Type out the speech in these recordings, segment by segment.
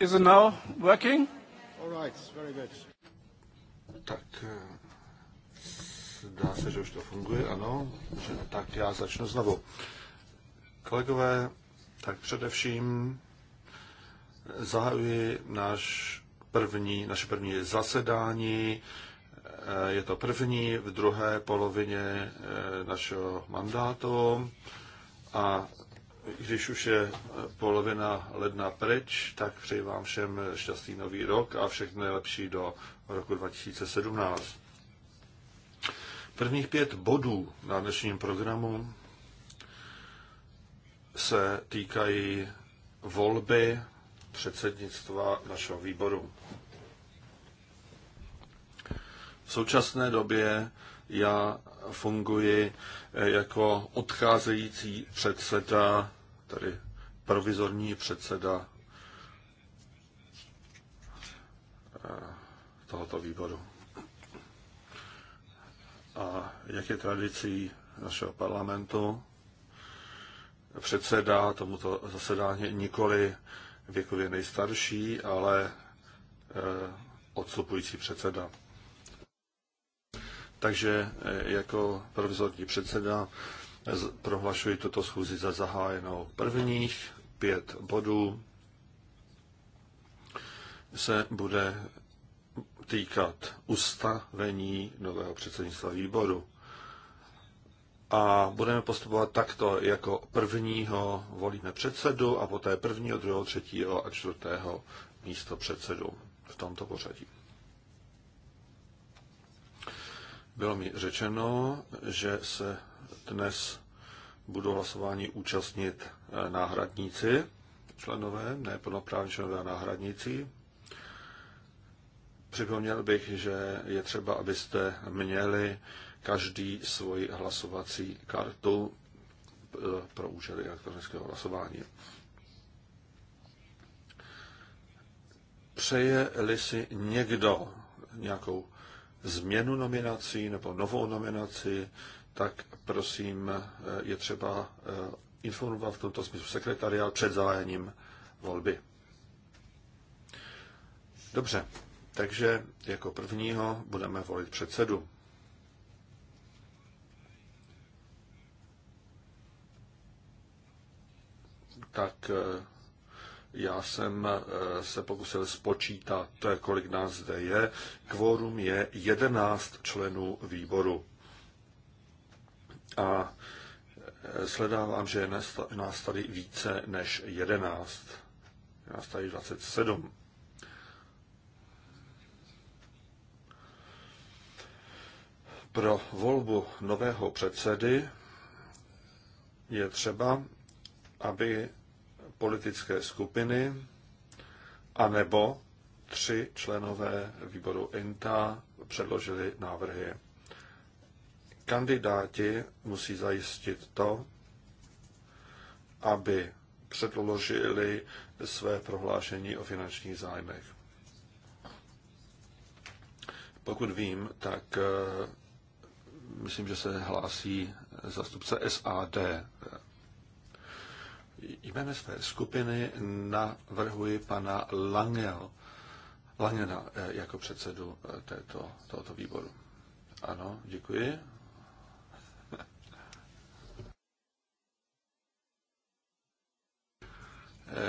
Is it now working? All right, very good. Tak eh, dá se, že už to funguje, ano. Že, tak já začnu znovu. Kolegové, tak především eh, zahajuji náš první, naše první zasedání. Eh, je to první v druhé polovině našeho mandátu a když už je polovina ledna pryč, tak přeji vám všem šťastný nový rok a všechno nejlepší do roku 2017. Prvních pět bodů na dnešním programu se týkají volby předsednictva našeho výboru. V současné době já funguji eh, jako odcházející předseda, tedy provizorní předseda eh, tohoto výboru. A jak je tradicí našeho parlamentu, předseda tomuto zasedání nikoli věkově nejstarší, ale eh, odstupující předseda. Takže eh, jako provizorní předseda prohlašuji tuto schůzi za zahájenou. Prvních pět bodů se bude týkat ustavení nového předsednictva výboru. A budeme postupovat takto, jako prvního volíme předsedu a poté prvního, druhého, třetího a čtvrtého místo předsedu v tomto pořadí. Bylo mi řečeno, že se dnes budou hlasování účastnit eh, náhradníci, členové, ne plnoprávní členové a náhradníci. Připomněl bych, že je třeba, abyste měli každý svoji hlasovací kartu eh, pro účely elektronického hlasování. Přeje-li si někdo nějakou změnu nominací nebo novou nominaci, tak prosím eh, je třeba eh, informovat v tomto smyslu sekretariát před zahájením volby. Dobře, takže jako prvního budeme volit předsedu. Tak eh, já jsem eh, se pokusil spočítat, eh, kolik nás zde je. Kvórum je 11 členů výboru. A eh, sledávám, že je nás tady více než 11. Je nás tady 27. Pro volbu nového předsedy je třeba, aby politické skupiny anebo tři členové výboru INTA předložili návrhy. Kandidáti musí zajistit to, aby předložili své prohlášení o finančních zájmech. Pokud vím, tak eh, myslím, že se hlásí zastupce SAD jménem své skupiny navrhuji pana Langel, Langena eh, jako předsedu eh, této, tohoto výboru. Ano, děkuji.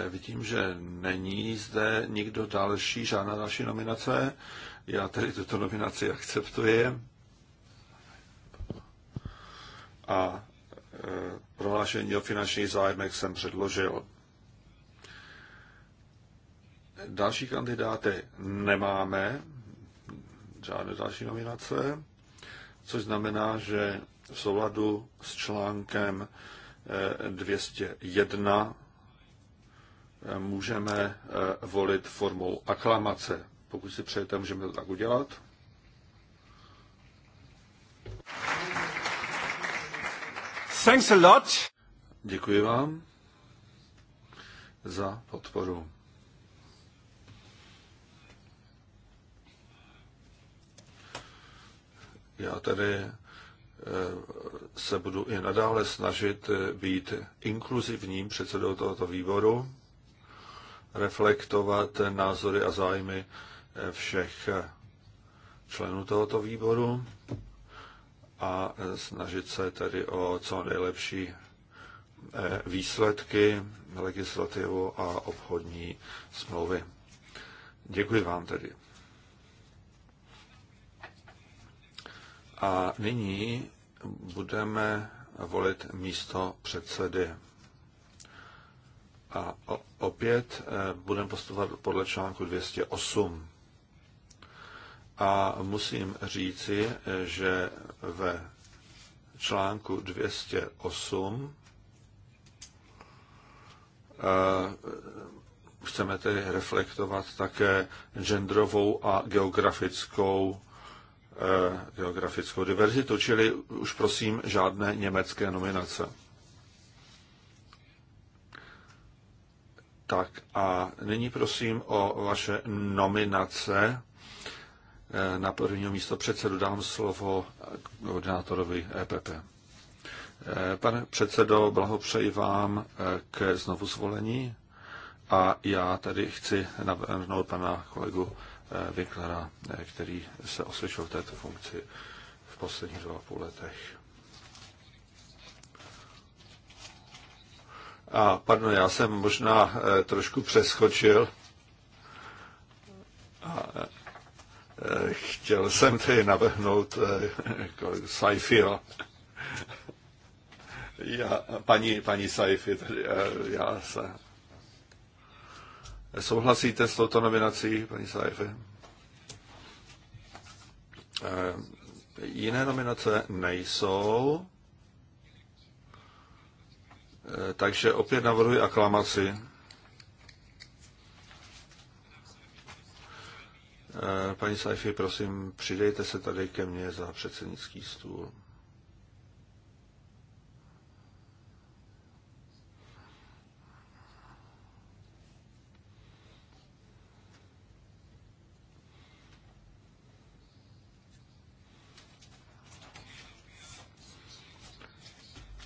Eh, vidím, že není zde nikdo další, žádná další nominace. Já tedy tuto nominaci akceptuji. A prohlášení o finančních zájmech jsem předložil. Další kandidáty nemáme, žádné další nominace, což znamená, že v souladu s článkem 201 eh, eh, můžeme eh, volit formou aklamace. Pokud si přejete, můžeme to tak udělat. Thanks a lot. Děkuji vám za podporu. Já tedy eh, se budu i nadále snažit eh, být inkluzivním předsedou tohoto výboru, reflektovat názory a zájmy eh, všech členů tohoto výboru a snažit se tedy o co nejlepší eh, výsledky, legislativu a obchodní smlouvy. Děkuji vám tedy. A nyní budeme volit místo předsedy. A opět eh, budeme postupovat podle článku 208. A musím říci, že ve článku 208 eh, chceme tedy reflektovat také genderovou a geografickou eh, geografickou diverzitu, čili už prosím žádné německé nominace. Tak a nyní prosím o vaše nominace na prvního místo předsedu dám slovo koordinátorovi EPP. Pane předsedo, blahopřeji vám eh, k znovu zvolení a já tady chci navrhnout pana kolegu Viklera, eh, eh, který se osvědčil v této funkci v posledních dva půl letech. A pardon, já jsem možná trošku přeskočil. A Chtěl jsem tedy navrhnout eh, kolegu Saifio. Já, paní, paní Saifi, tedy eh, já se. Souhlasíte s touto nominací, paní Saifi? Eh, jiné nominace nejsou, takže opět navrhuji aklamaci. Eh, paní Saifi, prosím, přidejte se tady ke mně za předsednický stůl.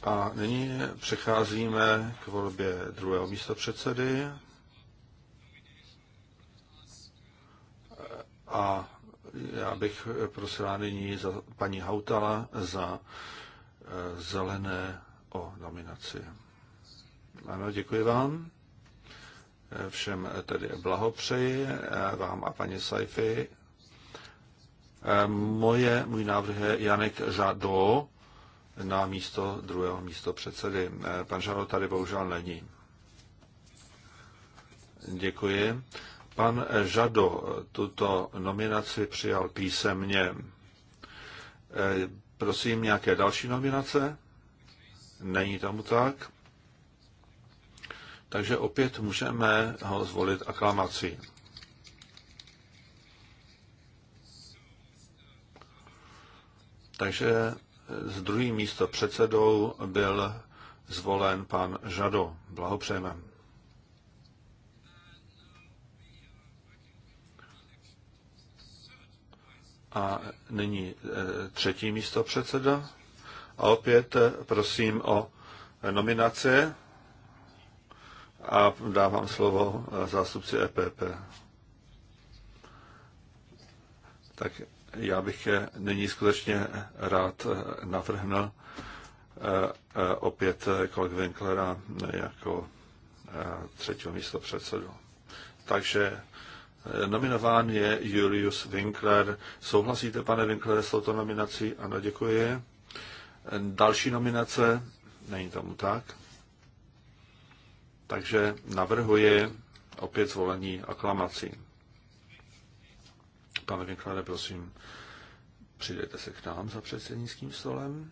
A nyní přecházíme k volbě druhého místa předsedy. a já bych prosila nyní za paní Hautala za eh, zelené o nominaci. Ano, děkuji vám. Eh, všem tedy blahopřeji, eh, vám a paní Saifi. Moje, můj návrh je Janek Žado na místo druhého místo předsedy. Pan Žado tady bohužel není. Děkuji. Pan Žado tuto nominaci přijal písemně. E, prosím, nějaké další nominace? Není tomu tak. Takže opět můžeme ho zvolit aklamací. Takže z druhý místo předsedou byl zvolen pan Žado. Blahopřejeme. A nyní e, třetí místo předseda. A opět e, prosím o nominace a dávám slovo e, zástupci EPP. Tak já bych nyní skutečně rád navrhnul opět kolik Winklera jako třetího místo předsedu. Takže Nominován je Julius Winkler. Souhlasíte, pane Winkler, s touto nominací? Ano, děkuji. Další nominace? Není tomu tak. Takže navrhuji opět zvolení aklamací. Pane Winklere, prosím, přidejte se k nám za předsednickým stolem.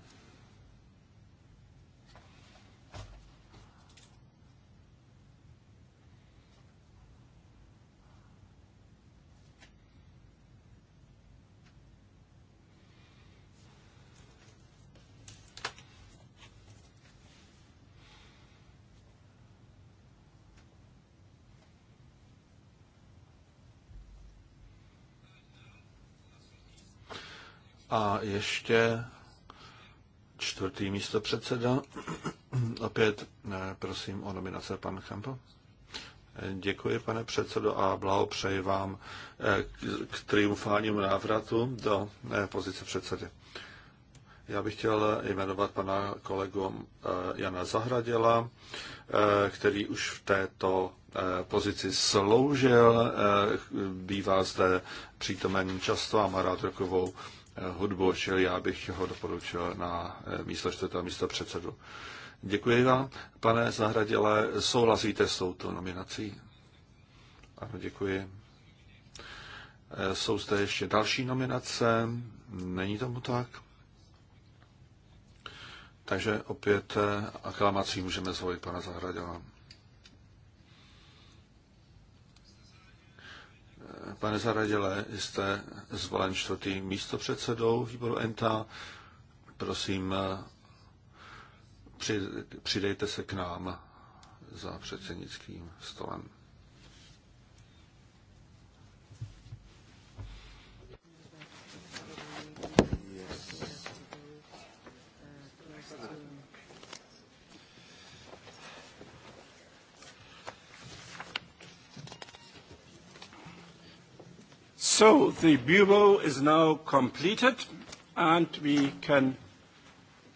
A ještě čtvrtý místo předseda. Opět prosím o nominace pan Champo. Děkuji, pane předsedo, a blahopřeji vám eh, k triumfálnímu návratu do eh, pozice předsedy. Já bych chtěl jmenovat pana kolegu eh, Jana Zahraděla, který už v této pozici sloužil, bývá zde přítomen často a má rád rokovou hudbu, čili já bych ho doporučil na eh, místo čtvrtého místo předsedu. Děkuji vám. Pane Zahraděle, souhlasíte s touto nominací? Ano, děkuji. Eh, jsou zde ještě další nominace? Není tomu tak? Takže opět eh, aklamací můžeme zvolit pana Zahradila. Pane Zaraděle, jste zvolen čtvrtým místopředsedou výboru ENTA. Prosím, přidejte se k nám za předsednickým stolem. the bureau is now completed, and we can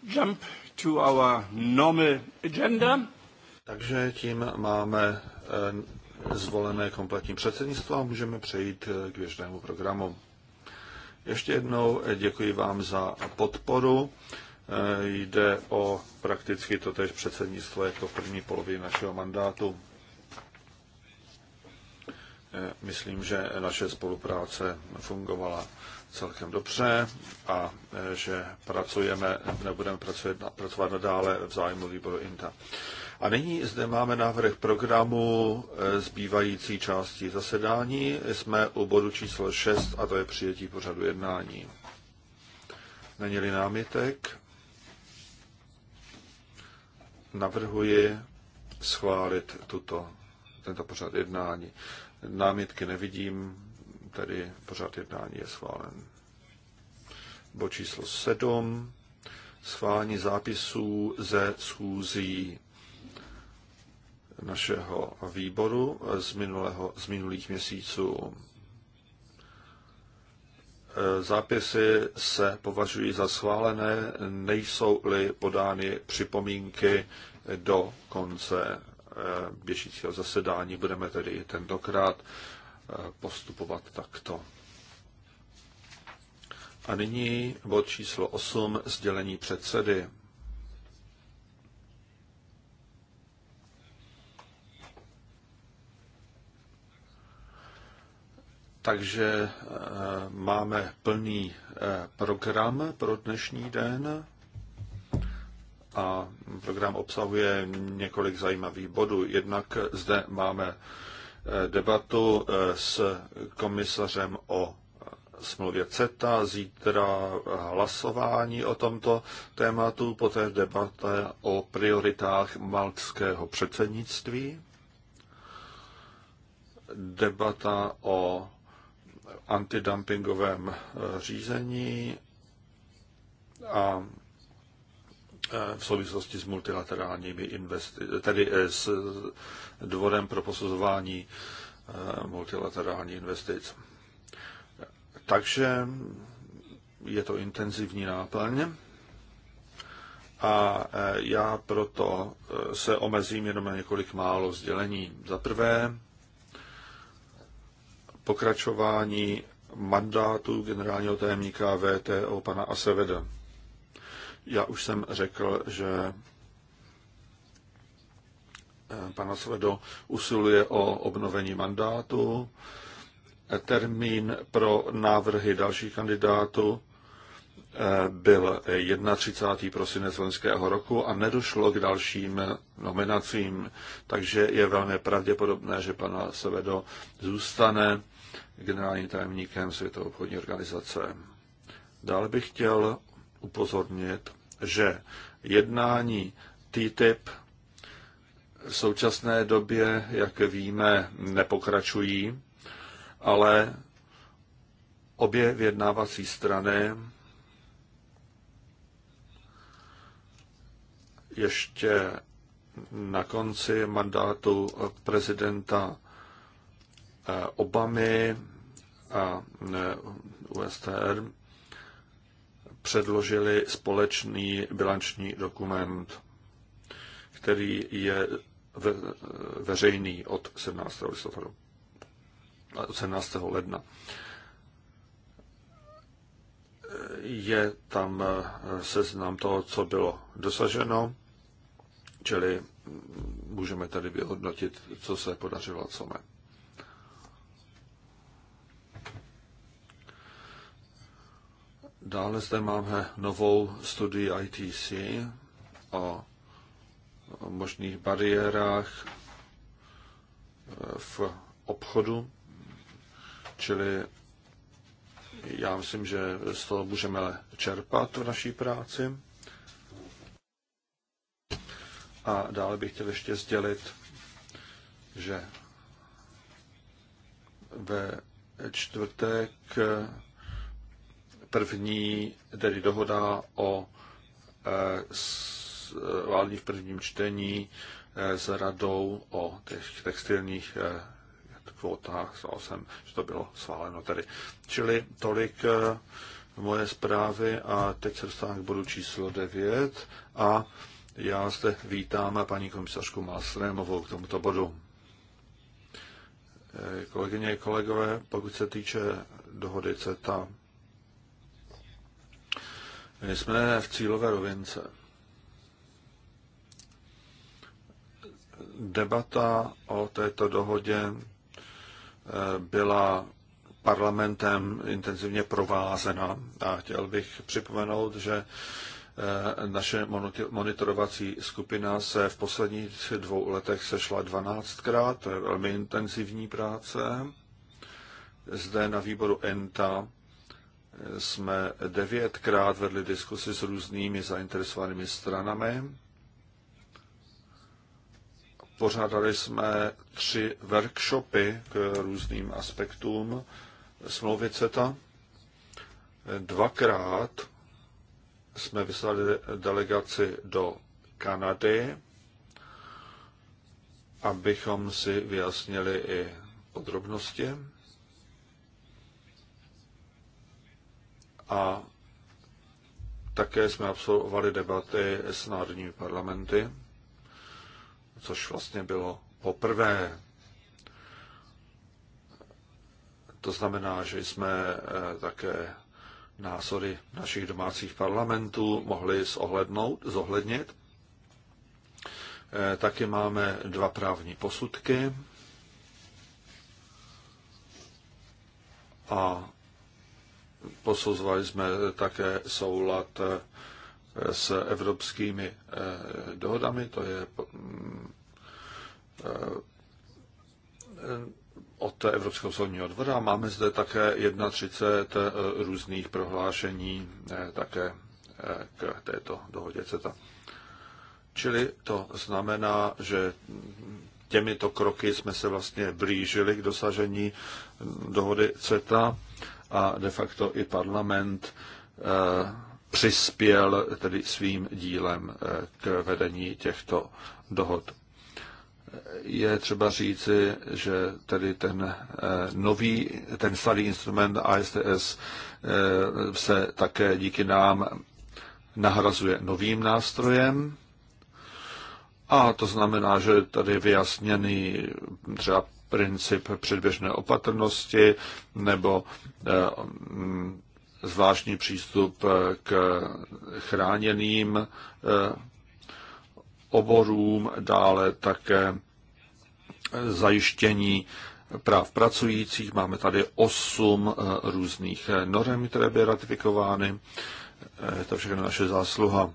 jump to our normal agenda. Takže tím máme eh, zvolené kompletní předsednictvo a můžeme přejít eh, k běžnému programu. Ještě jednou eh, děkuji vám za podporu. Jde o prakticky totéž předsednictvo jako v první polovině našeho mandátu myslím, že naše spolupráce fungovala celkem dobře a e, že pracujeme, nebudeme pracovat, pracovat nadále v zájmu výboru INTA. A nyní zde máme návrh programu e, zbývající části zasedání. Jsme u bodu číslo 6 a to je přijetí pořadu jednání. Není-li námitek, navrhuji schválit tuto, tento pořad jednání. Námitky nevidím, tedy pořád jednání je schválen. Bo číslo 7. Schválení zápisů ze schůzí našeho výboru z, minulého, z minulých měsíců. Zápisy se považují za schválené, nejsou-li podány připomínky do konce Eh, běžícího zasedání. Budeme tedy i tentokrát eh, postupovat takto. A nyní bod číslo 8, sdělení předsedy. Takže eh, máme plný program pro dnešní den a program obsahuje několik zajímavých bodů. Jednak zde máme eh, debatu eh, s komisařem o eh, smluvě CETA, zítra hlasování o tomto tématu, poté debata o prioritách maltského předsednictví, debata o antidumpingovém řízení a Eh, v souvislosti s multilaterálními investici, tedy eh, s dvorem pro posuzování eh, multilaterální investic. Takže je to intenzivní náplň a já proto se omezím jenom na několik málo sdělení. Za prvé, pokračování mandátu generálního tajemníka VTO pana Aseveda. Já už jsem řekl, že eh, pan Svedo usiluje o obnovení mandátu. Eh, termín pro návrhy dalších kandidátů eh, byl 31. prosinec loňského roku a nedošlo k dalším nominacím, takže je velmi pravděpodobné, že pana Sevedo zůstane generálním tajemníkem Světové obchodní organizace. Dále bych chtěl upozornit že jednání TTIP v současné době, jak víme, nepokračují, ale obě vyjednávací strany ještě na konci mandátu prezidenta eh, Obamy a eh, USTR předložili společný bilanční dokument, který je ve, veřejný od 17. listopadu, od 17. ledna. Je tam eh, seznam toho, co bylo dosaženo, čili mm, můžeme tady vyhodnotit, co se podařilo a co ne. Dále zde máme novou studii ITC o možných bariérách eh, v obchodu, čili já myslím, že z toho můžeme čerpat v naší práci. A dále bych chtěl ještě sdělit, že ve čtvrtek První, tedy dohoda o eh, eh, vládní v prvním čtení eh, s radou o těch textilních kvotách, jsem, že to bylo sváleno tedy. Čili tolik moje zprávy a teď se dostávám k bodu číslo 9 a já zde vítám paní komisařku Masrémovou k tomuto bodu. Kolegyně, kolegové, pokud se týče dohody CETA, my jsme v cílové rovince. Debata o této dohodě eh, byla parlamentem intenzivně provázena a chtěl bych připomenout, že eh, naše monitorovací skupina se v posledních dvou letech sešla 12krát, to je velmi intenzivní práce. Zde na výboru ENTA jsme devětkrát vedli diskusy s různými zainteresovanými stranami. Pořádali jsme tři workshopy k různým aspektům smlouvy CETA. Dvakrát jsme vyslali delegaci do Kanady, abychom si vyjasnili i podrobnosti. a také jsme absolvovali debaty s národními parlamenty, což vlastně bylo poprvé. To znamená, že jsme eh, také názory našich domácích parlamentů mohli zohlednout, zohlednit. Eh, taky máme dva právní posudky a Posuzovali jsme také soulad eh, s evropskými eh, dohodami, to je mm, eh, od Evropského soudního dvora. Máme zde také 31 různých prohlášení také k této dohodě CETA. Čili to znamená, že těmito kroky jsme se vlastně blížili k dosažení dohody CETA a de facto i parlament eh, přispěl tedy svým dílem eh, k vedení těchto dohod. Je třeba říci, že tedy ten eh, nový, ten starý instrument ASTS se také díky nám nahrazuje novým nástrojem, a to znamená, že tady vyjasněný třeba princip předběžné opatrnosti nebo eh, mm, zvláštní přístup eh, k chráněným eh, oborům, dále také zajištění práv pracujících. Máme tady osm různých norem, které byly ratifikovány. Je to všechno naše zásluha.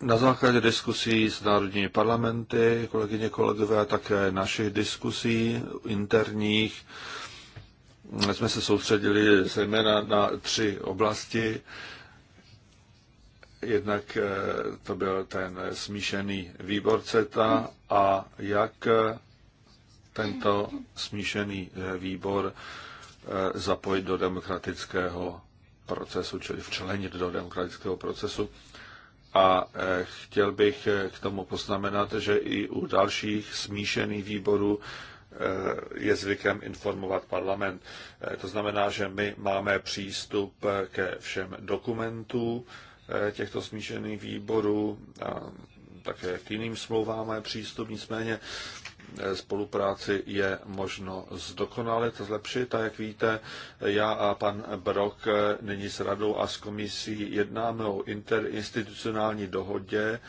Na základě diskusí s národními parlamenty, kolegyně, kolegové, a také našich diskusí interních, jsme se soustředili zejména na tři oblasti. Jednak eh, to byl ten smíšený výbor CETA a jak tento smíšený eh, výbor eh, zapojit do demokratického procesu, čili včlenit do demokratického procesu. A eh, chtěl bych eh, k tomu poznamenat, že i u dalších smíšených výborů eh, je zvykem informovat parlament. To znamená, že my máme přístup ke všem dokumentům těchto smíšených výborů a také k jiným smlouvám máme přístup, nicméně spolupráci je možno zdokonalit, zlepšit. A jak víte, já a pan Brok nyní s radou a s komisí jednáme o interinstitucionální dohodě,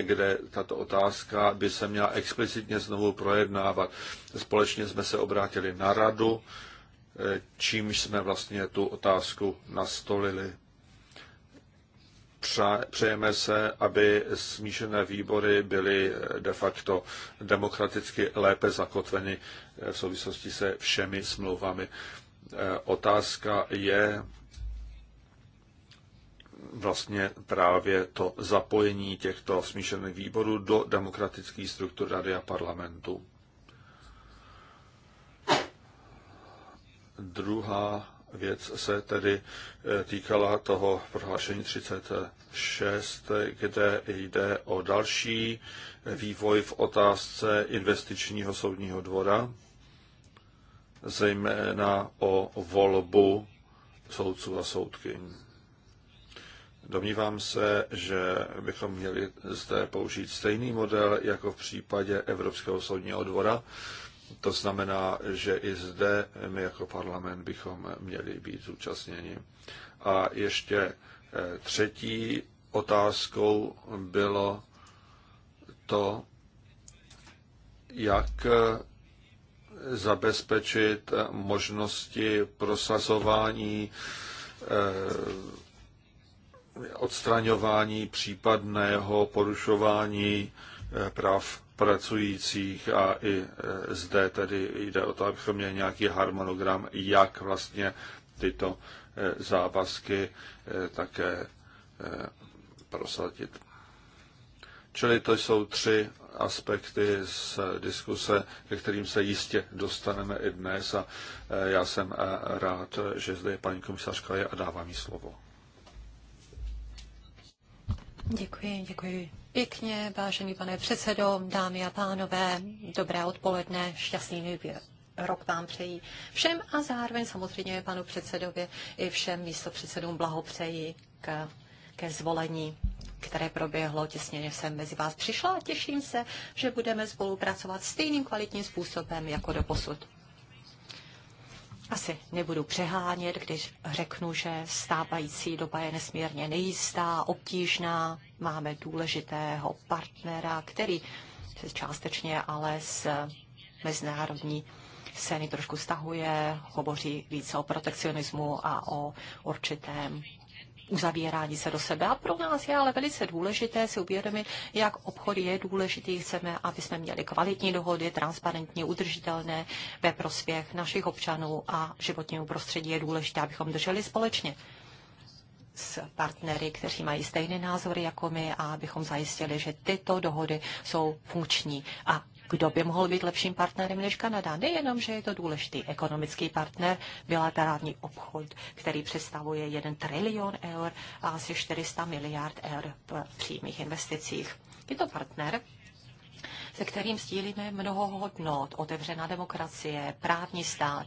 kde tato otázka by se měla explicitně znovu projednávat. Společně jsme se obrátili na radu, čímž jsme vlastně tu otázku nastolili přejeme se, aby smíšené výbory byly eh, de facto demokraticky lépe zakotveny eh, v souvislosti se všemi smlouvami. Eh, otázka je vlastně právě to zapojení těchto smíšených výborů do demokratických struktur Rady a parlamentu. Druhá věc se tedy eh, týkala toho prohlášení 36, kde jde o další eh, vývoj v otázce investičního soudního dvora, zejména o volbu soudců a soudkyň. Domnívám se, že bychom měli zde použít stejný model jako v případě Evropského soudního dvora, to znamená, že i zde my jako parlament bychom měli být zúčastněni. A ještě eh, třetí otázkou bylo to, jak eh, zabezpečit možnosti prosazování, eh, odstraňování případného porušování práv pracujících a i e, zde tedy jde o to, abychom měli nějaký harmonogram, jak vlastně tyto e, závazky e, také prosadit. Čili to jsou tři aspekty z diskuse, ke kterým se jistě dostaneme i dnes a já jsem rád, že zde je paní komisařka a dávám jí slovo. Děkuji, děkuji pěkně, vážený pane předsedo, dámy a pánové, dobré odpoledne, šťastný nový rok vám přeji všem a zároveň samozřejmě panu předsedovi i všem místopředsedům blahopřeji k, ke zvolení které proběhlo těsně, než jsem mezi vás přišla a těším se, že budeme spolupracovat stejným kvalitním způsobem jako do posud. Asi nebudu přehánět, když řeknu, že stávající doba je nesmírně nejistá, obtížná. Máme důležitého partnera, který částečně ale z mezinárodní scény trošku stahuje, hovoří více o protekcionismu a o určitém uzavírání se do sebe. A pro nás je ale velice důležité si uvědomit, jak obchod je důležitý. Chceme, aby jsme měli kvalitní dohody, transparentní, udržitelné ve prospěch našich občanů a životního prostředí je důležité, abychom drželi společně s partnery, kteří mají stejné názory jako my a abychom zajistili, že tyto dohody jsou funkční a kdo by mohl být lepším partnerem než Kanada. Nejenom, že je to důležitý ekonomický partner, bilaterální obchod, který představuje 1 trilion eur a asi 400 miliard eur v přímých investicích. Je to partner, se kterým sdílíme mnoho hodnot, otevřená demokracie, právní stát,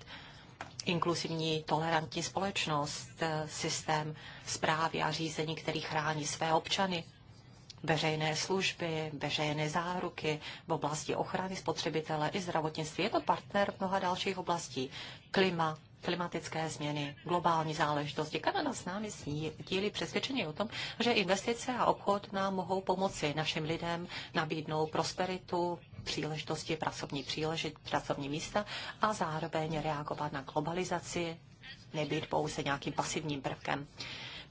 inkluzivní, tolerantní společnost, systém zprávy a řízení, který chrání své občany, veřejné služby, veřejné záruky v oblasti ochrany spotřebitele i zdravotnictví. Je to partner v mnoha dalších oblastí. Klima, klimatické změny, globální záležitosti. Kanada s námi dílí přesvědčení o tom, že investice a obchod nám mohou pomoci našim lidem nabídnout prosperitu, příležitosti, pracovní příležit, pracovní místa a zároveň reagovat na globalizaci, nebýt pouze nějakým pasivním prvkem.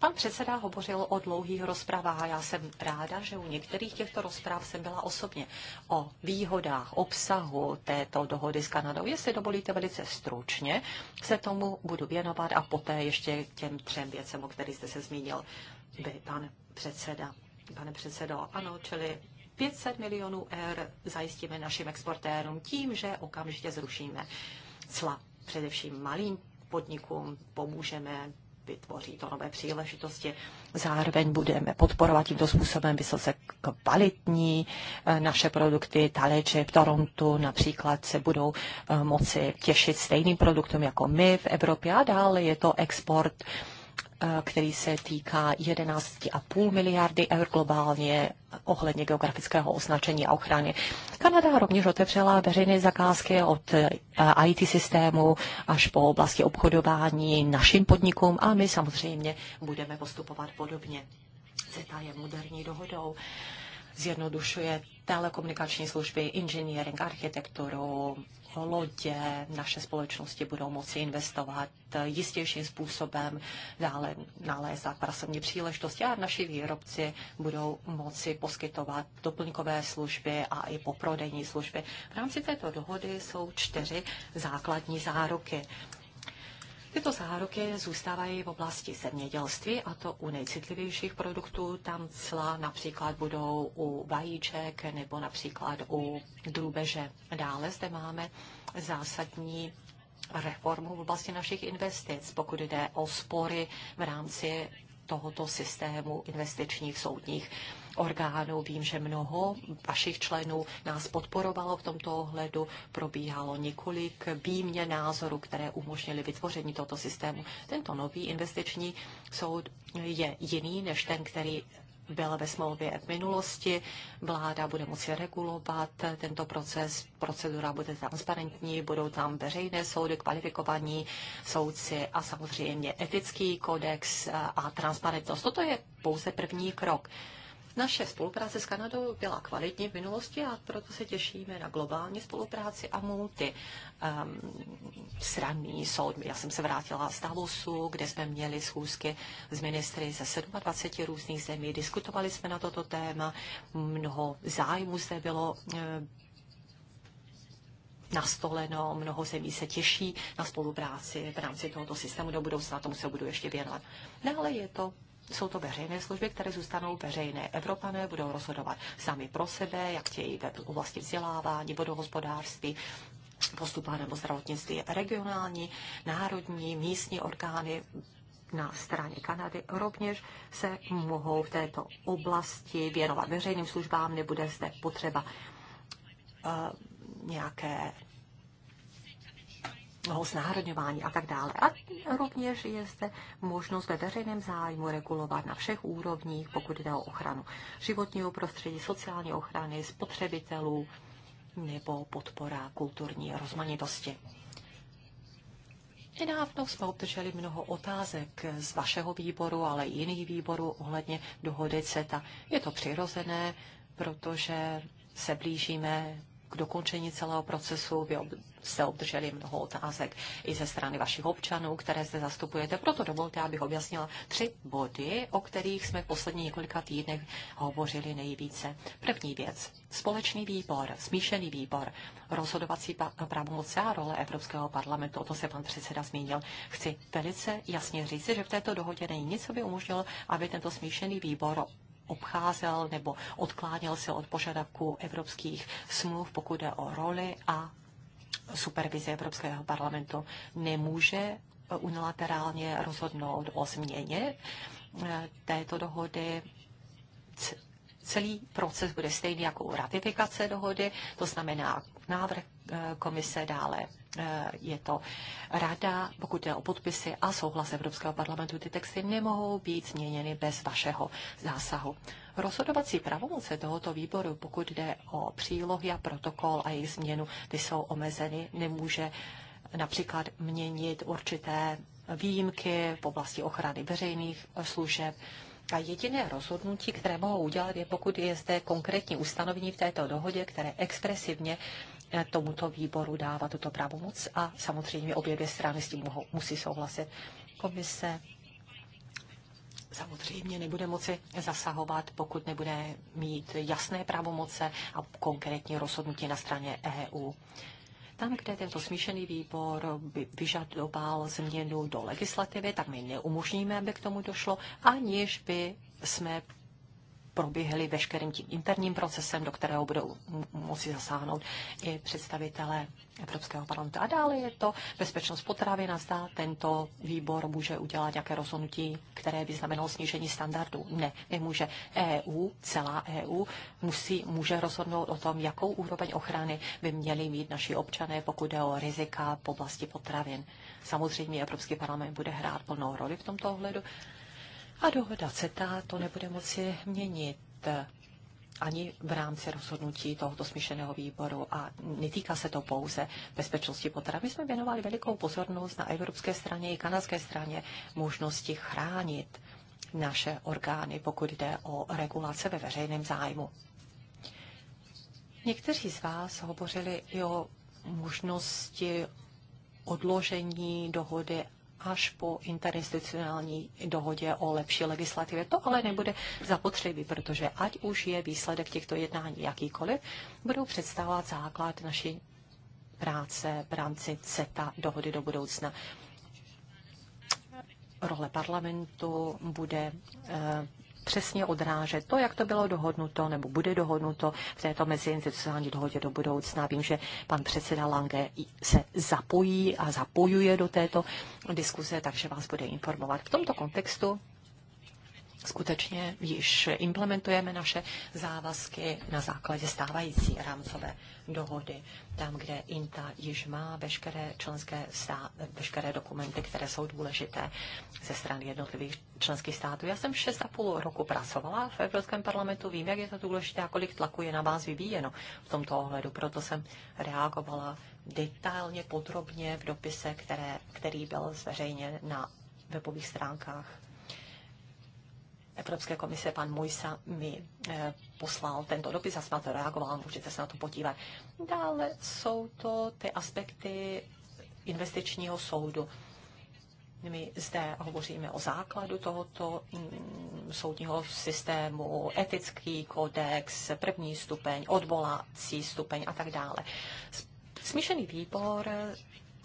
Pan předseda hovořil o dlouhých rozpravách a já jsem ráda, že u některých těchto rozprav jsem byla osobně o výhodách obsahu této dohody s Kanadou. Jestli dovolíte velice stručně, se tomu budu věnovat a poté ještě těm třem věcem, o kterých jste se zmínil, by pan předseda. Pane předsedo, ano, čili 500 milionů eur zajistíme našim exportérům tím, že okamžitě zrušíme cla především malým podnikům pomůžeme vytvoří to nové příležitosti. Zároveň budeme podporovat tímto způsobem vysoce kvalitní eh, naše produkty. Taleče v Torontu například se budou eh, moci těšit stejným produktům jako my v Evropě a dále je to export Eh, který se týká 11,5 miliardy eur globálně ohledně geografického označení a ochrany. Kanada rovněž otevřela veřejné zakázky od eh, IT systému až po oblasti obchodování našim podnikům a my samozřejmě budeme postupovat podobně. CETA je moderní dohodou, zjednodušuje telekomunikační služby, inženýring, architekturu, lodě naše společnosti budou moci investovat eh, jistějším způsobem, dále nalézat pracovní příležitosti a naši výrobci budou moci poskytovat doplňkové služby a i poprodejní služby. V rámci této dohody jsou čtyři základní záruky. Tyto záruky zůstávají v oblasti zemědělství, a to u nejcitlivějších produktů. Tam cla například budou u vajíček nebo například u drůbeže. Dále zde máme zásadní reformu v oblasti našich investic, pokud jde o spory v rámci tohoto systému investičních soudních orgánů. Vím, že mnoho vašich členů nás podporovalo v tomto ohledu. Probíhalo několik výměn názorů, které umožnily vytvoření tohoto systému. Tento nový investiční soud je jiný než ten, který byl ve smlouvě v minulosti. Vláda bude moci regulovat tento proces, procedura bude transparentní, budou tam veřejné soudy, kvalifikovaní soudci a samozřejmě etický kodex a transparentnost. Toto je pouze první krok. Naše spolupráce s Kanadou byla kvalitní v minulosti a proto se těšíme na globální spolupráci a multi um, straný soud. Já jsem se vrátila z Davosu, kde jsme měli schůzky s ministry ze 27 různých zemí. Diskutovali jsme na toto téma, mnoho zájmu zde bylo eh, nastoleno, mnoho zemí se těší na spolupráci v rámci tohoto systému do budoucna, tomu se budu ještě věnovat. Dále je to jsou to veřejné služby, které zůstanou veřejné. Evropané budou rozhodovat sami pro sebe, jak chtějí ve oblasti vzdělávání, vodohospodářství, postupá nebo zdravotnictví. Regionální, národní, místní orgány na straně Kanady rovněž se mohou v této oblasti věnovat veřejným službám, nebude zde potřeba uh, nějaké mnoho znárodňování a tak dále. A rovněž je zde možnost ve veřejném zájmu regulovat na všech úrovních, pokud jde o ochranu životního prostředí, sociální ochrany, spotřebitelů nebo podpora kulturní rozmanitosti. Nedávno jsme obdrželi mnoho otázek z vašeho výboru, ale i jiných výborů ohledně dohody CETA. Je to přirozené, protože se blížíme k dokončení celého procesu. Vy jste obdrželi mnoho otázek i ze strany vašich občanů, které zde zastupujete. Proto dovolte, abych objasnila tři body, o kterých jsme v posledních několika týdnech hovořili nejvíce. První věc. Společný výbor, smíšený výbor, rozhodovací pravomoce a role Evropského parlamentu, o to se pan předseda zmínil. Chci velice jasně říct, že v této dohodě není nic, co by umožnilo, aby tento smíšený výbor obcházel nebo odkláněl se od požadavků evropských smluv, pokud jde o roli a supervize Evropského parlamentu. Nemůže unilaterálně rozhodnout o změně eh, této dohody. Celý proces bude stejný jako u ratifikace dohody, to znamená návrh eh, komise dále Eh, je to rada, pokud je o podpisy a souhlas Evropského parlamentu, ty texty nemohou být změněny bez vašeho zásahu. Rozhodovací pravomoce tohoto výboru, pokud jde o přílohy a protokol a jejich změnu, ty jsou omezeny, nemůže například měnit určité výjimky v oblasti ochrany veřejných služeb, a jediné rozhodnutí, které mohou udělat, je pokud je zde konkrétní ustanovení v této dohodě, které expresivně Eh, tomuto výboru dává tuto pravomoc a samozřejmě obě dvě strany s tím mohou, musí souhlasit. Komise samozřejmě nebude moci zasahovat, pokud nebude mít jasné pravomoce a konkrétní rozhodnutí na straně EU. Tam, kde tento smíšený výbor by vyžadoval změnu do legislativy, tak my neumožníme, aby k tomu došlo, aniž by jsme proběhly veškerým tím interním procesem, do kterého budou moci zasáhnout i představitelé Evropského parlamentu. A dále je to bezpečnost potravy zda tento výbor může udělat nějaké rozhodnutí, které by znamenalo snížení standardů. Ne, nemůže. EU, celá EU, musí, může rozhodnout o tom, jakou úroveň ochrany by měli mít naši občané, pokud jde o rizika v oblasti potravin. Samozřejmě Evropský parlament bude hrát plnou roli v tomto ohledu. A dohoda CETA to nebude moci měnit ani v rámci rozhodnutí tohoto smíšeného výboru a netýká se to pouze bezpečnosti potravin. My jsme věnovali velikou pozornost na evropské straně i kanadské straně možnosti chránit naše orgány, pokud jde o regulace ve veřejném zájmu. Někteří z vás hovořili i o možnosti odložení dohody až po interinstitucionální dohodě o lepší legislativě. To ale nebude zapotřebí, protože ať už je výsledek těchto jednání jakýkoliv, budou představovat základ naší práce v rámci CETA dohody do budoucna. Role parlamentu bude eh, přesně odrážet to, jak to bylo dohodnuto nebo bude dohodnuto v této meziinstitucionální dohodě do budoucna. Vím, že pan předseda Lange se zapojí a zapojuje do této diskuze, takže vás bude informovat. V tomto kontextu skutečně již implementujeme naše závazky na základě stávající rámcové dohody, tam, kde INTA již má veškeré členské stá- veškeré dokumenty, které jsou důležité ze strany jednotlivých členských států. Já jsem 6,5 roku pracovala v Evropském parlamentu, vím, jak je to důležité a kolik tlaku je na vás vyvíjeno v tomto ohledu. Proto jsem reagovala detailně, podrobně v dopise, které, který byl zveřejněn na webových stránkách Evropské komise, pan Mojsa, mi eh, poslal tento dopis, a jsem na to reagoval, můžete se na to podívat. Dále jsou to ty aspekty investičního soudu. My zde hovoříme o základu tohoto mm, soudního systému, etický kodex, první stupeň, odvolací stupeň a tak dále. Smíšený výbor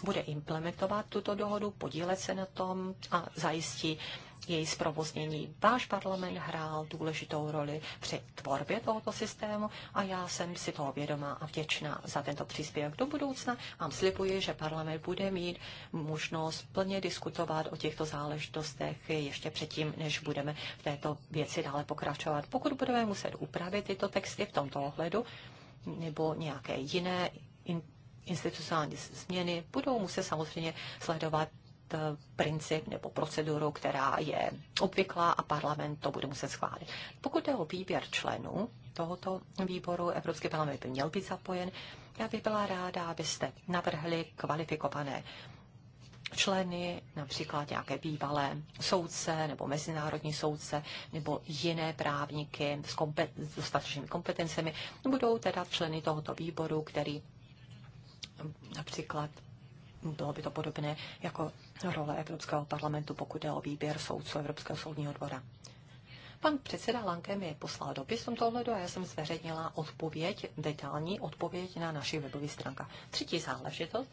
bude implementovat tuto dohodu, podílet se na tom a zajistí její zprovoznění. Váš parlament hrál důležitou roli při tvorbě tohoto systému a já jsem si toho vědomá a vděčná za tento příspěvek do budoucna Vám slibuji, že parlament bude mít možnost plně diskutovat o těchto záležitostech ještě předtím, než budeme v této věci dále pokračovat. Pokud budeme muset upravit tyto texty v tomto ohledu nebo nějaké jiné institucionální změny budou muset samozřejmě sledovat Eh, princip nebo proceduru, která je obvyklá a parlament to bude muset schválit. Pokud jde o výběr členů tohoto výboru, Evropský parlament by měl být zapojen. Já bych byla ráda, abyste navrhli kvalifikované členy, například nějaké bývalé soudce nebo mezinárodní soudce nebo jiné právníky s, kompet- s dostatečnými kompetencemi, budou teda členy tohoto výboru, který například bylo by to podobné jako role Evropského parlamentu, pokud jde o výběr soudců Evropského soudního dvora. Pan předseda Lanke mi poslal dopis v tomto ohledu a já jsem zveřejnila odpověď, detailní odpověď na naší webových stránkách. Třetí záležitost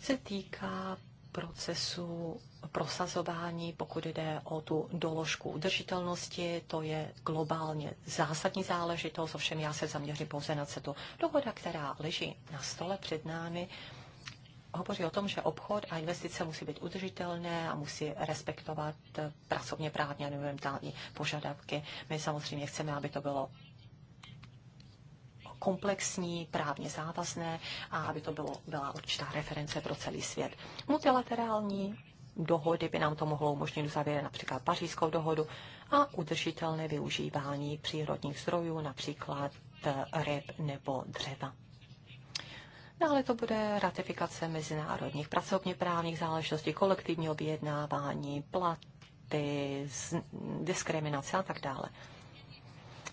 se týká procesu prosazování, pokud jde o tu doložku udržitelnosti, to je globálně zásadní záležitost, ovšem já se zaměřím pouze na CETu. Dohoda, která leží na stole před námi, hovoří o tom, že obchod a investice musí být udržitelné a musí respektovat eh, pracovně právně a environmentální požadavky. My samozřejmě chceme, aby to bylo komplexní, právně závazné a aby to bylo, byla určitá reference pro celý svět. Multilaterální dohody by nám to mohlo umožnit uzavět například pařížskou dohodu a udržitelné využívání přírodních zdrojů, například eh, ryb nebo dřeva. Dále to bude ratifikace mezinárodních pracovně právních záležitostí, kolektivní objednávání, platy, diskriminace a tak dále.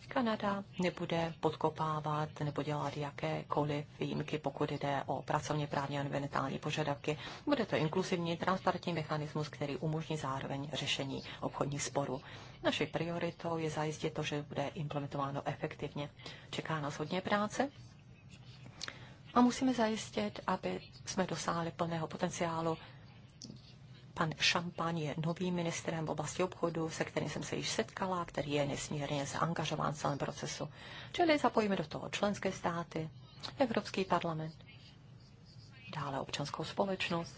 Kanada nebude podkopávat nebo dělat jakékoliv výjimky, pokud jde o pracovně právní a environmentální požadavky. Bude to inkluzivní, transparentní mechanismus, který umožní zároveň řešení obchodních sporů. Naší prioritou je zajistit to, že bude implementováno efektivně. Čeká nás hodně práce, a musíme zajistit, aby jsme dosáhli plného potenciálu. Pan Šampan je novým ministrem v oblasti obchodu, se kterým jsem se již setkala, který je nesmírně zaangažován v celém procesu. Čili zapojíme do toho členské státy, Evropský parlament, dále občanskou společnost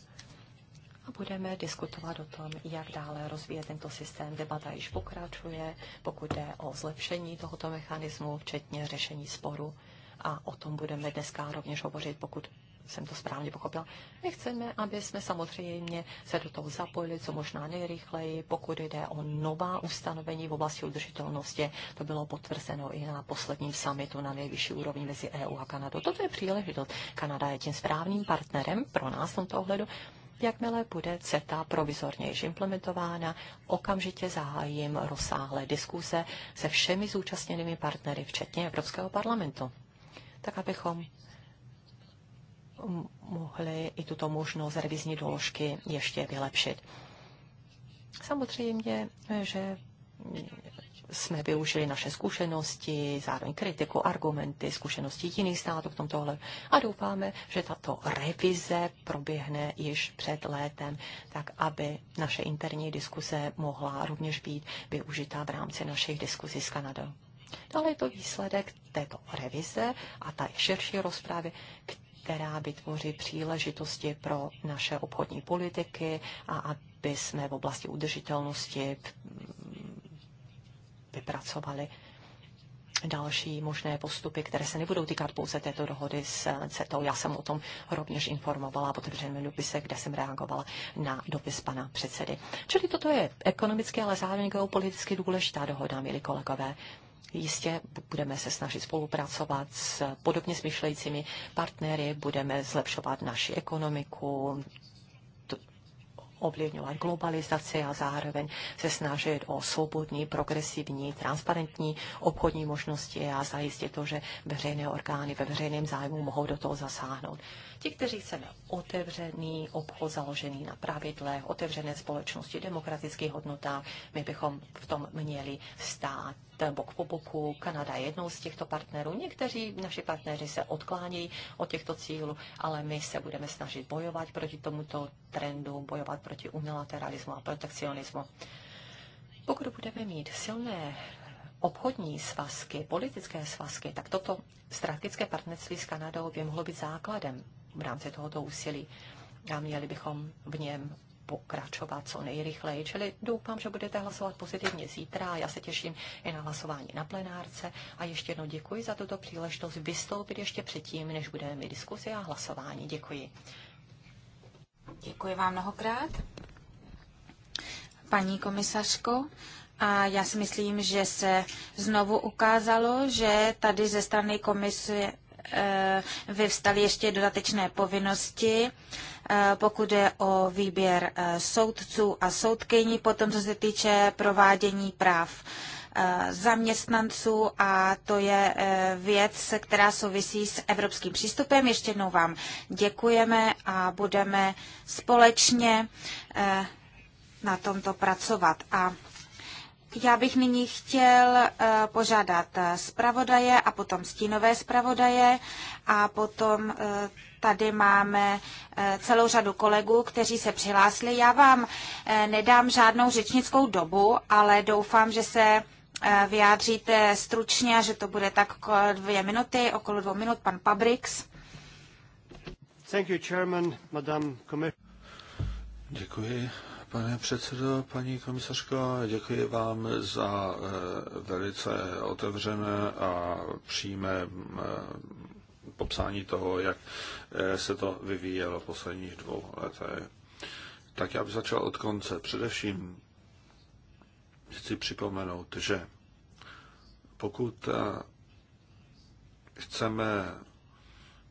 a budeme diskutovat o tom, jak dále rozvíjet tento systém. Debata již pokračuje, pokud jde o zlepšení tohoto mechanismu, včetně řešení sporu a o tom budeme dneska rovněž hovořit, pokud jsem to správně pochopila. My chceme, aby jsme samozřejmě se do toho zapojili, co možná nejrychleji, pokud jde o nová ustanovení v oblasti udržitelnosti. To bylo potvrzeno i na posledním summitu na nejvyšší úrovni mezi EU a Kanadou. Toto je příležitost. Kanada je tím správným partnerem pro nás v tomto ohledu. Jakmile bude CETA provizorně již implementována, okamžitě zahájím rozsáhlé diskuse se všemi zúčastněnými partnery, včetně Evropského parlamentu tak abychom mohli i tuto možnost revizní doložky ještě vylepšit. Samozřejmě, že jsme využili naše zkušenosti, zároveň kritiku, argumenty, zkušenosti jiných států v tomto ohledu a doufáme, že tato revize proběhne již před létem, tak aby naše interní diskuse mohla rovněž být využita v rámci našich diskuzí s Kanadou. Dále je to výsledek této revize a ta širší rozpravy, která by tvoří příležitosti pro naše obchodní politiky a aby jsme v oblasti udržitelnosti mm, vypracovali další možné postupy, které se nebudou týkat pouze této dohody s CETO. Já jsem o tom rovněž informovala v otevřeném dopise, kde jsem reagovala na dopis pana předsedy. Čili toto je ekonomicky, ale zároveň geopoliticky důležitá dohoda, milí kolegové. Jistě budeme se snažit spolupracovat s podobně smyšlejícími partnery, budeme zlepšovat naši ekonomiku, ovlivňovat globalizaci a zároveň se snažit o svobodní, progresivní, transparentní obchodní možnosti a zajistit to, že veřejné orgány ve veřejném zájmu mohou do toho zasáhnout. Ti, kteří se na otevřený obchod založený na pravidlech, otevřené společnosti, demokratických hodnotách, my bychom v tom měli stát bok po boku. Kanada je jednou z těchto partnerů. Někteří naši partneři se odklánějí od těchto cílů, ale my se budeme snažit bojovat proti tomuto trendu, bojovat proti unilateralismu a protekcionismu. Pokud budeme mít silné obchodní svazky, politické svazky, tak toto strategické partnerství s Kanadou by mohlo být základem v rámci tohoto úsilí a měli bychom v něm pokračovat co nejrychleji. Čili doufám, že budete hlasovat pozitivně zítra. Já se těším i na hlasování na plenárce. A ještě jednou děkuji za tuto příležitost vystoupit ještě předtím, než budeme mít diskuzi a hlasování. Děkuji. Děkuji vám mnohokrát. Paní komisařko, a já si myslím, že se znovu ukázalo, že tady ze strany komise Eh, vyvstaly ještě dodatečné povinnosti, eh, pokud je o výběr eh, soudců a soudkyní, potom co se týče provádění práv zaměstnanců a to je věc, která souvisí s evropským přístupem. Ještě jednou vám děkujeme a budeme společně na tomto pracovat. A já bych nyní chtěl eh, požádat eh, zpravodaje a potom stínové zpravodaje a potom eh, tady máme celou řadu kolegů, kteří se přihlásili. Já vám nedám žádnou řečnickou dobu, ale doufám, že se vyjádříte stručně a že to bude tak okolo dvě minuty, okolo dvou minut, pan Pabrix. Thank you, chairman, madam Děkuji, Pane předsedo, paní komisařko, děkuji vám za eh, velice otevřené a přímé eh, popsání toho, jak eh, se to vyvíjelo v posledních dvou letech. Tak já bych začal od konce. Především chci připomenout, že pokud chceme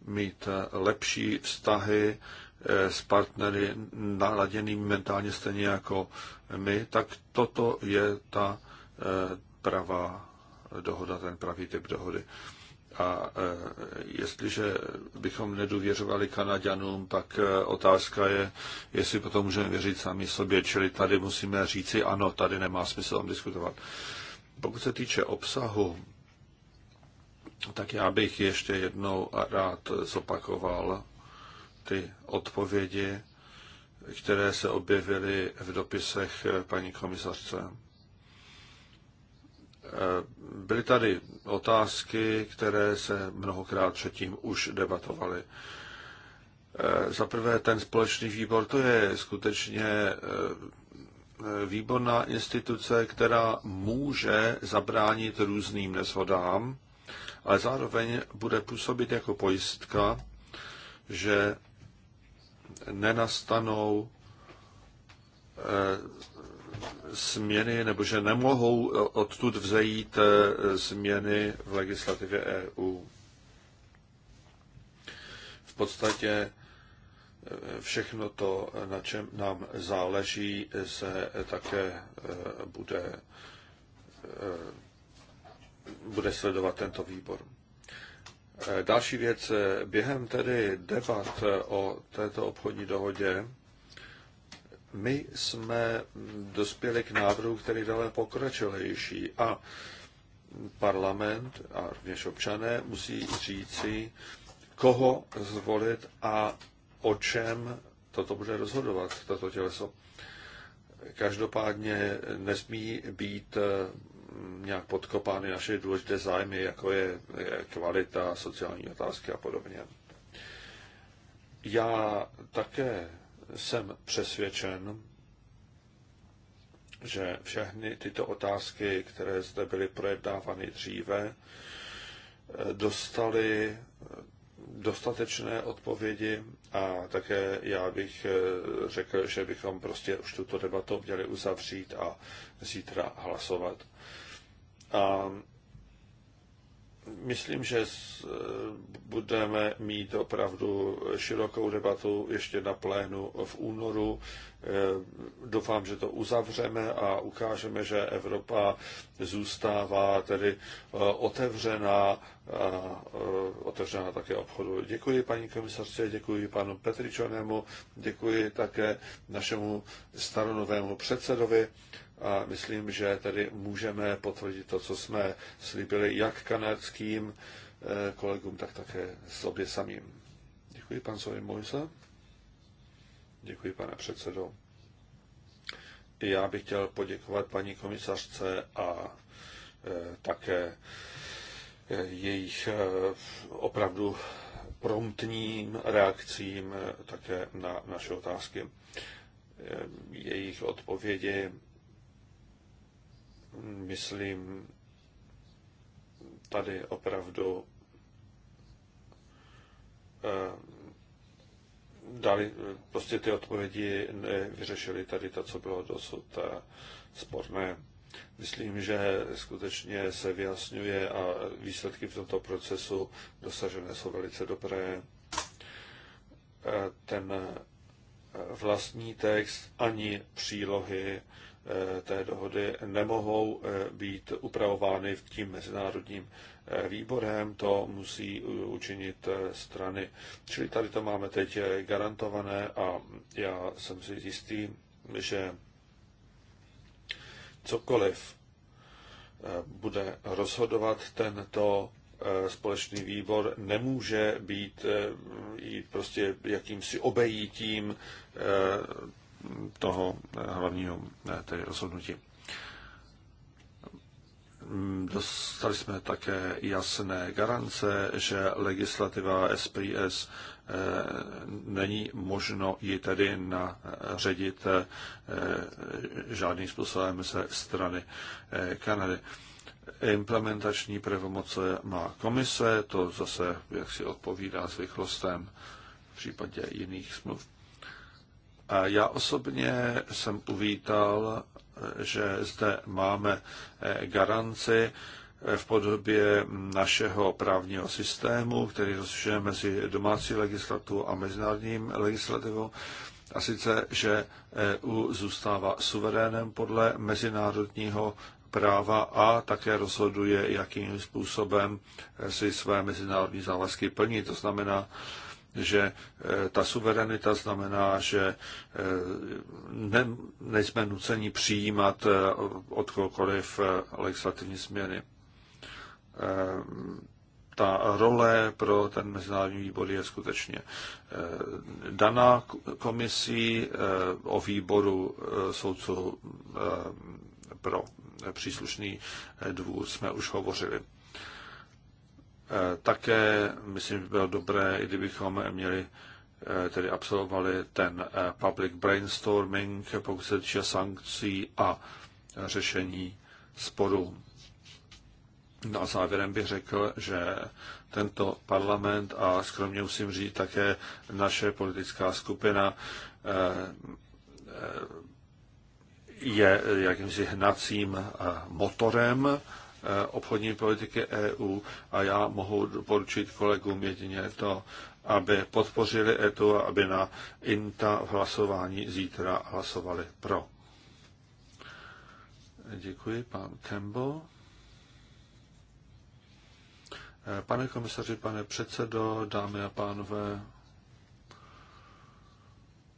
mít lepší vztahy Eh, s partnery naladěnými mentálně stejně jako my, tak toto je ta eh, pravá dohoda, ten pravý typ dohody. A eh, jestliže bychom nedůvěřovali Kanaďanům, pak otázka je, jestli potom můžeme věřit sami sobě. Čili tady musíme říci, ano, tady nemá smysl tam diskutovat. Pokud se týče obsahu, tak já bych ještě jednou rád zopakoval ty odpovědi, které se objevily v dopisech eh, paní komisařce. Eh, byly tady otázky, které se mnohokrát předtím už debatovaly. Eh, za prvé, ten společný výbor, to je skutečně výborná instituce, která může zabránit různým neshodám, ale zároveň bude působit jako pojistka, že nenastanou změny, eh, nebo že nemohou odtud vzejít změny eh, v legislativě EU. V podstatě eh, všechno to, na čem nám záleží, se také bude, bude sledovat tento výbor. Eh, další věc, eh, během tedy debat eh, o této obchodní dohodě, my jsme dospěli k návrhu, který dále pokračovější a parlament a rovněž občané musí říci, koho zvolit a o čem toto bude rozhodovat, toto těleso. Každopádně nesmí být nějak podkopány naše důležité zájmy, jako je kvalita, sociální otázky a podobně. Já také jsem přesvědčen, že všechny tyto otázky, které zde byly projednávány dříve, eh, dostaly dostatečné odpovědi a také já bych eh, řekl, že bychom prostě už tuto debatu měli uzavřít a zítra hlasovat. A myslím, že eh, budeme mít opravdu širokou debatu ještě na plénu v únoru. Eh, doufám, že to uzavřeme a ukážeme, že Evropa zůstává tedy eh, otevřená, otevřená také obchodu. Děkuji paní komisarce, děkuji panu Petričonemu, děkuji také našemu staronovému předsedovi a myslím, že tady můžeme potvrdit to, co jsme slíbili jak kanadským eh, kolegům, tak také sobě samým. Děkuji, pan Sovi Mojsa. Děkuji, pane předsedo. Já bych chtěl poděkovat paní komisařce a eh, také eh, jejich opravdu promptním reakcím také na naše otázky. Jejich odpovědi myslím, tady opravdu eh, dali, prostě ty odpovědi vyřešili tady to, co bylo dosud eh, sporné. Myslím, že skutečně se vyjasňuje a výsledky v tomto procesu dosažené jsou velice dobré. Eh, ten vlastní text ani přílohy Eh, té dohody nemohou eh, být upravovány v tím mezinárodním eh, výborem, to musí učinit strany. Čili tady to máme teď garantované a já jsem si jistý, že cokoliv bude rozhodovat tento společný výbor nemůže být prostě jakýmsi obejítím toho eh, hlavního eh, tedy rozhodnutí. Mm, dostali jsme také jasné garance, že legislativa SPS eh, není možno ji tedy naředit žádným způsobem ze strany Kanady. Implementační pravomoce má komise, to zase jak si odpovídá zvyklostem v případě jiných smluv. A já osobně jsem uvítal, že zde máme eh, garanci eh, v podobě našeho právního systému, který rozšiřuje mezi domácí legislativou a mezinárodním legislativou, a sice, že EU zůstává suverénem podle mezinárodního práva a také rozhoduje, jakým způsobem si své mezinárodní závazky plní. To znamená, že eh, ta suverenita znamená, že eh, ne, nejsme nuceni přijímat eh, od kohokoliv legislativní změny. Ta role pro ten mezinárodní výbor je skutečně daná komisí o výboru soudců pro příslušný dvůr jsme už hovořili. Eh, také myslím, že bylo dobré, i kdybychom měli eh, tedy absolvovali ten eh, public brainstorming, pokud se týče sankcí a řešení sporů. No a závěrem bych řekl, že tento parlament a skromně musím říct také naše politická skupina je jakýmsi hnacím motorem Eh, obchodní politiky EU a já mohu doporučit kolegům jedině to, aby podpořili ETU a aby na INTA v hlasování zítra hlasovali pro. Děkuji, pan Campbell. Eh, pane komisaři, pane předsedo, dámy a pánové,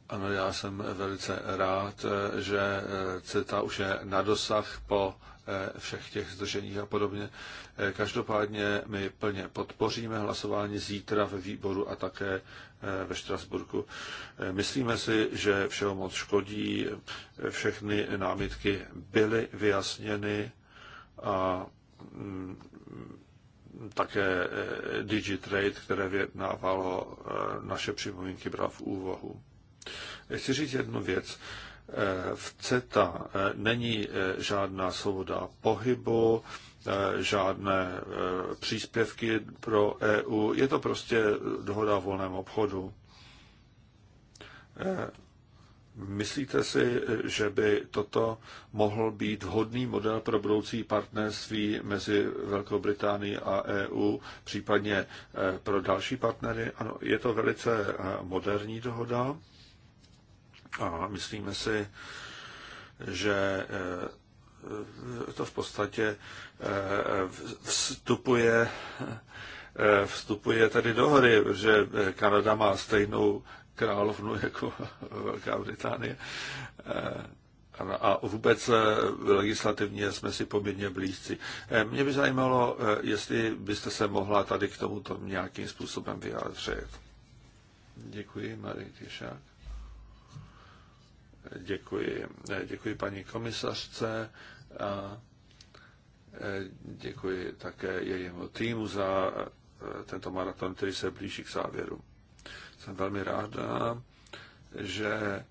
ano, já jsem velice rád, eh, že CETA už je na dosah po Eh, všech těch zdrženích a podobně. Eh, každopádně my plně podpoříme hlasování zítra ve výboru a také eh, ve Štrasburku. Myslíme si, že všeho moc škodí, všechny námitky byly vyjasněny a mm, také Digitrade, které vyjednávalo naše připomínky, bral v úvahu. Chci říct jednu věc v CETA eh, není eh, žádná svoboda pohybu, eh, žádné příspěvky pro EU. Je to prostě dohoda o volném obchodu. Myslíte si, že by toto mohl být vhodný model pro budoucí partnerství mezi Velkou Británií a EU, případně pro další partnery? Ano, je to velice moderní dohoda a myslíme si, že eh, to v podstatě eh, vstupuje, eh, vstupuje tady do hry, že Kanada má stejnou královnu jako Velká Británie. A vůbec legislativně jsme si poměrně blízci. Mě by zajímalo, jestli byste se mohla tady k tomuto nějakým způsobem vyjádřit. Děkuji, Marie Tišák. Děkuji. Děkuji paní komisařce a e, děkuji také jejímu týmu za e, tento maraton, který se blíží k závěru. Jsem velmi ráda, že e,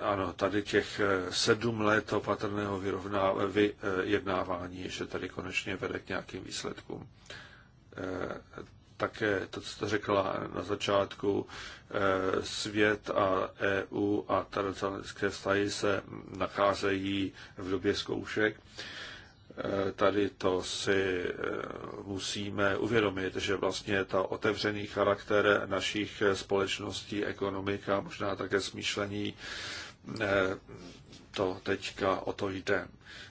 ano, tady těch sedm let opatrného vyjednávání, že tady konečně vede k nějakým výsledkům také to, co jste řekla na začátku, eh, svět a EU a transatlantické vztahy se nacházejí v době zkoušek. Eh, tady to si eh, musíme uvědomit, že vlastně ta otevřený charakter našich společností, ekonomika možná také smýšlení, to teďka o to jde.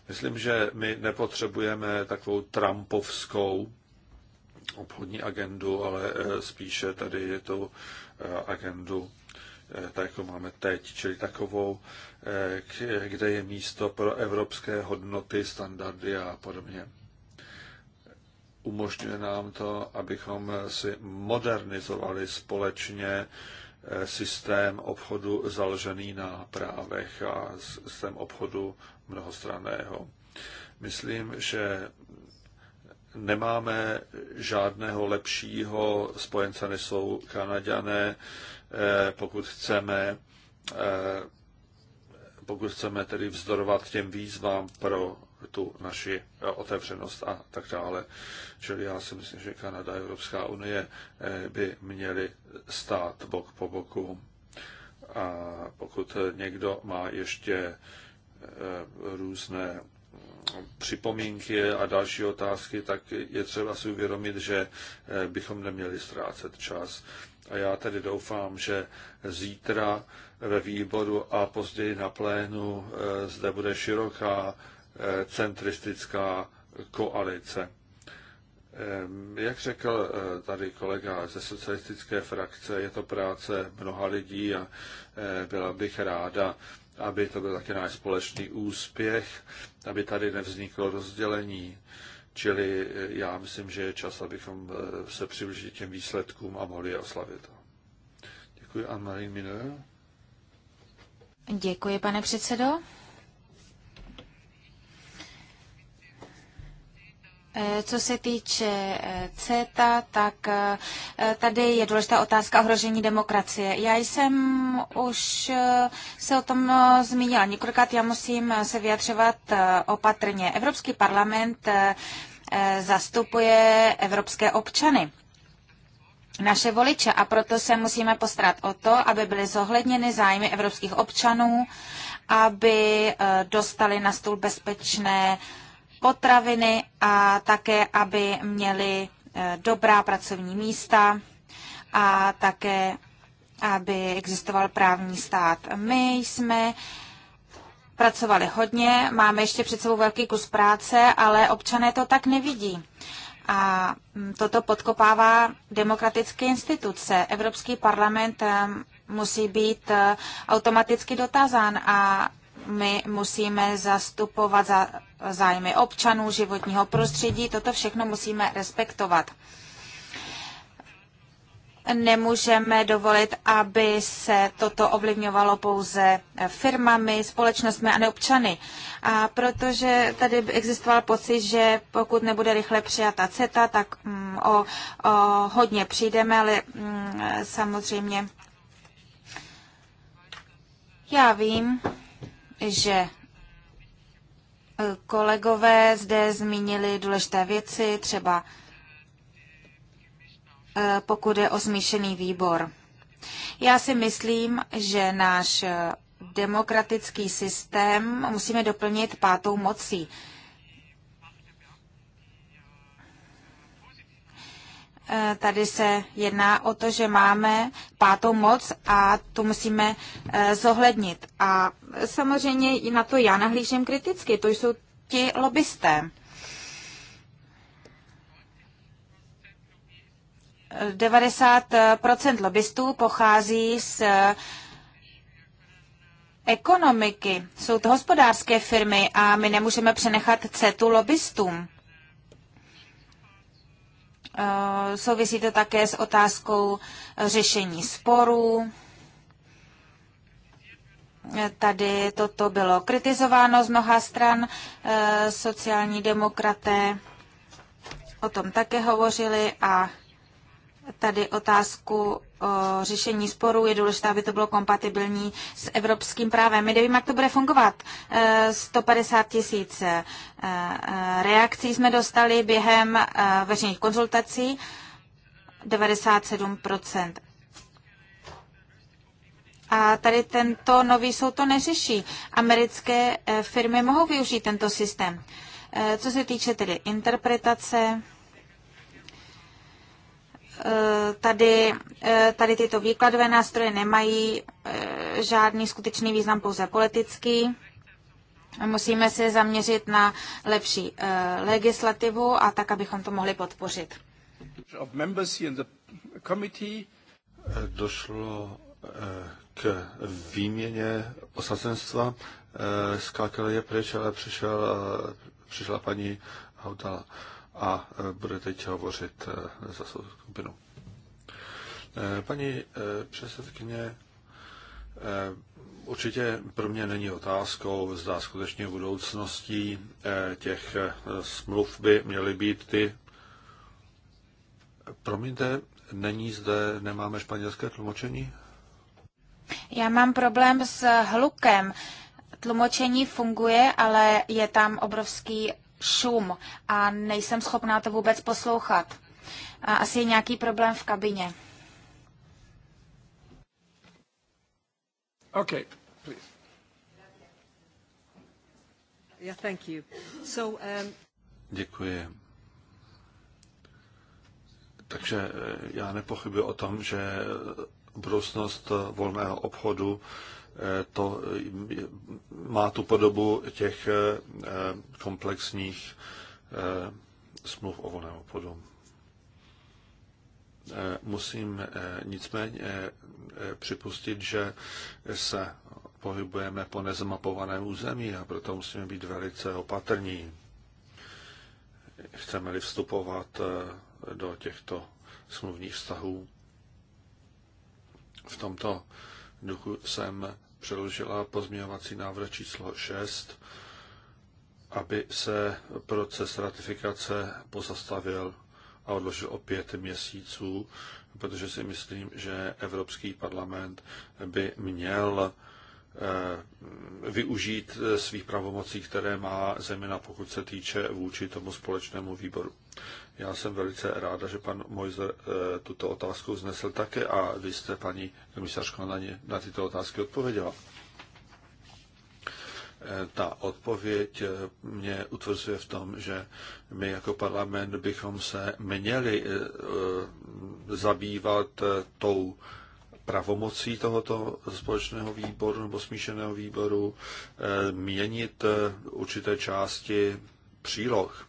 Myslím, že my nepotřebujeme takovou trampovskou obchodní agendu, ale eh, spíše tady je to eh, agendu, eh, tak jako máme teď, čili takovou, kde je místo pro evropské hodnoty, standardy a podobně. Umožňuje nám to, abychom si modernizovali společně systém obchodu založený na právech a systém obchodu mnohostranného. Myslím, že nemáme žádného lepšího spojence, než jsou Kanaďané, eh, pokud chceme eh, pokud chceme tedy vzdorovat těm výzvám pro tu naši eh, otevřenost a tak dále. Čili já si myslím, že Kanada a Evropská unie by měly stát bok po boku. A pokud někdo má ještě různé připomínky a další otázky, tak je třeba si uvědomit, že eh, bychom neměli ztrácet čas. A já tedy doufám, že zítra ve výboru a později na plénu eh, zde bude široká eh, centristická koalice. Ehm, jak řekl tady kolega ze socialistické frakce, je to práce mnoha lidí a byla bych ráda, aby to byl taky náš společný úspěch, aby tady nevzniklo rozdělení. Čili eh, já myslím, že je čas, abychom eh, se přiblížili těm výsledkům a mohli je oslavit. Děkuji, Anne-Marie Děkuji, pane předsedo. Eh, co se týče eh, CETA, tak eh, tady je důležitá otázka ohrožení demokracie. Já jsem už se o tom zmínila několikrát, já musím se vyjadřovat opatrně. Evropský parlament zastupuje evropské občany naše voliče a proto se musíme postarat o to, aby byly zohledněny zájmy evropských občanů, aby dostali na stůl bezpečné uh, potraviny a také, aby měli eh, dobrá pracovní místa a také, aby existoval právní stát. My jsme pracovali hodně, máme ještě před sebou velký kus práce, ale občané to tak nevidí. A mm, toto podkopává demokratické instituce. Evropský parlament eh, musí být eh, automaticky dotazán a my musíme zastupovat za zájmy občanů, životního prostředí, toto všechno musíme respektovat. Nemůžeme dovolit, aby se toto ovlivňovalo pouze firmami, společnostmi a neobčany. A protože tady existoval pocit, že pokud nebude rychle přijata CETA, tak mm, o, o hodně přijdeme, ale mm, samozřejmě já vím, že Kolegové zde zmínili důležité věci, třeba eh, pokud je o smíšený výbor. Já si myslím, že náš demokratický systém musíme doplnit pátou mocí. Eh, tady se jedná o to, že máme pátou moc a tu musíme eh, zohlednit. A samozřejmě i na to já nahlížím kriticky, to jsou ti lobbysté. 90% lobbystů pochází z ekonomiky. Jsou to hospodářské firmy a my nemůžeme přenechat CETu lobbystům. Eh, souvisí to také s otázkou řešení sporů. Tady toto bylo kritizováno z mnoha stran. Eh, sociální demokraté o tom také hovořili a tady otázku o řešení sporů. Je důležité, aby to bylo kompatibilní s evropským právem. My nevím, jak to bude fungovat. 150 e, tisíc e, e, reakcí jsme dostali během veřejných konzultací. 97 a tady tento nový soud to neřeší. Americké firmy mohou využít tento systém. Co se týče tedy interpretace, Eh, tady, eh, tady tyto výkladové nástroje nemají eh, žádný skutečný význam, pouze politický. Musíme se zaměřit na lepší legislativu a tak, abychom to mohli podpořit. Došlo k výměně osazenstva. Skákal je pryč, ale přišel, přišla paní Hautala a e, bude teď hovořit e, za svou skupinu. E, paní předsedkyně, určitě pro mě není otázkou, zda skutečně budoucnosti těch smluv by měly být ty. Promiňte, není zde, nemáme španělské tlumočení? Já mám problém s hlukem. Tlumočení funguje, ale je tam obrovský šum a nejsem schopná to vůbec poslouchat. A asi je nějaký problém v kabině. OK, please. Yeah, thank you. So, um... Děkuji. Takže eh, já nepochybuji o tom, že budoucnost volného obchodu to eh, má tu podobu těch eh, komplexních eh, smluv o volném obchodu. Musím nicméně připustit, že se pohybujeme po nezmapovaném území a proto musíme být velice opatrní. Chceme-li vstupovat do těchto smluvních vztahů. V tomto duchu jsem předložila pozměňovací návrh číslo 6, aby se proces ratifikace pozastavil a odložil o pět měsíců, protože si myslím, že Evropský parlament by měl Eh, využít eh, svých pravomocí, které má zejména pokud se týče vůči tomu společnému výboru. Já jsem velice ráda, že pan Mojzer eh, tuto otázku vznesl také a vy jste, paní komisařko, na, ně, na tyto otázky odpověděla. Ta odpověď mě utvrzuje v tom, že my jako parlament bychom se měli zabývat tou pravomocí tohoto společného výboru nebo smíšeného výboru eh, měnit eh, určité části příloh.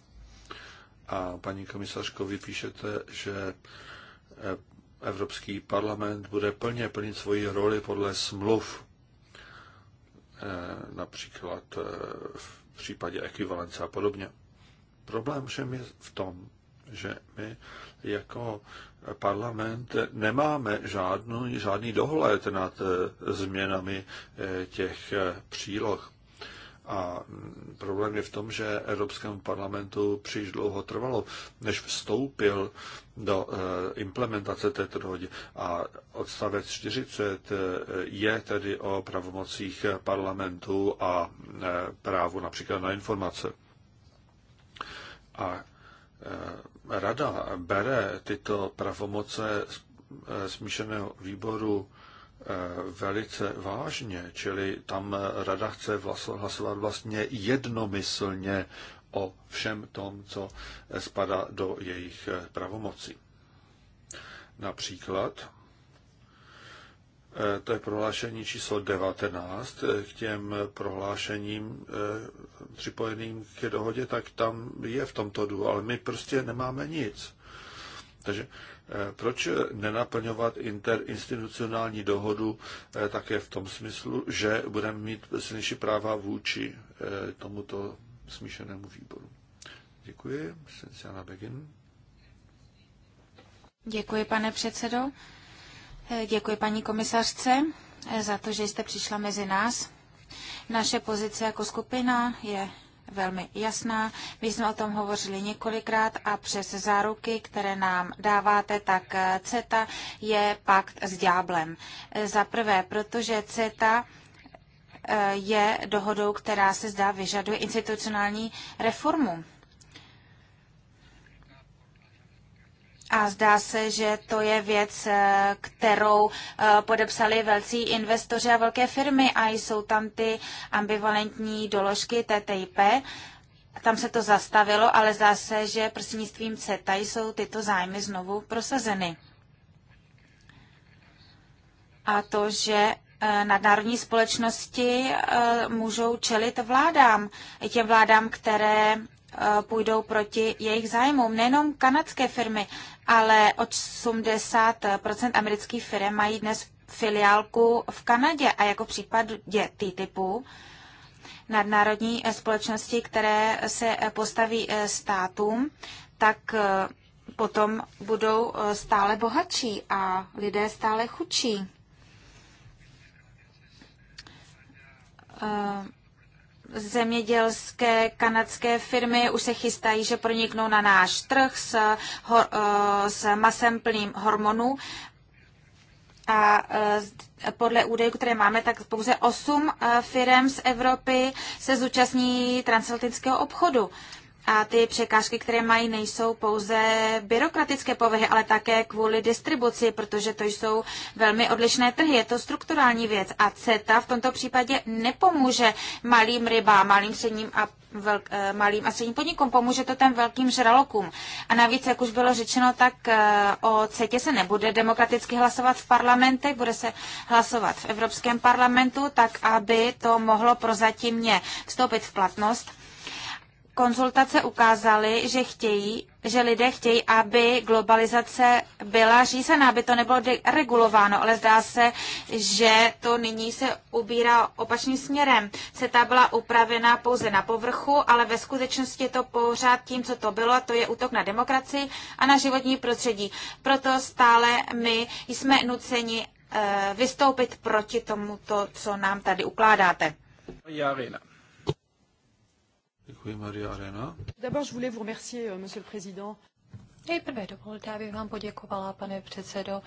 A paní komisařko, vy píšete, že eh, Evropský parlament bude plně plnit svoji roli podle smluv, například v případě ekvivalence a podobně. Problém všem je v tom, že my jako parlament nemáme žádný, žádný dohled nad eh, změnami eh, těch eh, příloh. A mm, problém je v tom, že Evropskému parlamentu příliš dlouho trvalo, než vstoupil do implementace této dohody. A odstavec 40 je tedy o pravomocích parlamentu a právu například na informace. A rada bere tyto pravomoce eh, smíšeného výboru eh, velice vážně, čili tam rada chce hlasovat vlastně jednomyslně o všem tom, co spadá do jejich eh, pravomocí. Například Eh, to je prohlášení číslo 19 eh, k těm prohlášením eh, připojeným k dohodě, tak tam je v tomto dů, ale my prostě nemáme nic. Takže proč nenaplňovat interinstitucionální dohodu také v tom smyslu, že budeme mít silnější práva vůči tomuto smíšenému výboru? Děkuji. Senciana Begin. Děkuji, pane předsedo. Děkuji paní komisařce za to, že jste přišla mezi nás. Naše pozice jako skupina je velmi jasná. My jsme o tom hovořili několikrát a přes záruky, které nám dáváte, tak CETA je pakt s ďáblem. Za prvé, protože CETA eh, je dohodou, která se zdá vyžaduje institucionální reformu. A zdá se, že to je věc, eh, kterou eh, podepsali velcí investoři a velké firmy a jsou tam ty ambivalentní doložky TTIP. Tam se to zastavilo, ale zdá se, že prostřednictvím CETA jsou tyto zájmy znovu prosazeny. A to, že eh, nadnárodní společnosti můžou čelit vládám, těm vládám, které půjdou proti jejich zájmům. Nejenom kanadské firmy, ale 80% amerických firm mají dnes filiálku v Kanadě a jako případ je T-typu nadnárodní společnosti, které se postaví eh, státům, tak eh, potom budou eh, stále bohatší a lidé stále chudší zemědělské kanadské firmy už se chystají, že proniknou na náš trh s, ho, eh, s masem plným hormonů. A eh, podle údajů, které máme, tak pouze osm eh, firm z Evropy se zúčastní transatlantického obchodu. A ty překážky, které mají, nejsou pouze byrokratické povahy, ale také kvůli distribuci, protože to jsou velmi odlišné trhy. Je to strukturální věc a CETA v tomto případě nepomůže malým rybám, malým středním a velk, eh, malým a středním podnikům, pomůže to ten velkým žralokům. A navíc, jak už bylo řečeno, tak eh, o CETě se nebude demokraticky hlasovat v parlamentech, bude se hlasovat v Evropském parlamentu, tak aby to mohlo prozatímně vstoupit v platnost konzultace ukázaly, že chtějí, že lidé chtějí, aby globalizace byla řízená, aby to nebylo regulováno, ale zdá se, že to nyní se ubírá opačným směrem. CETA byla upravená pouze na povrchu, ale ve skutečnosti je to pořád tím, co to bylo, a to je útok na demokracii a na životní prostředí. Proto stále my jsme nuceni eh, vystoupit proti tomuto, co nám tady ukládáte. Jarina. Děkuji, Maria Arena. D'abord, je voulais vous remercier, euh, monsieur le président. Nejprve dovolte, abych vám poděkovala, pane předsedo,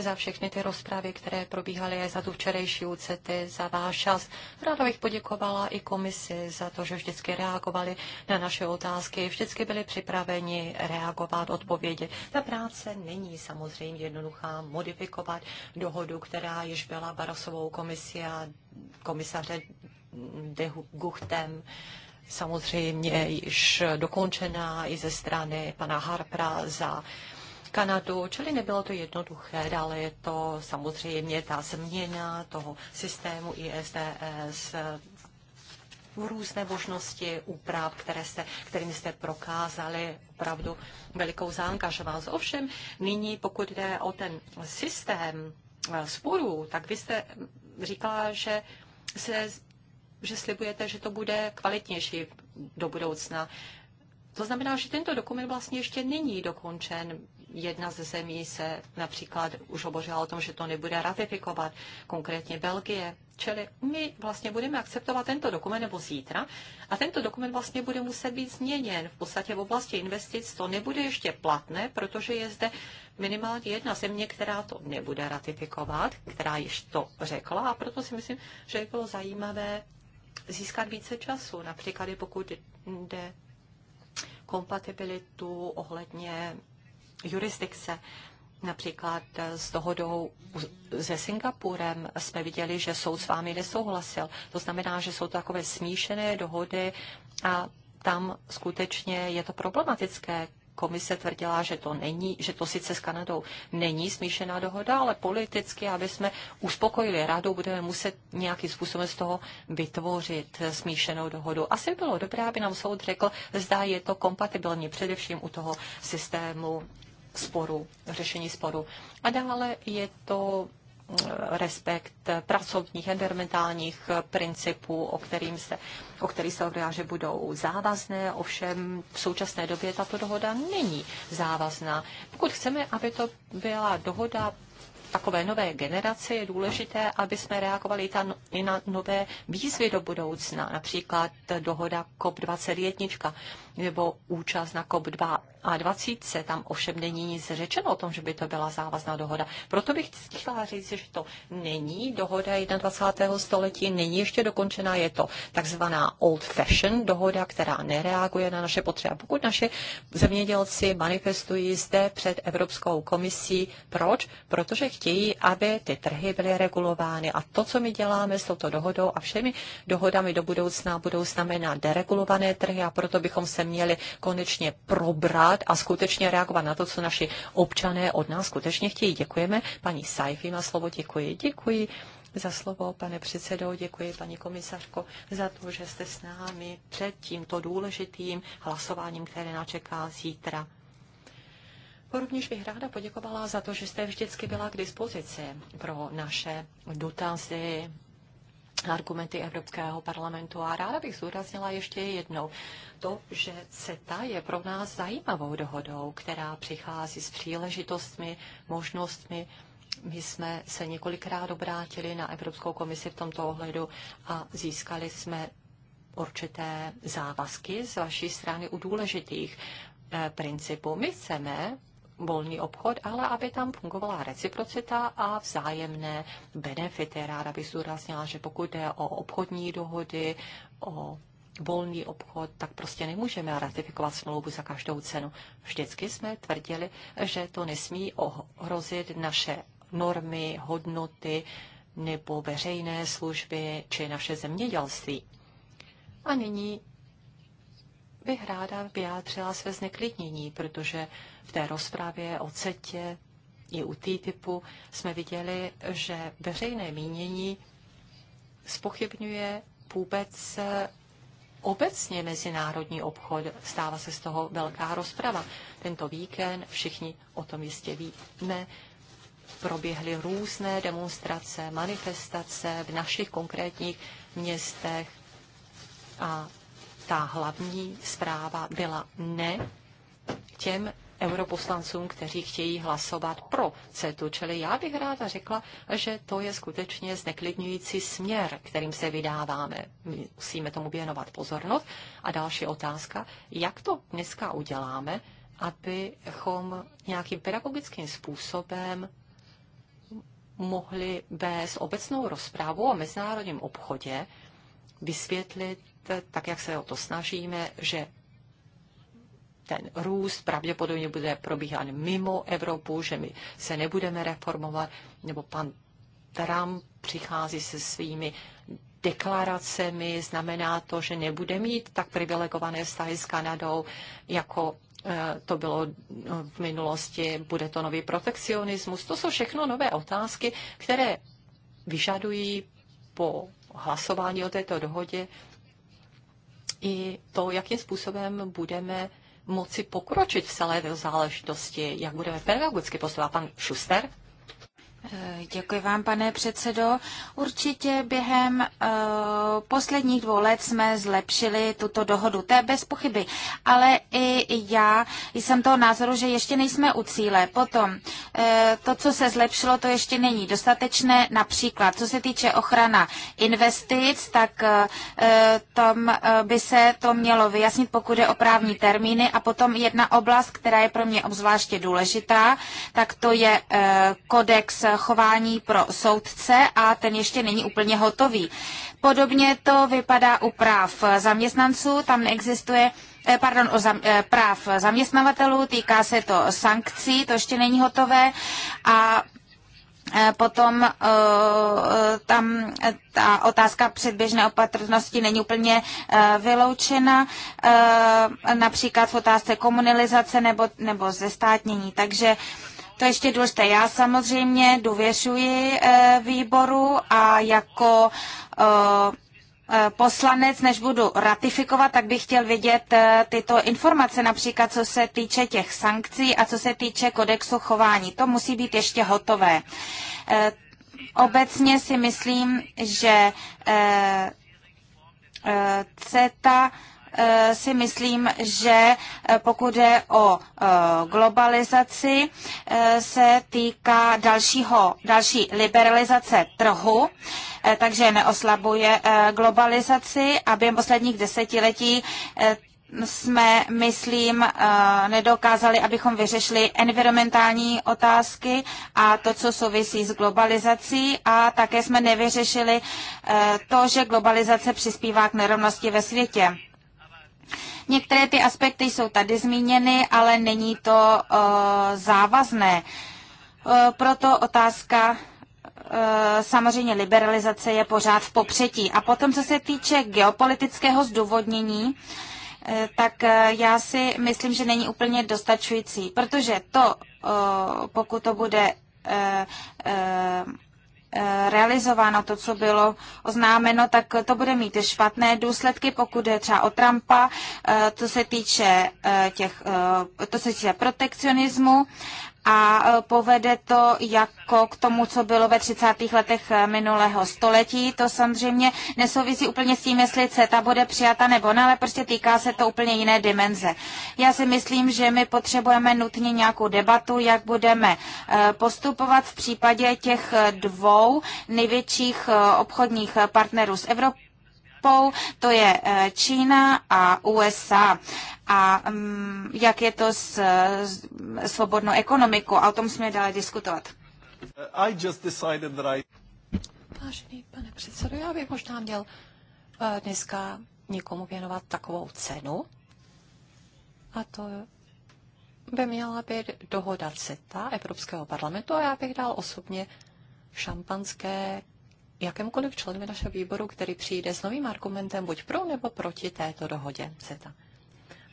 za všechny ty rozprávy, které probíhaly, a za tu včerejší úcety, za váš čas. Ráda bych poděkovala i komisi za to, že vždycky reagovali na naše otázky, vždycky byli připraveni reagovat, odpovědi. Ta práce není samozřejmě jednoduchá modifikovat dohodu, která již byla Barosovou komisi a komisaře Guchtem samozřejmě již dokončená i ze strany pana Harpra za Kanadu, čili nebylo to jednoduché, ale je to samozřejmě ta změna toho systému ISDS, různé možnosti úprav, které jste, kterým jste prokázali opravdu velikou zaangažovanost. Ovšem, nyní, pokud jde o ten systém eh, sporů, tak vy jste říkala, že se že slibujete, že to bude kvalitnější do budoucna. To znamená, že tento dokument vlastně ještě není dokončen. Jedna ze zemí se například už hovořila o tom, že to nebude ratifikovat, konkrétně Belgie. Čili my vlastně budeme akceptovat tento dokument nebo zítra a tento dokument vlastně bude muset být změněn. V podstatě v oblasti investic to nebude ještě platné, protože je zde minimálně jedna země, která to nebude ratifikovat, která již to řekla a proto si myslím, že by bylo zajímavé získat více času, například pokud jde kompatibilitu ohledně jurisdikce. Například s dohodou se Singapurem jsme viděli, že soud s vámi nesouhlasil. To znamená, že jsou to takové smíšené dohody a tam skutečně je to problematické, komise tvrdila, že to není, že to sice s Kanadou není smíšená dohoda, ale politicky, aby jsme uspokojili radu, budeme muset nějakým způsobem z toho vytvořit smíšenou dohodu. Asi by bylo dobré, aby nám soud řekl, zda je to kompatibilní především u toho systému sporu, řešení sporu. A dále je to respekt pracovních, environmentálních principů, o, kterým se, o který se hovorila, že budou závazné, ovšem v současné době tato dohoda není závazná. Pokud chceme, aby to byla dohoda takové nové generace je důležité, aby jsme reagovali ta, no, i na nové výzvy do budoucna, například dohoda COP21 nebo účast na COP2 a 20 se tam ovšem není nic řečeno o tom, že by to byla závazná dohoda. Proto bych chtěla říct, že to není dohoda 21. století, není ještě dokončená, je to takzvaná old fashion dohoda, která nereaguje na naše potřeby. Pokud naše zemědělci manifestují zde před Evropskou komisí, proč? Protože chtějí, aby ty trhy byly regulovány. A to, co my děláme s touto dohodou a všemi dohodami do budoucna, budou znamenat deregulované trhy a proto bychom se se měli konečně probrat a skutečně reagovat na to, co naši občané od nás skutečně chtějí. Děkujeme. Paní Saifi má slovo. Děkuji. Děkuji za slovo, pane předsedo. Děkuji, paní komisařko, za to, že jste s námi před tímto důležitým hlasováním, které nás čeká zítra. Rovněž bych ráda poděkovala za to, že jste vždycky byla k dispozici pro naše dotazy, argumenty Evropského parlamentu. A ráda bych zúraznila ještě jednou to, že CETA je pro nás zajímavou dohodou, která přichází s příležitostmi, možnostmi, my jsme se několikrát obrátili na Evropskou komisi v tomto ohledu a získali jsme určité závazky z vaší strany u důležitých eh, principů. My chceme volný obchod, ale aby tam fungovala reciprocita a vzájemné benefity. Ráda bych zdůraznila, že pokud jde o obchodní dohody, o volný obchod, tak prostě nemůžeme ratifikovat smlouvu za každou cenu. Vždycky jsme tvrdili, že to nesmí ohrozit naše normy, hodnoty nebo veřejné služby či naše zemědělství. A nyní bych ráda vyjádřila své zneklidnění, protože v té rozprávě o CETě i u TTIPu jsme viděli, že veřejné mínění spochybňuje vůbec eh, obecně mezinárodní obchod. Stává se z toho velká rozprava. Tento víkend, všichni o tom jistě víme, proběhly různé demonstrace, manifestace v našich konkrétních městech a ta hlavní zpráva byla ne těm europoslancům, kteří chtějí hlasovat pro CETu. Čili já bych ráda řekla, že to je skutečně zneklidňující směr, kterým se vydáváme. My musíme tomu věnovat pozornost. A další otázka, jak to dneska uděláme, abychom nějakým pedagogickým způsobem mohli bez obecnou rozprávu o mezinárodním obchodě, vysvětlit, tak jak se o to snažíme, že ten růst pravděpodobně bude probíhat mimo Evropu, že my se nebudeme reformovat, nebo pan Trump přichází se svými deklaracemi, znamená to, že nebude mít tak privilegované vztahy s Kanadou, jako eh, to bylo eh, v minulosti, bude to nový protekcionismus. To jsou všechno nové otázky, které vyžadují po hlasování o této dohodě i to, jakým způsobem budeme moci pokročit v celé té záležitosti, jak budeme pedagogicky postupovat. Pan Šuster? Děkuji vám, pane předsedo. Určitě během uh, posledních dvou let jsme zlepšili tuto dohodu, to je bez pochyby, ale i já jsem toho názoru, že ještě nejsme u cíle. Potom uh, to, co se zlepšilo, to ještě není dostatečné. Například, co se týče ochrana investic, tak uh, tam uh, by se to mělo vyjasnit, pokud je o právní termíny. A potom jedna oblast, která je pro mě obzvláště důležitá, tak to je uh, kodex chování pro soudce a ten ještě není úplně hotový. Podobně to vypadá u práv zaměstnanců, tam neexistuje eh, pardon, o zam, eh, práv zaměstnavatelů, týká se to sankcí, to ještě není hotové a eh, Potom tam ta otázka předběžné opatrnosti není úplně vyloučena, například v otázce komunalizace nebo, nebo zestátnění. Takže to ještě důležité. Já samozřejmě důvěřuji eh, výboru a jako eh, eh, poslanec, než budu ratifikovat, tak bych chtěl vidět tyto informace, například co se týče těch sankcí a co se týče kodexu chování. To musí být ještě hotové. Obecně si myslím, že CETA Eh, si myslím, že eh, pokud je o eh, globalizaci, se týká dalšího, další liberalizace trhu, takže neoslabuje globalizaci a během posledních desetiletí jsme, myslím, nedokázali, abychom vyřešili environmentální otázky a to, co souvisí s globalizací a také jsme nevyřešili to, že globalizace přispívá k nerovnosti ve světě. Některé ty aspekty jsou tady zmíněny, ale není to eh, závazné. Eh, proto otázka eh, samozřejmě liberalizace je pořád v popřetí. A potom, co se týče geopolitického zdůvodnění, tak já si myslím, že není úplně dostačující, protože to, pokud to bude realizováno to, co bylo oznámeno, tak to bude mít špatné důsledky, pokud je třeba o Trumpa, eh, to se týče eh, těch, eh, to se týče protekcionismu a e, povede to jako k tomu, co bylo ve 30. letech e, minulého století. To samozřejmě nesouvisí úplně s tím, jestli CETA bude přijata nebo ne, ale prostě týká se to úplně jiné dimenze. Já si myslím, že my potřebujeme nutně nějakou debatu, jak budeme e, postupovat v případě těch dvou největších obchodních partnerů z Evropy mapou, to je eh, Čína a USA. A mm, jak je to s svobodnou ekonomikou, a o tom jsme dále diskutovat. I just decided that I... Vážený pane předsedo, já bych možná měl eh, dneska někomu věnovat takovou cenu. A to by měla být dohoda CETA Evropského parlamentu a já bych dal osobně šampanské jakémkoliv členovi našeho výboru, který přijde s novým argumentem buď pro nebo proti této dohodě CETA.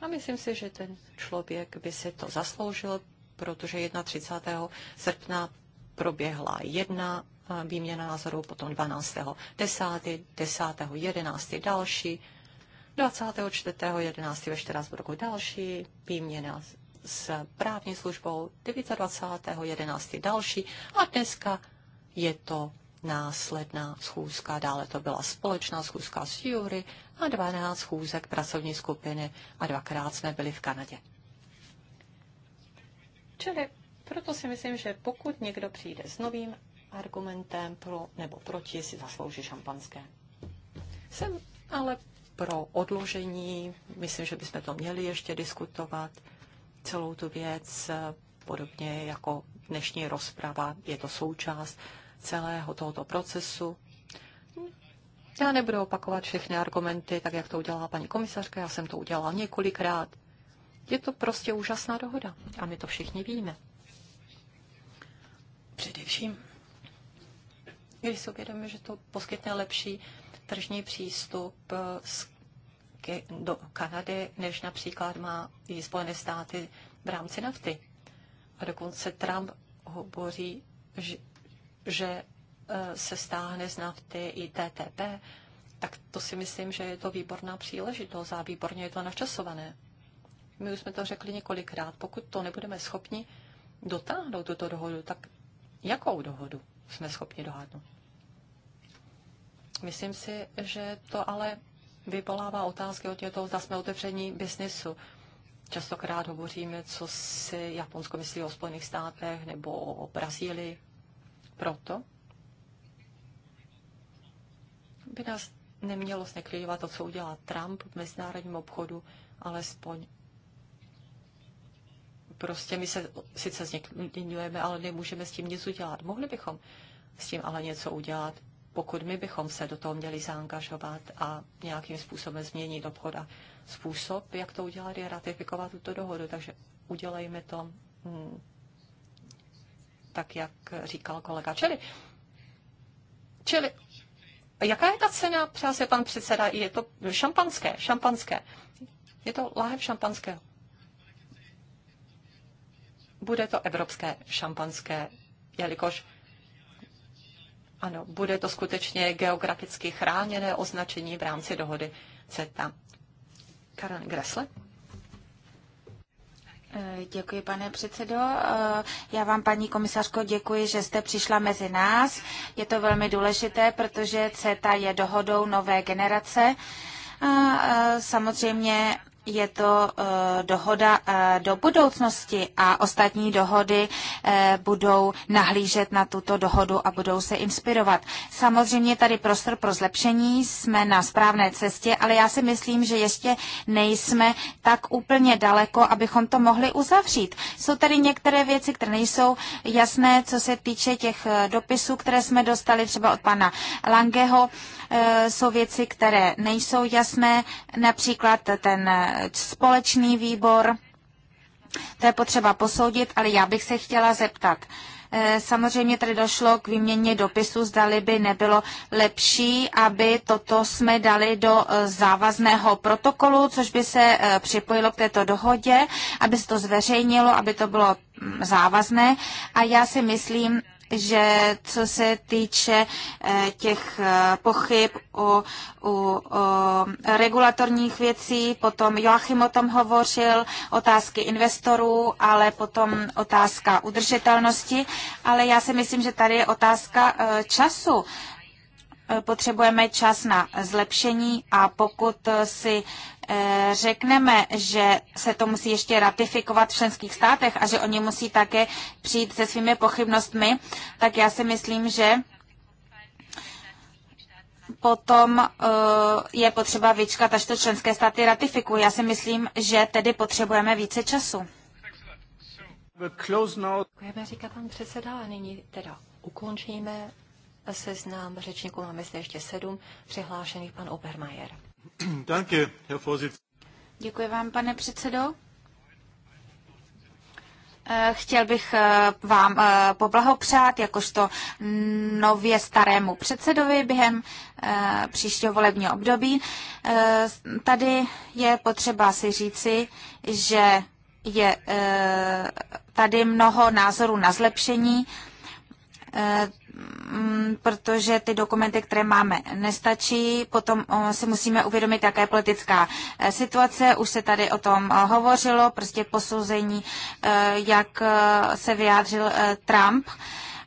A myslím si, že ten člověk by si to zasloužil, protože 31. srpna proběhla jedna eh, výměna názorů, potom 12. 10. 10. 11. další, 24. 11. ve Štrasburku další výměna s právní službou, 29. 11. další a dneska je to následná schůzka, dále to byla společná schůzka s Jury a 12 schůzek pracovní skupiny a dvakrát jsme byli v Kanadě. Čili proto si myslím, že pokud někdo přijde s novým argumentem pro nebo proti, si zaslouží šampanské. Jsem ale pro odložení, myslím, že bychom to měli ještě diskutovat, celou tu věc, podobně jako dnešní rozprava, je to součást celého tohoto procesu. Já nebudu opakovat všechny argumenty, tak jak to udělala paní komisařka, já jsem to udělala několikrát. Je to prostě úžasná dohoda a my to všichni víme. Především, když si uvědomíme, že to poskytne lepší tržní přístup eh, do Kanady, než například má i Spojené státy v rámci nafty. A dokonce Trump hovoří, že že e, se stáhne z nafty i TTP, tak to si myslím, že je to výborná příležitost a výborně je to načasované. My už jsme to řekli několikrát. Pokud to nebudeme schopni dotáhnout, tuto dohodu, tak jakou dohodu jsme schopni dohádnout? Myslím si, že to ale vyvolává otázky o toho, zda jsme otevření biznesu. Častokrát hovoříme, co si Japonsko myslí o Spojených státech nebo o Brazílii proto by nás nemělo zneklidovat to, co udělá Trump v mezinárodním obchodu, alespoň prostě my se sice zneklidňujeme, ale nemůžeme s tím nic udělat. Mohli bychom s tím ale něco udělat, pokud my bychom se do toho měli zaangažovat a nějakým způsobem změnit obchod. A způsob, jak to udělat, je ratifikovat tuto dohodu. Takže udělejme to mm, tak jak říkal kolega. Čili, čili jaká je ta cena, přál se pan předseda, je to šampanské, šampanské. Je to láhev šampanského. Bude to evropské šampanské, jelikož ano, bude to skutečně geograficky chráněné označení v rámci dohody CETA. Karen Gressle? Děkuji, pane předsedo. Eh, já vám, paní komisařko, děkuji, že jste přišla mezi nás. Je to velmi důležité, protože CETA je dohodou nové generace. A eh, samozřejmě je to eh, dohoda eh, do budoucnosti a ostatní dohody eh, budou nahlížet na tuto dohodu a budou se inspirovat. Samozřejmě tady prostor pro zlepšení, jsme na správné cestě, ale já si myslím, že ještě nejsme tak úplně daleko, abychom to mohli uzavřít. Jsou tady některé věci, které nejsou jasné, co se týče těch dopisů, které jsme dostali třeba od pana Langeho Eh, jsou věci, které nejsou jasné, například ten eh, společný výbor. To je potřeba posoudit, ale já bych se chtěla zeptat. Eh, samozřejmě tady došlo k výměně dopisu, zdali by nebylo lepší, aby toto jsme dali do závazného protokolu, což by se připojilo k této dohodě, aby se to zveřejnilo, aby to bylo mm, závazné. A já si myslím, že co se týče eh, těch eh, pochyb o, o, o regulatorních věcí, potom Joachim o tom hovořil, otázky investorů, ale potom otázka udržitelnosti, ale já si myslím, že tady je otázka eh, času potřebujeme čas na zlepšení a pokud si Eh, řekneme, že se to musí ještě ratifikovat v členských státech a že oni musí také přijít se svými pochybnostmi, tak já si myslím, že potom eh, je potřeba vyčkat, až to členské státy ratifikují. Já si myslím, že tedy potřebujeme více času. Děkujeme, říká pan předseda, a nyní teda ukončíme seznám řečníků. Máme zde ještě sedm přihlášených pan Obermajer. Děkuji vám, pane předsedo. Eh, chtěl bych eh, vám eh, poblahopřát jakožto nově starému předsedovi během příštího volebního období. Tady je potřeba si říci, že je tady mnoho názorů na zlepšení Mm, protože ty dokumenty, které máme, nestačí. Potom eh, si musíme uvědomit, jaká je politická eh, situace. Už se tady o tom eh, hovořilo, prostě posouzení, jak se vyjádřil Trump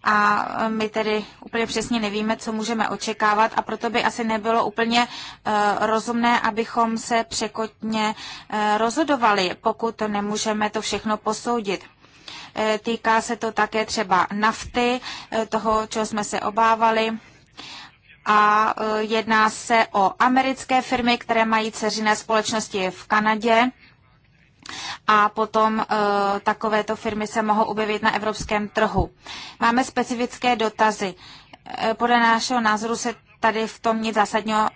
a my tedy úplně přesně nevíme, co můžeme očekávat a proto by asi nebylo úplně uh, rozumné, abychom se překotně uh, rozhodovali, pokud to nemůžeme to všechno posoudit. Eh, týká se to také třeba nafty, eh, toho, čeho jsme se obávali a eh, jedná se o americké firmy, které mají ceřiné společnosti v Kanadě. A potom takovéto firmy se mohou objevit na evropském trhu. Máme specifické dotazy. podle našeho názoru se tady v tom nic zásadního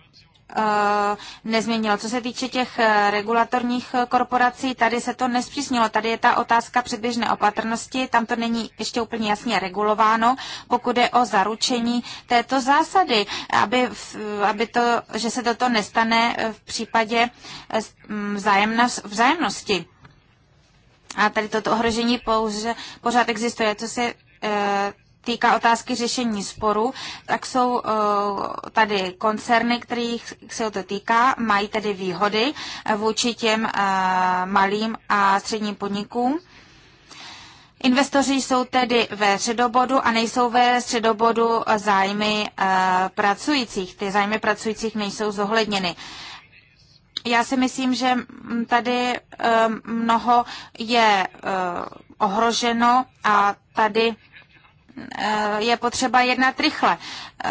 Eh, nezměnilo. Co se týče těch eh, regulatorních eh, korporací, tady se to nespřísnilo. Tady je ta otázka předběžné opatrnosti, tam to není ještě úplně jasně regulováno, pokud je o zaručení této zásady, aby, aby to, že se toto nestane v případě mm, vzájemnosti. A tady toto ohrožení pouze pořád existuje. Co se týká otázky řešení sporu, tak jsou eh, tady koncerny, kterých se to týká, mají tedy výhody eh, vůči těm eh, malým a středním podnikům. Investoři jsou tedy ve středobodu a nejsou ve středobodu zájmy pracujících. Ty zájmy pracujících nejsou zohledněny. Já si myslím, že mm, tady mnoho je ohroženo a tady Eh, je potřeba jednat rychle, eh,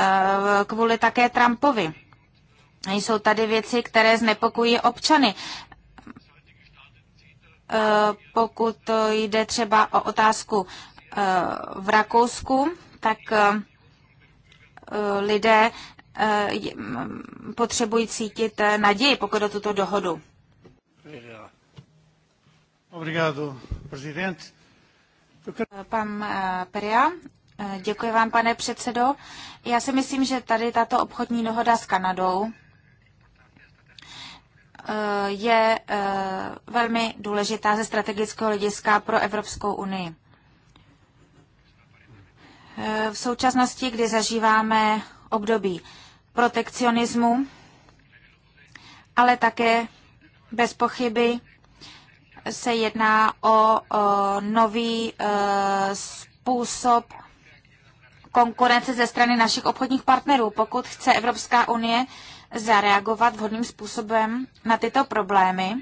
kvůli také Trumpovi. Jsou tady věci, které znepokojí občany. Eh, pokud jde třeba o otázku v Rakousku, tak lidé mm, potřebují cítit naději, pokud o tuto dohodu. Obrigado, presidente. Pan eh, Peria, eh, děkuji vám, pane předsedo. Já si myslím, že tady tato obchodní dohoda s Kanadou eh, je velmi důležitá ze strategického hlediska pro Evropskou unii. V současnosti, kdy zažíváme období protekcionismu, ale také bez pochyby se jedná o, nový e, způsob konkurence ze strany našich obchodních partnerů. Pokud chce Evropská unie zareagovat vhodným způsobem na tyto problémy,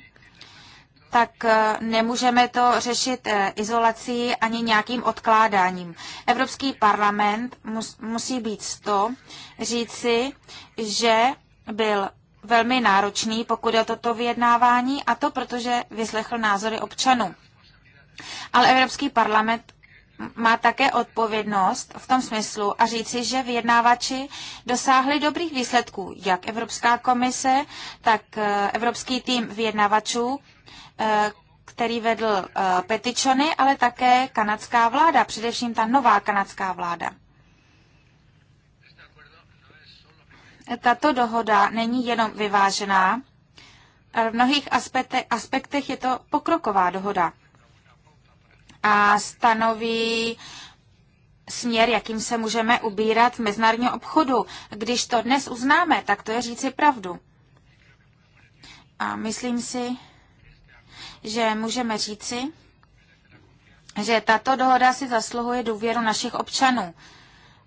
tak e, nemůžeme to řešit e, izolací ani nějakým odkládáním. Evropský parlament musí být z to říci, že byl velmi náročný, pokud je o toto vyjednávání, a to protože vyslechl názory občanů. Ale Evropský parlament má také odpovědnost v tom smyslu a říci, že vyjednávači dosáhli dobrých výsledků, jak Evropská komise, tak eh, Evropský tým vyjednávačů, eh, který vedl eh, petičony, ale také kanadská vláda, především ta nová kanadská vláda. tato dohoda není jenom vyvážená, v mnohých aspektech je to pokroková dohoda a stanoví směr, jakým se můžeme ubírat v mezinárodním obchodu. Když to dnes uznáme, tak to je říci pravdu. A myslím si, že můžeme říci, že tato dohoda si zasluhuje důvěru našich občanů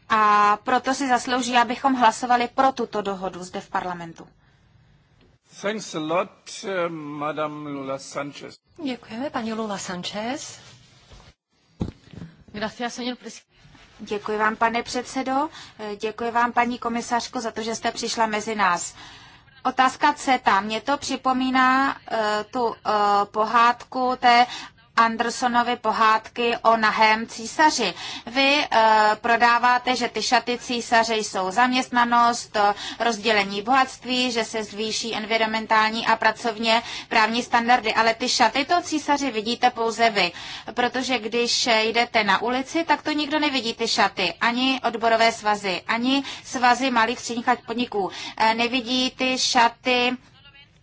a proto si zaslouží, abychom hlasovali pro tuto dohodu zde v parlamentu. Thanks a lot, uh, madam Lula Sanchez. Děkujeme, paní Lula Sanchez. Gracias, señor Děkuji vám, pane předsedo. Děkuji vám, paní komisařko, za to, že jste přišla mezi nás. Otázka CETA. Mně to připomíná uh, tu uh, pohádku té Andersonovy pohádky o nahém císaři. Vy e, prodáváte, že ty šaty císaře jsou zaměstnanost, rozdělení bohatství, že se zvýší environmentální a pracovně právní standardy, ale ty šaty to císaři vidíte pouze vy, protože když jdete na ulici, tak to nikdo nevidí ty šaty, ani odborové svazy, ani svazy malých středních podniků. E, nevidí ty šaty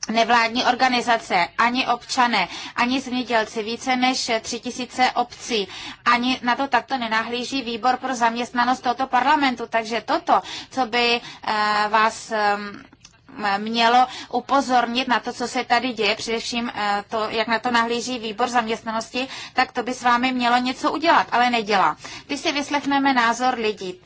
nevládní organizace, ani občané, ani zemědělci, více než tři tisíce obcí, ani na to takto nenahlíží výbor pro zaměstnanost tohoto parlamentu. Takže toto, co by eh, vás eh, mělo upozornit na to, co se tady děje, především eh, to, jak na to nahlíží výbor zaměstnanosti, tak to by s vámi mělo něco udělat, ale nedělá. Když si vyslechneme názor lidí,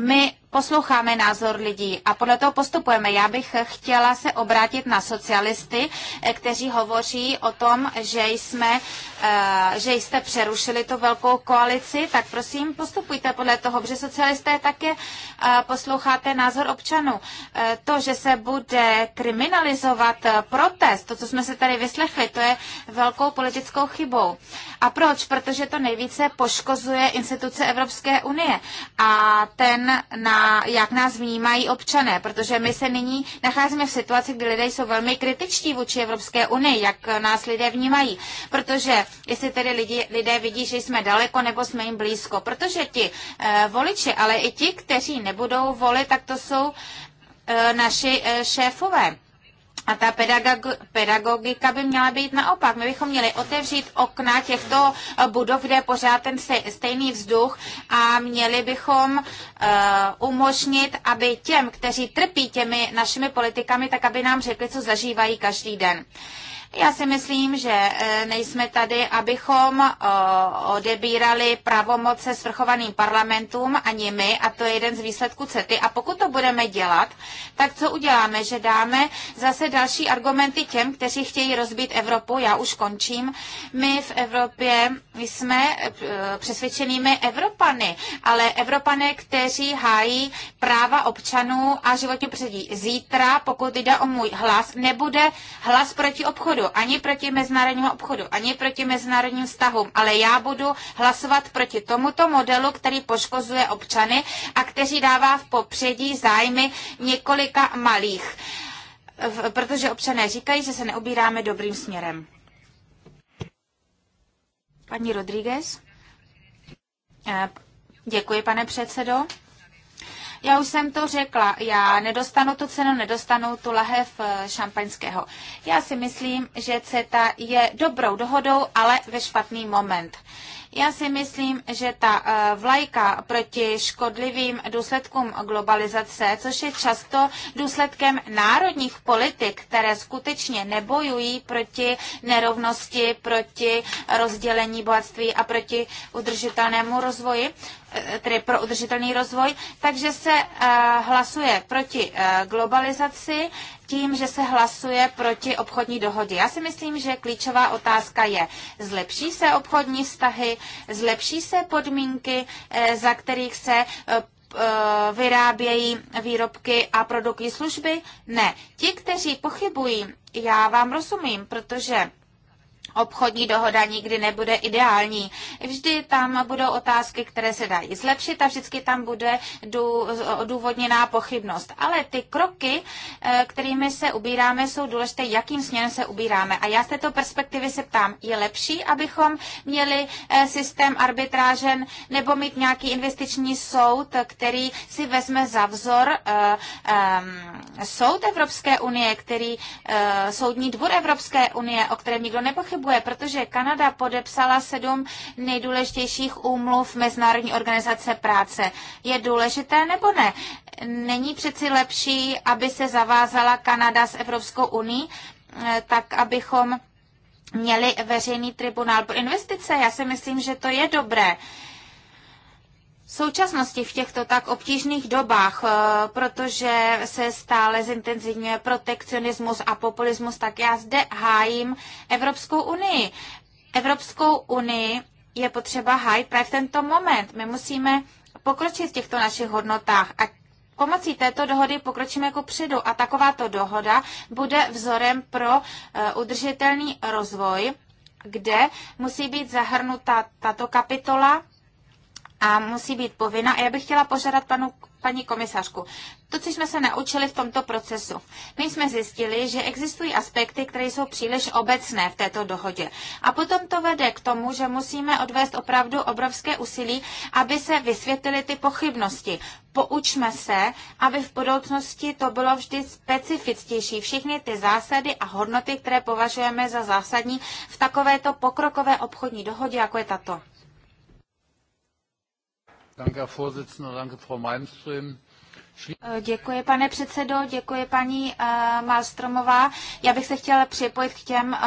my posloucháme názor lidí a podle toho postupujeme. Já bych chtěla se obrátit na socialisty, eh, kteří hovoří o tom, že, jsme, eh, že jste přerušili tu velkou koalici, tak prosím postupujte podle toho, že socialisté také eh, posloucháte názor občanů. To, že se bude kriminalizovat protest, to, co jsme se tady vyslechli, to je velkou politickou chybou. A proč? Protože to nejvíce poškozuje instituce Evropské unie. A ten na a jak nás vnímají občané, protože my se nyní nacházíme v situaci, kdy lidé jsou velmi kritičtí vůči Evropské unii, jak nás lidé vnímají, protože jestli tedy lidi, lidé vidí, že jsme daleko nebo jsme jim blízko, protože ti e, voliči, ale i ti, kteří nebudou volit, tak to jsou e, naši e, šéfové. A ta pedagogika by měla být naopak. My bychom měli otevřít okna těchto eh, budov, kde je pořád ten stejný vzduch a měli bychom uh, umožnit, aby těm, kteří trpí těmi našimi politikami, tak aby nám řekli, co zažívají každý den. Uh, já si myslím, že eh, nejsme tady, abychom eh, odebírali pravomoce svrchovaným parlamentům ani my, a to je jeden z výsledků CETY. A pokud to budeme dělat, tak co uděláme, že dáme zase další argumenty těm, kteří chtějí rozbít Evropu. Já už končím. My v Evropě jsme eh, přesvědčenými Evropany, ale Evropané, kteří hájí práva občanů a životní předí. Zítra, pokud jde o můj hlas, nebude hlas proti obchodu obchodu, ani proti mezinárodnímu obchodu, ani proti mezinárodním vztahům, ale já budu hlasovat proti tomuto modelu, který poškozuje občany a který dává v popředí zájmy několika malých. Protože občané říkají, že se neobíráme dobrým směrem. Paní Rodríguez. Eh, děkuji, pane předsedo. Já už jsem to řekla, já nedostanu tu cenu, nedostanu tu lahev eh, šampaňského. Já si myslím, že CETA je dobrou dohodou, ale ve špatný moment. Já si myslím, že ta eh, vlajka proti škodlivým důsledkům globalizace, což je často důsledkem národních politik, které skutečně nebojují proti nerovnosti, proti rozdělení bohatství a proti udržitelnému rozvoji, Eh, tedy pro udržitelný rozvoj, takže se eh, hlasuje proti eh, globalizaci tím, že se hlasuje proti obchodní dohodě. Já si myslím, že klíčová otázka je, zlepší se obchodní vztahy, zlepší se podmínky, za kterých se vyrábějí výrobky a produkty služby? Ne. Ti, kteří pochybují, já vám rozumím, protože obchodní dohoda nikdy nebude ideální. Vždy tam budou otázky, které se dají zlepšit a vždycky tam bude odůvodněná pochybnost. Ale ty kroky, eh, kterými se ubíráme, jsou důležité, jakým směrem se ubíráme. A já z této perspektivy se ptám, je lepší, abychom měli eh, systém arbitrážen nebo mít nějaký investiční soud, který si vezme za vzor eh, soud Evropské unie, který soudní dvůr Evropské unie, o kterém nikdo nepochybuje, funguje, protože Kanada podepsala sedm nejdůležitějších úmluv Mezinárodní organizace práce. Je důležité nebo ne? Není přeci lepší, aby se zavázala Kanada s Evropskou uní, eh, tak abychom měli veřejný tribunál pro investice. Já si myslím, že to je dobré. Uh, v současnosti v těchto tak obtížných dobách, eh, protože se stále zintenzivňuje protekcionismus a populismus, tak já zde hájím Evropskou unii. Evropskou unii je potřeba hájit právě v tento moment. My musíme pokročit v těchto našich hodnotách a Pomocí této dohody pokročíme jako předu a takováto dohoda bude vzorem pro eh, udržitelný rozvoj, kde musí být zahrnuta tato kapitola a musí být povinna. A já bych chtěla požádat panu, paní komisařku, to, co jsme se naučili v tomto procesu. My jsme zjistili, že existují aspekty, které jsou příliš obecné v této dohodě. A potom to vede k tomu, že musíme odvést opravdu obrovské úsilí, aby se vysvětlily ty pochybnosti. Poučme se, aby v budoucnosti to bylo vždy specifickější. Všechny ty zásady a hodnoty, které považujeme za zásadní v takovéto pokrokové obchodní dohodě, jako je tato. Eh, děkuji, pane předsedo, děkuji, paní eh, Malstromová. Já bych se chtěla připojit k těm eh,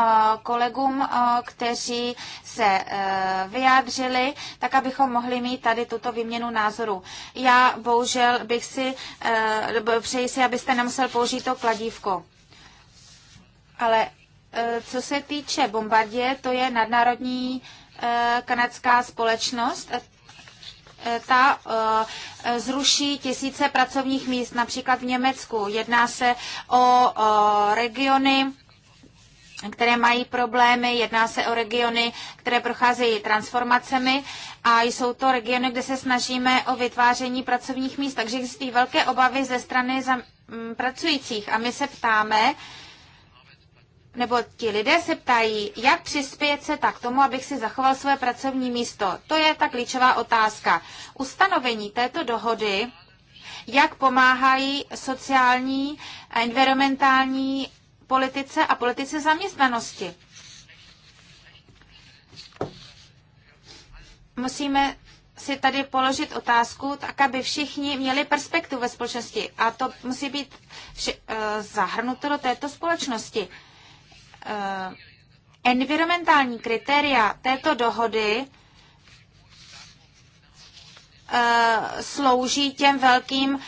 kolegům, kteří se vyjádřili, tak abychom mohli mít tady tuto výměnu názoru. Já bohužel bych si, přeji si, abyste nemusel použít to kladívko. Ale co se týče Bombardě, to je nadnárodní kanadská společnost, Eh, ta eh, zruší tisíce pracovních míst, například v Německu. Jedná se o regiony, které mají problémy, jedná se o regiony, které procházejí transformacemi a jsou to regiony, kde se snažíme o vytváření pracovních míst. Takže existují velké obavy ze strany pracujících a my se ptáme, nebo ti lidé se ptají, jak přispět se tak tomu, abych si zachoval své pracovní místo. To je ta klíčová otázka. Ustanovení této dohody, jak pomáhají sociální a environmentální politice a politice zaměstnanosti. Musíme si tady položit otázku, tak aby všichni měli perspektivu ve společnosti. A to musí být vši- eh, zahrnuto do této společnosti. Eh, environmentální kritéria této dohody eh, slouží těm velkým,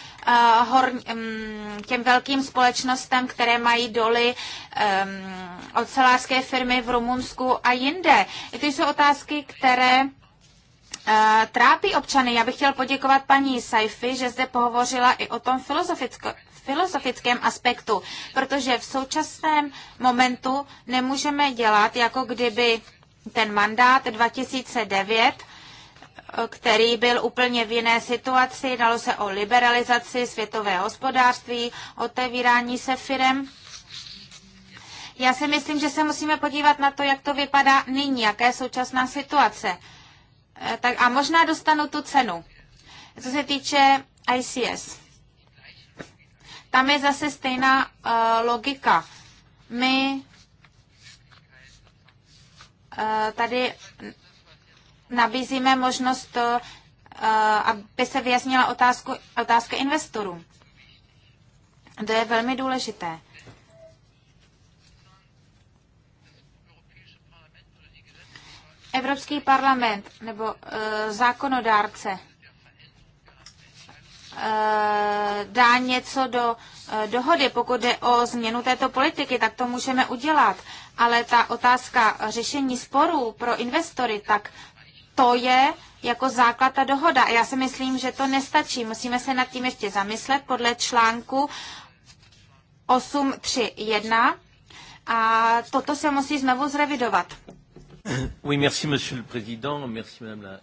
eh, mm, těm velkým společnostem, které mají doly ocelářské firmy v Rumunsku a jinde. To jsou otázky, které trápí občany. Já bych chtěl poděkovat paní Saifi, že zde pohovořila i o tom filozofickém aspektu, protože v současném momentu nemůžeme dělat, jako kdyby ten mandát 2009 který byl úplně v jiné situaci. dalo se o liberalizaci světového hospodářství, otevírání se firem. Já si myslím, že se musíme podívat na to, jak to vypadá nyní, jaká je současná situace. Eh, tak a možná dostanu tu cenu. Co se týče ICS. Tam je zase stejná uh, logika. My uh, tady nabízíme možnost, uh, aby se vyjasnila otázku, otázka investorů. To je velmi důležité. Evropský parlament nebo uh, zákonodárce Eh, dá něco do eh, dohody, pokud jde o změnu této politiky, tak to můžeme udělat. Ale ta otázka řešení sporů pro investory, tak to je jako základ ta dohoda. Já si myslím, že to nestačí. Musíme se nad tím ještě zamyslet podle článku 831 a toto se musí znovu zrevidovat. Oui, merci, monsieur le président. Merci, madame la...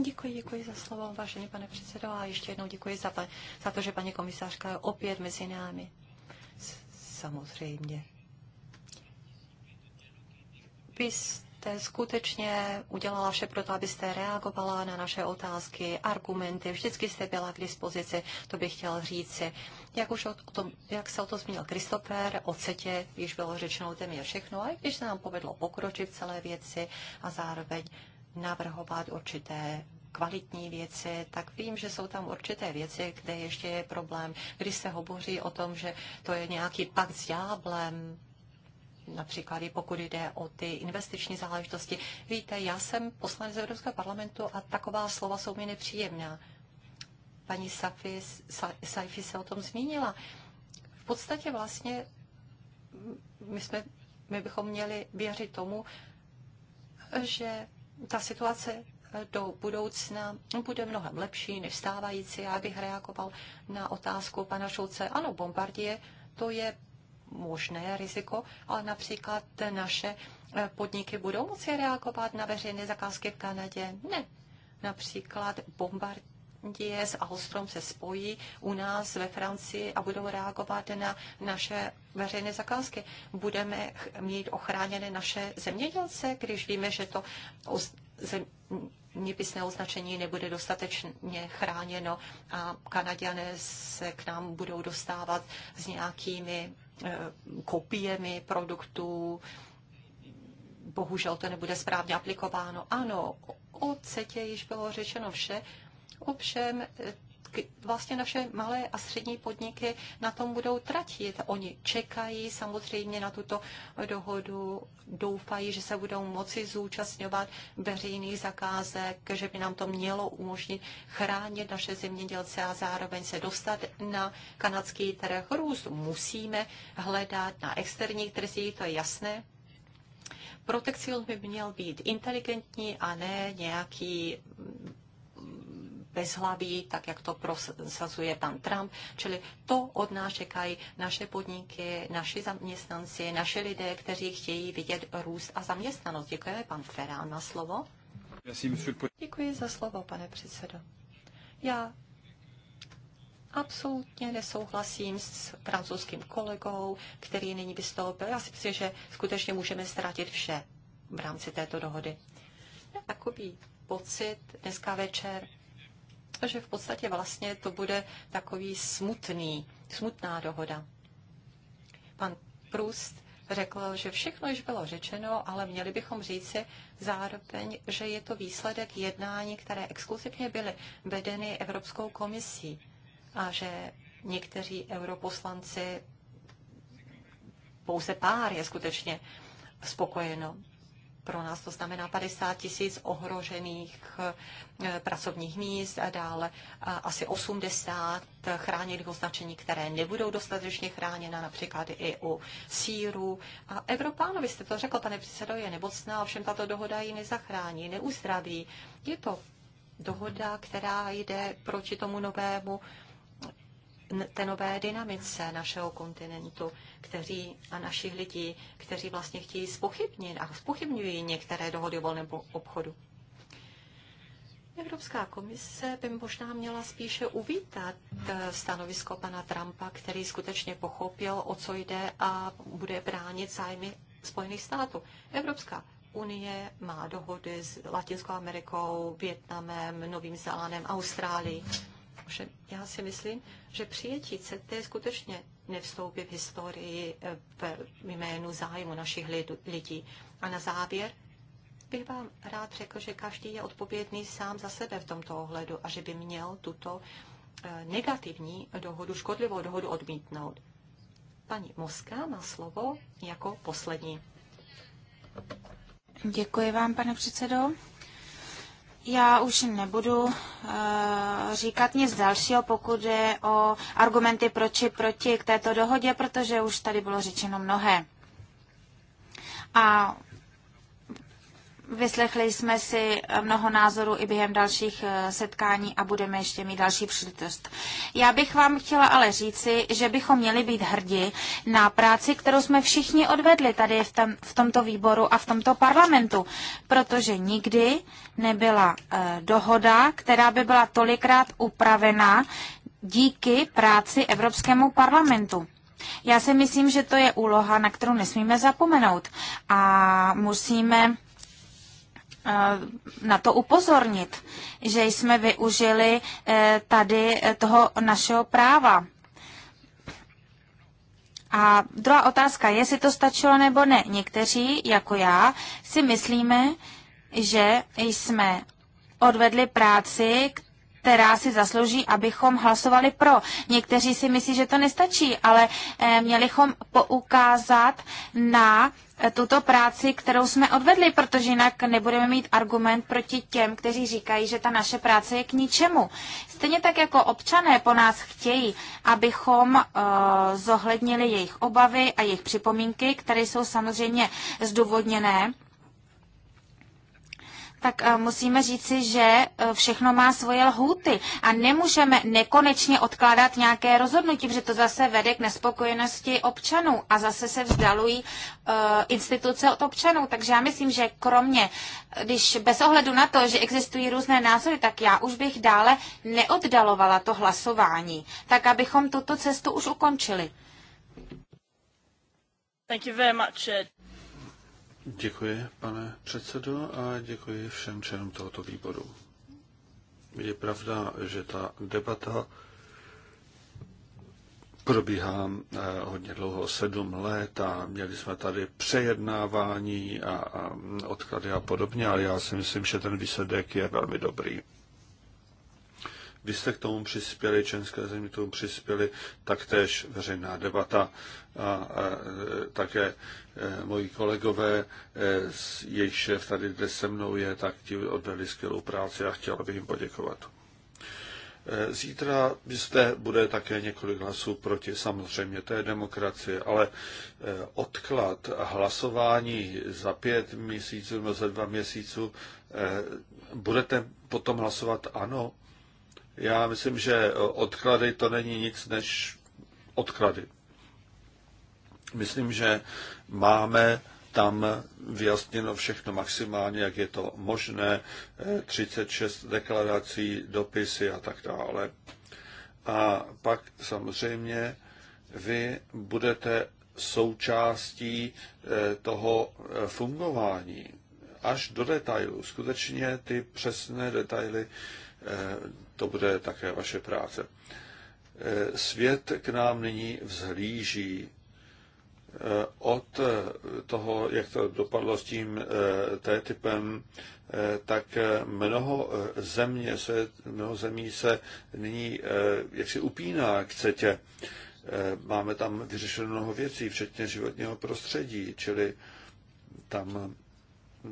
Děkuji, děkuji za slovo, vážený pane předsedo, a ještě jednou děkuji za, za to, že paní komisářka je opět mezi námi. Samozřejmě. Vy jste skutečně udělala vše pro to, abyste reagovala na naše otázky, argumenty, vždycky jste byla k dispozici, to bych chtěla říci. Jak už o tom, jak se o to zmínil Kristofer, o CETě již bylo řečeno téměř všechno, a když se nám povedlo pokročit v celé věci a zároveň navrhovat určité kvalitní věci, tak vím, že jsou tam určité věci, kde ještě je problém. Když se hovoří o tom, že to je nějaký pakt s dňáblem, například i pokud jde o ty investiční záležitosti. Víte, já jsem poslanec Evropského parlamentu a taková slova jsou mi nepříjemná. Paní Safi, Sa, Saifi se o tom zmínila. V podstatě vlastně my, jsme, my bychom měli věřit tomu, že ta situace eh, do budoucna bude mnohem lepší než stávající. Já bych reagoval na otázku pana Šulce. Ano, bombardie, to je možné riziko, ale například naše eh, podniky budou moci reagovat na veřejné zakázky v Kanadě? Ne. Například bombard Indie s Alstrom se spojí u nás ve Francii a budou reagovat na naše veřejné zakázky. Budeme mít ochráněné naše zemědělce, když víme, že to zeměpisné označení nebude dostatečně chráněno a Kanaděné se k nám budou dostávat s nějakými eh, kopiemi produktů, bohužel to nebude správně aplikováno. Ano, o CETě již bylo řečeno vše, Ovšem, vlastně naše malé a střední podniky na tom budou tratit. Oni čekají samozřejmě na tuto dohodu, doufají, že se budou moci zúčastňovat veřejných zakázek, že by nám to mělo umožnit chránit naše zemědělce a zároveň se dostat na kanadský trh. Růst musíme hledat na externích trzích, to je jasné. Protekcion by měl být inteligentní a ne nějaký bezhlaví, tak jak to prosazuje pan Trump. Čili to od nás čekají naše podniky, naši zaměstnanci, naše lidé, kteří chtějí vidět růst a zaměstnanost. Děkujeme, pan Ferán, na slovo. Děkuji za slovo, pane předsedo. Já absolutně nesouhlasím s francouzským kolegou, který nyní vystoupil. Já si myslím, že skutečně můžeme ztratit vše v rámci této dohody. Takový pocit dneska večer že v podstatě vlastně to bude takový smutný, smutná dohoda. Pan Proust řekl, že všechno již bylo řečeno, ale měli bychom říci zároveň, že je to výsledek jednání, které exkluzivně byly vedeny Evropskou komisí a že někteří europoslanci, pouze pár je skutečně spokojeno pro nás to znamená 50 tisíc ohrožených eh, pracovních míst a dále eh, asi 80 chráněných označení, které nebudou dostatečně chráněna, například i u síru. A no, vy jste to řekl, pane předsedo, je nemocná, ovšem tato dohoda ji nezachrání, neuzdraví. Je to dohoda, která jde proti tomu novému té nové dynamice našeho kontinentu kteří, a našich lidí, kteří vlastně chtějí spochybnit a spochybňují některé dohody o volném obchodu. Evropská komise by možná měla spíše uvítat e, stanovisko pana Trumpa, který skutečně pochopil, o co jde a bude bránit zájmy Spojených států. Evropská unie má dohody s Latinskou Amerikou, Větnamem, Novým Zélandem, Austrálií. Ovšem, já si myslím, že přijetí je skutečně nevstoupí v historii eh, v jménu zájmu našich lidí. A na závěr bych vám rád řekl, že každý je odpovědný sám za sebe v tomto ohledu a že by měl tuto eh, negativní dohodu, škodlivou dohodu odmítnout. Paní Moska má slovo jako poslední. Děkuji vám, pane předsedo. Já už nebudu uh, říkat nic dalšího, pokud je o argumenty proči proti k této dohodě, protože už tady bylo řečeno mnohé. A Vyslechli jsme si mnoho názorů i během dalších eh, setkání a budeme ještě mít další příležitost. Já bych vám chtěla ale říci, že bychom měli být hrdi na práci, kterou jsme všichni odvedli tady v, tom, v tomto výboru a v tomto parlamentu, protože nikdy nebyla eh, dohoda, která by byla tolikrát upravená díky práci Evropskému parlamentu. Já si myslím, že to je úloha, na kterou nesmíme zapomenout a musíme Eh, na to upozornit, že jsme využili eh, tady eh, toho našeho práva. A druhá otázka, jestli to stačilo nebo ne. Někteří, jako já, si myslíme, že jsme odvedli práci, která si zaslouží, abychom hlasovali pro. Někteří si myslí, že to nestačí, ale eh, měli bychom poukázat na eh, tuto práci, kterou jsme odvedli, protože jinak nebudeme mít argument proti těm, kteří říkají, že ta naše práce je k ničemu. Stejně tak jako občané po nás chtějí, abychom uh, zohlednili jejich obavy a jejich připomínky, které jsou samozřejmě zdůvodněné tak eh, musíme říci, že eh, všechno má svoje lhůty a nemůžeme nekonečně odkládat nějaké rozhodnutí, protože to zase vede k nespokojenosti občanů a zase se vzdalují eh, instituce od občanů. Takže já myslím, že kromě, když bez ohledu na to, že existují různé názory, tak já už bych dále neoddalovala to hlasování, tak abychom tuto cestu už ukončili. Thank you very much. Děkuji, pane předsedo, a děkuji všem členům tohoto výboru. Je pravda, že ta debata probíhá eh, hodně dlouho, sedm let a měli jsme tady přejednávání a, a odklady a podobně, ale já si myslím, že ten výsledek je velmi dobrý. Vy jste k tomu přispěli, členské země k tomu přispěli, taktéž veřejná debata a, a e, také e, moji kolegové, e, jejich šéf tady dnes se mnou je, tak ti odvedli skvělou práci a chtěl bych jim poděkovat. Zítra byste bude také několik hlasů proti, samozřejmě, té demokracie, ale odklad hlasování za pět měsíců nebo za dva měsíců, budete potom hlasovat ano? Já myslím, že odklady to není nic než odklady. Myslím, že máme tam vyjasněno všechno maximálně, jak je to možné, 36 eh, deklarací, dopisy a tak dále. A pak samozřejmě vy budete součástí eh, toho eh, fungování až do detailu. Skutečně ty přesné detaily Eh, to bude také vaše práce. Eh, svět k nám nyní vzhlíží eh, od toho, jak to dopadlo s tím T-typem, tak mnoho, země se, mnoho zemí se nyní jak si upíná k CETě. Máme tam vyřešeno mnoho věcí, včetně životního prostředí, čili tam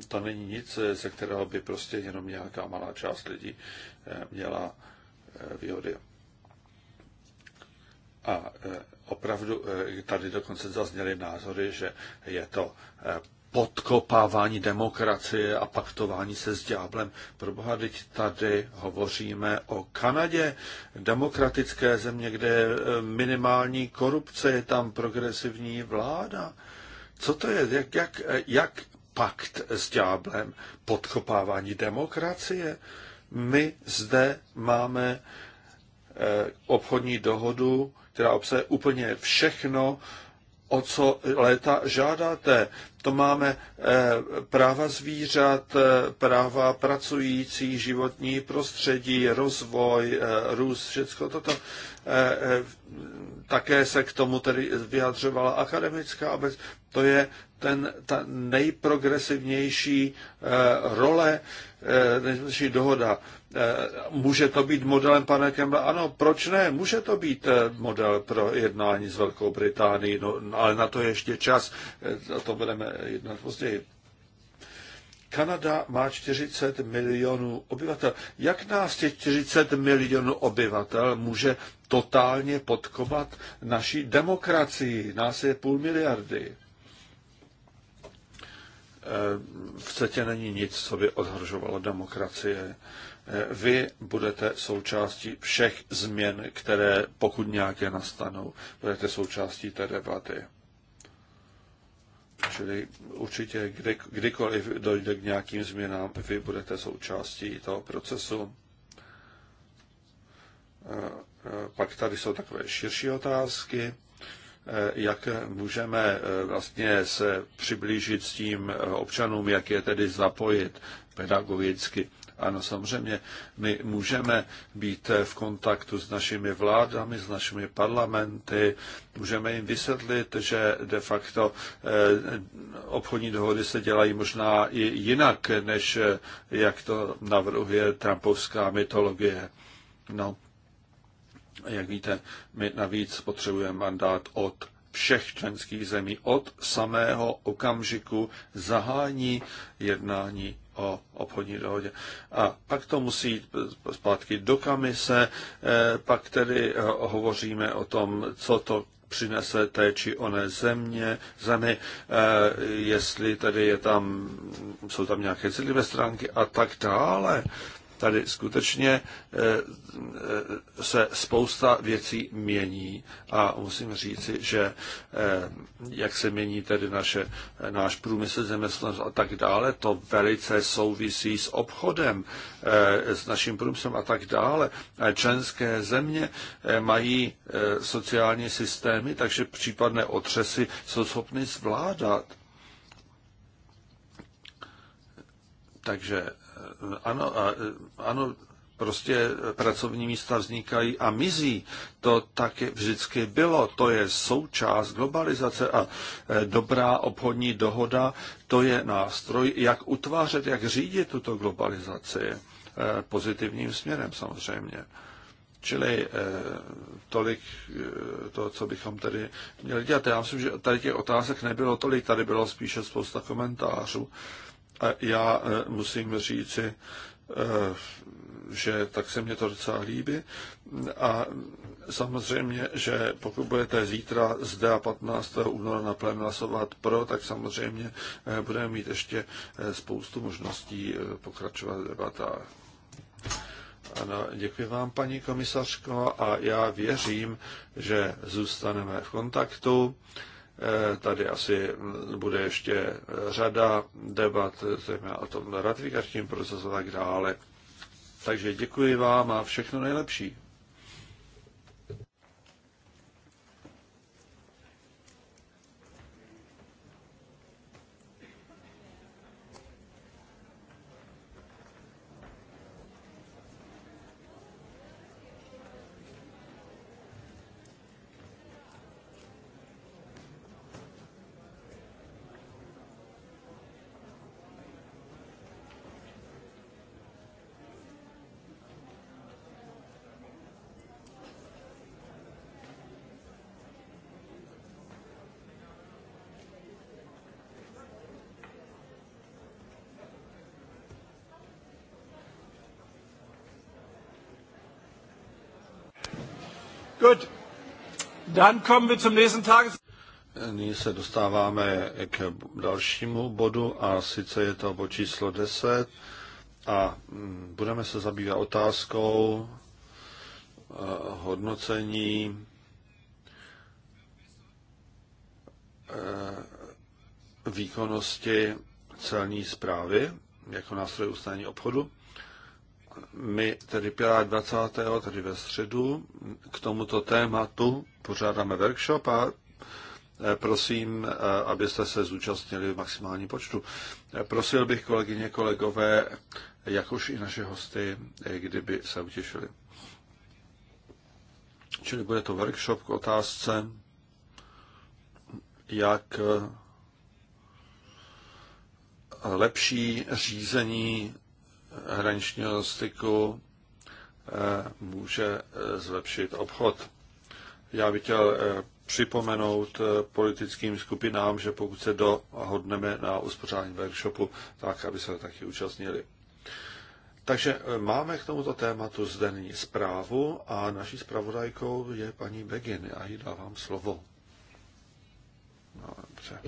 to není nic, ze kterého by prostě jenom nějaká malá část lidí měla eh, výhody. A eh, opravdu eh, tady dokonce zazněly názory, že je to podkopávání demokracie a paktování se s ďáblem. Pro boha, teď tady hovoříme o Kanadě, demokratické země, kde je minimální korupce, je tam progresivní vláda. Co to je? Jak, jak, jak pakt s ďáblem? Podkopávání demokracie? My zde máme eh, obchodní dohodu, která obsahuje úplně všechno, o co léta žádáte. To máme eh, práva zvířat, eh, práva pracující, životní prostředí, rozvoj, růst, všechno toto. Eh, eh, také se k tomu tedy vyjadřovala akademická obec. To je ten, ta nejprogresivnější eh, role, nejprogresivnější dohoda. Může to být modelem, pane Kemble? Ano, proč ne? Může to být model pro jednání s Velkou Británií, no, ale na to ještě čas, a to budeme jednat později. Kanada má 40 milionů obyvatel. Jak nás těch 40 milionů obyvatel může totálně podkovat naší demokracii? Nás je půl miliardy. Eh, v CETě není nic, co by odhržovalo demokracie. Eh, vy budete součástí všech změn, které, pokud nějaké nastanou, budete součástí té debaty. Čili určitě kdy, kdykoliv dojde k nějakým změnám, vy budete součástí toho procesu. E, e, pak tady jsou takové širší otázky, e, jak můžeme vlastně se přiblížit s tím občanům, jak je tedy zapojit pedagogicky. Ano, samozřejmě, my můžeme být v kontaktu s našimi vládami, s našimi parlamenty, můžeme jim vysvětlit, že de facto eh, obchodní dohody se dělají možná i jinak, než eh, jak to navrhuje trumpovská mytologie. No, jak víte, my navíc potřebujeme mandát od všech členských zemí od samého okamžiku zahání jednání o obchodní dohodě. A pak to musí jít zpátky do kamise, eh, pak tedy eh, hovoříme o tom, co to přinese té či oné země, zemi, eh, jestli tedy je tam, jsou tam nějaké citlivé stránky a tak dále. Tady skutečně eh, eh, se spousta věcí mění a musím říci, že eh, jak se mění tedy naše, náš průmysl, zaměstnanost a tak dále, to velice souvisí s obchodem, s naším průmyslem a tak dále. Členské země mají sociální systémy, takže případné otřesy jsou schopny zvládat. Takže ano, ano, prostě pracovní místa vznikají a mizí. To tak vždycky bylo. To je součást globalizace a e, dobrá obchodní dohoda, to je nástroj, jak utvářet, jak řídit tuto globalizaci e, pozitivním směrem samozřejmě. Čili e, tolik to, co bychom tady měli dělat. Já myslím, že tady těch otázek nebylo tolik, tady bylo spíše spousta komentářů já e, musím říci, e, že tak se mě to docela líbí. A samozřejmě, že pokud budete zítra zde a 15. února na plén hlasovat pro, tak samozřejmě e, budeme mít ještě spoustu možností pokračovat v debatách. Ano, děkuji vám, paní komisařko, a já věřím, že zůstaneme v kontaktu Eh, tady asi bude ještě řada debat, zejména o tom ratifikačním procesu a tak dále. Takže děkuji vám a všechno nejlepší. Dann kommen wir zum nächsten Tages. Nyní se dostáváme k dalšímu bodu a sice je to bod číslo 10 a mm, budeme se zabývat otázkou eh, hodnocení eh, výkonnosti celní zprávy jako nástroj ustání obchodu my tedy 25. tedy ve středu k tomuto tématu pořádáme workshop a eh, prosím, eh, abyste se zúčastnili v maximální počtu. Eh, prosil bych kolegyně, kolegové, jak už i naše hosty, kdyby se utěšili. Čili bude to workshop k otázce, jak lepší řízení hraničního styku eh, může eh, zlepšit obchod. Já bych chtěl eh, připomenout politickým skupinám, že pokud se dohodneme na uspořádání workshopu, tak aby se taky účastnili. Takže máme k tomuto tématu zde nyní zprávu a naší zpravodajkou je paní Begin. Já jí dávám slovo. No, dobře.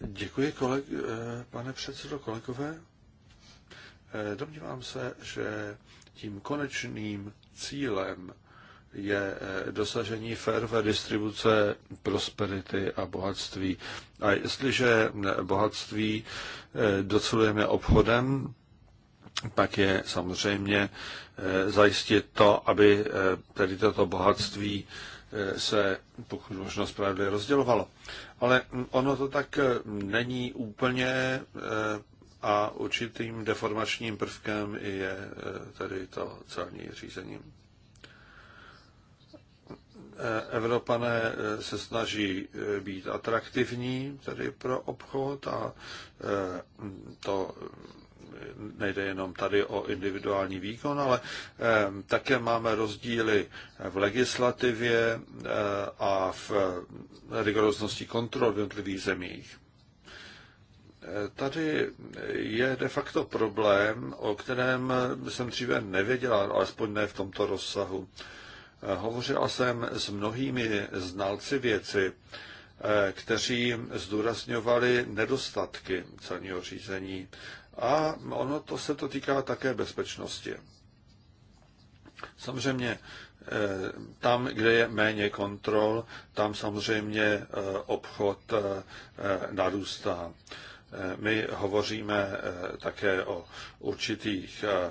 Děkuji, koleg, pane předsedo, kolegové. Eh, domnívám se, že tím konečným cílem je eh, dosažení férové distribuce prosperity a bohatství. A jestliže eh, bohatství docelujeme obchodem, pak je samozřejmě zajistit to, aby tedy toto bohatství se pokud možno spravedlivě rozdělovalo. Ale hm, ono to tak není úplně a určitým deformačním prvkem je eh, tedy to celní řízení. Eh, Evropané eh, se snaží být atraktivní tedy pro obchod a to nejde jenom tady o individuální výkon, ale také máme rozdíly v legislativě a v rigoroznosti kontrol v jednotlivých zemích. Tady je de facto problém, o kterém jsem dříve nevěděla, alespoň ne v tomto rozsahu. Hovořila jsem s mnohými znalci věci, eh, kteří zdůrazňovali nedostatky celního řízení a ono to se to týká také bezpečnosti. Samozřejmě eh, tam, kde je méně kontrol, tam samozřejmě eh, obchod narůstá. My hovoříme eh, také o určitých, eh,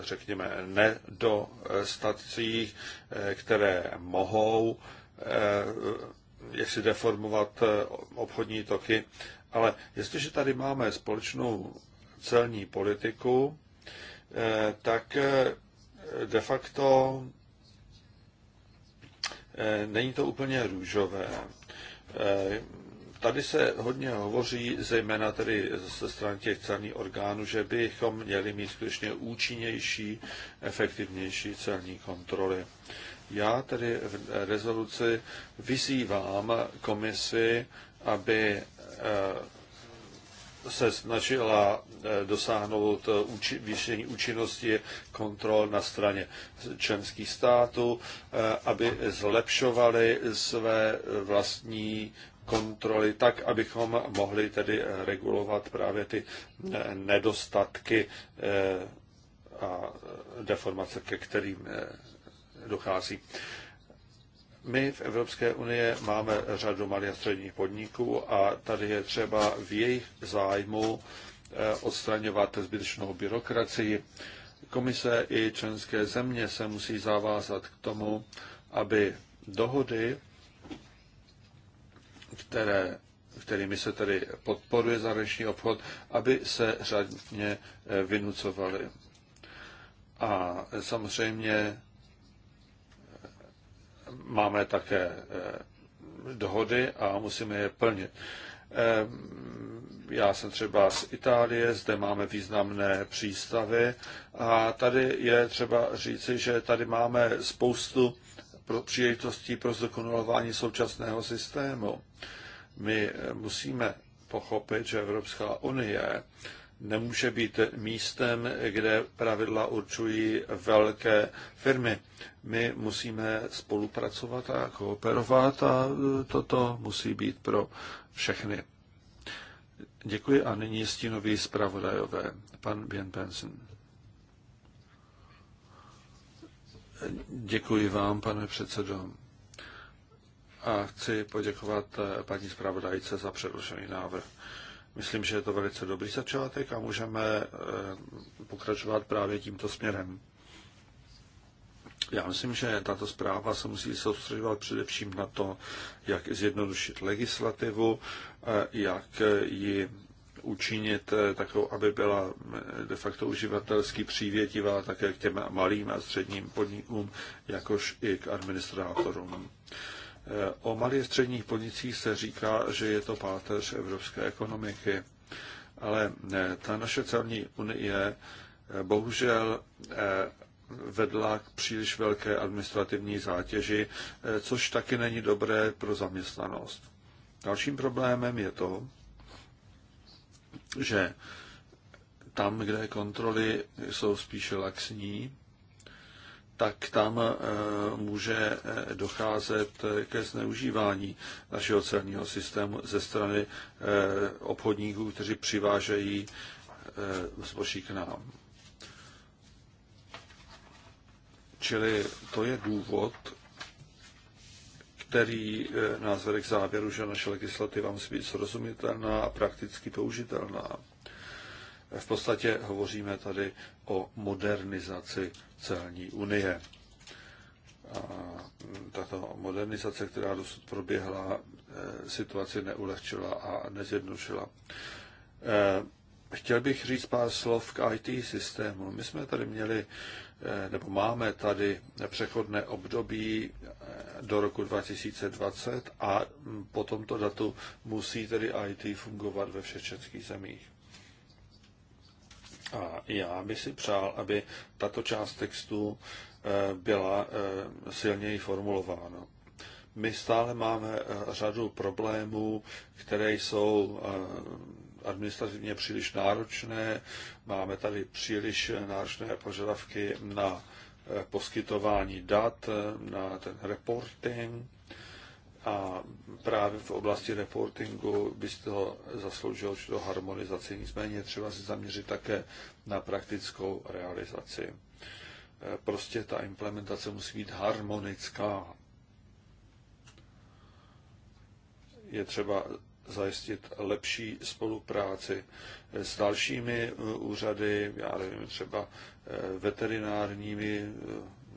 řekněme, nedostatcích, eh, které mohou jak si deformovat obchodní toky, ale jestliže tady máme společnou celní politiku, tak de facto není to úplně růžové. Tady se hodně hovoří, zejména tedy ze strany těch celních orgánů, že bychom měli mít skutečně účinnější, efektivnější celní kontroly. Já tedy v rezoluci vyzývám komisi, aby eh, se snažila eh, dosáhnout výšení účinnosti kontrol na straně členských států, eh, aby zlepšovali své vlastní kontroly tak, abychom mohli tedy eh, regulovat právě ty eh, nedostatky eh, a deformace, ke kterým dochází. My v Evropské unii máme řadu malých a středních podniků a tady je třeba v jejich zájmu odstraňovat zbytečnou byrokracii. Komise i členské země se musí zavázat k tomu, aby dohody které, kterými se tedy podporuje zahraniční obchod, aby se řadně eh, vynucovaly. A samozřejmě eh, máme také eh, dohody a musíme je plnit. Já jsem třeba z Itálie, zde máme významné přístavy a tady je třeba říci, že tady máme spoustu pro příležitostí pro zdokonalování současného systému. My musíme pochopit, že Evropská unie nemůže být místem, kde pravidla určují velké firmy. My musíme spolupracovat a kooperovat a toto musí být pro všechny. Děkuji a nyní stínový zpravodajové, pan Bien Benson. Děkuji vám, pane předsedo. A chci poděkovat eh, paní zpravodajce za předložený návrh. Myslím, že je to velice dobrý začátek a můžeme eh, pokračovat právě tímto směrem. Já myslím, že tato zpráva se musí soustředovat především na to, jak zjednodušit legislativu, eh, jak ji učinit eh, takovou, aby byla eh, de facto uživatelsky přívětivá také k těm malým a středním podnikům, jakož i k administrátorům. Eh, o malých středních podnicích se říká, že je to páteř evropské ekonomiky, ale ta naše celní unie bohužel vedla k příliš velké administrativní zátěži, což taky není dobré pro zaměstnanost. Dalším problémem je to, že tam, kde kontroly jsou spíše laxní, tak tam eh, může eh, docházet ke zneužívání našeho celního systému ze strany eh, obchodníků, kteří přivážejí zboží k nám. Čili to je důvod, který eh, nás vede k závěru, že naše legislativa musí být srozumitelná a prakticky použitelná. V podstatě hovoříme tady o modernizaci celní unie. A mm, tato modernizace, která dosud proběhla, eh, situaci neulehčila a nezjednušila. Eh, chtěl bych říct pár slov k IT systému. My jsme tady měli Eh, nebo máme tady přechodné období eh, do roku 2020 a mm, po tomto datu musí tedy IT fungovat ve všech českých zemích. A já bych si přál, aby tato část textu eh, byla silněji formulována. My stále máme řadu problémů, které jsou administrativně příliš náročné, máme tady příliš náročné požadavky na eh, poskytování dat, eh, na ten reporting a právě v oblasti reportingu by se to zasloužilo určitou harmonizaci. Nicméně třeba se zaměřit také na praktickou realizaci. Eh, prostě ta implementace musí být harmonická. Je třeba zajistit lepší spolupráci s dalšími eh, úřady, já nevím, třeba eh, veterinárními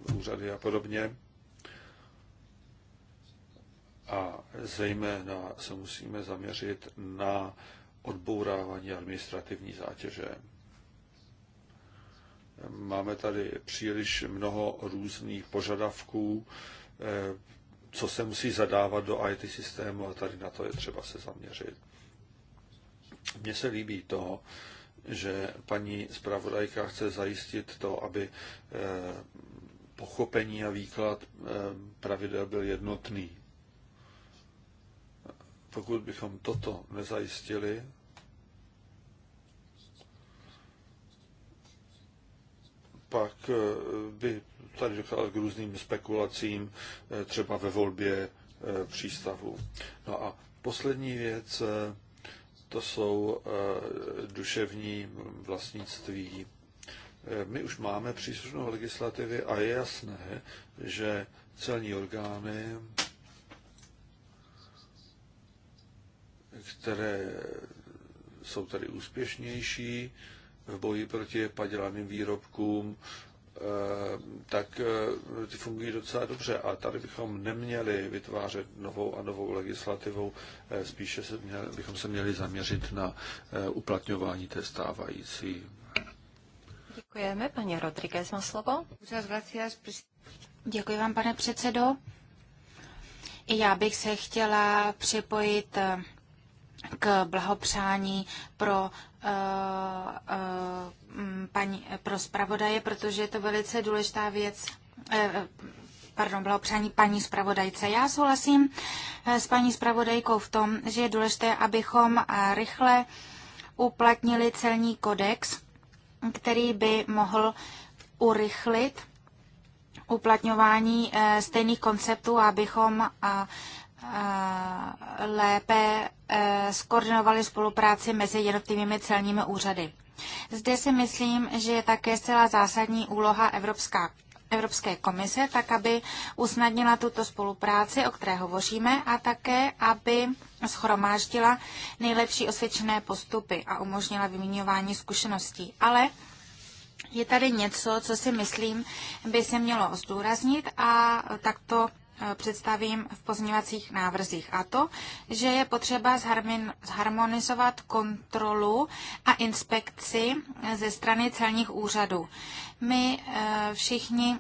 eh, úřady a podobně. A zejména se musíme zaměřit na odbourávání administrativní zátěže. Máme tady příliš mnoho různých požadavků, co se musí zadávat do IT systému a tady na to je třeba se zaměřit. Mně se líbí to, že paní zpravodajka chce zajistit to, aby eh, pochopení a výklad eh, pravidel byl jednotný. Pokud bychom toto nezajistili, pak eh, by tady dochází k různým spekulacím, eh, třeba ve volbě eh, přístavu. No a poslední věc, eh, to jsou duševní vlastnictví. My už máme příslušnou legislativy a je jasné, že celní orgány, které jsou tady úspěšnější v boji proti padělaným výrobkům, Eh, tak eh, ty fungují docela dobře a tady bychom neměli vytvářet novou a novou legislativou, eh, spíše se měli, bychom se měli zaměřit na uplatňování té stávající. Děkujeme. Paní Rodriguez má slovo. Děkuji vám, pane předsedo. I já bych se chtěla připojit k blahopřání pro eh, eh, paní, pro zpravodaje, protože je to velice důležitá věc eh, pardon, blahopřání paní zpravodajce. Já souhlasím s paní zpravodajkou v tom, že je důležité, abychom rychle uplatnili celní kodex, který by mohl urychlit uplatňování stejných konceptů, abychom Eh, lépe eh, skoordinovali spolupráci mezi jednotlivými celními úřady. Zde si myslím, že je také zcela zásadní úloha Evropská Evropské komise, tak aby usnadnila tuto spolupráci, o které hovoříme, a také, aby schromáždila nejlepší osvědčené postupy a umožnila vyměňování zkušeností. Ale je tady něco, co si myslím, by se mělo zdůraznit a takto Eh, představím v pozměňovacích návrzích. A to, že je potřeba zharmonizovat kontrolu a inspekci ze strany celních úřadů. My eh, všichni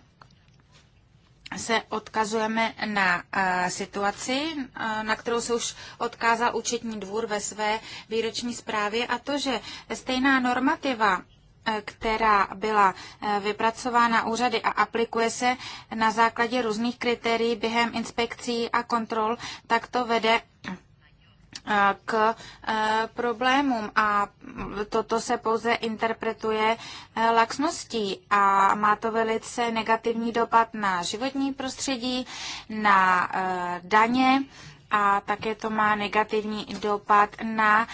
se odkazujeme na eh, situaci, na kterou se už odkázal účetní dvůr ve své výroční zprávě a to, že stejná normativa E, která byla e, vypracována úřady a aplikuje se na základě různých kritérií během inspekcí a kontrol, tak to vede e, k problémům a toto se pouze interpretuje laxností a má to velice negativní dopad na životní prostředí, na daně a také to má negativní dopad na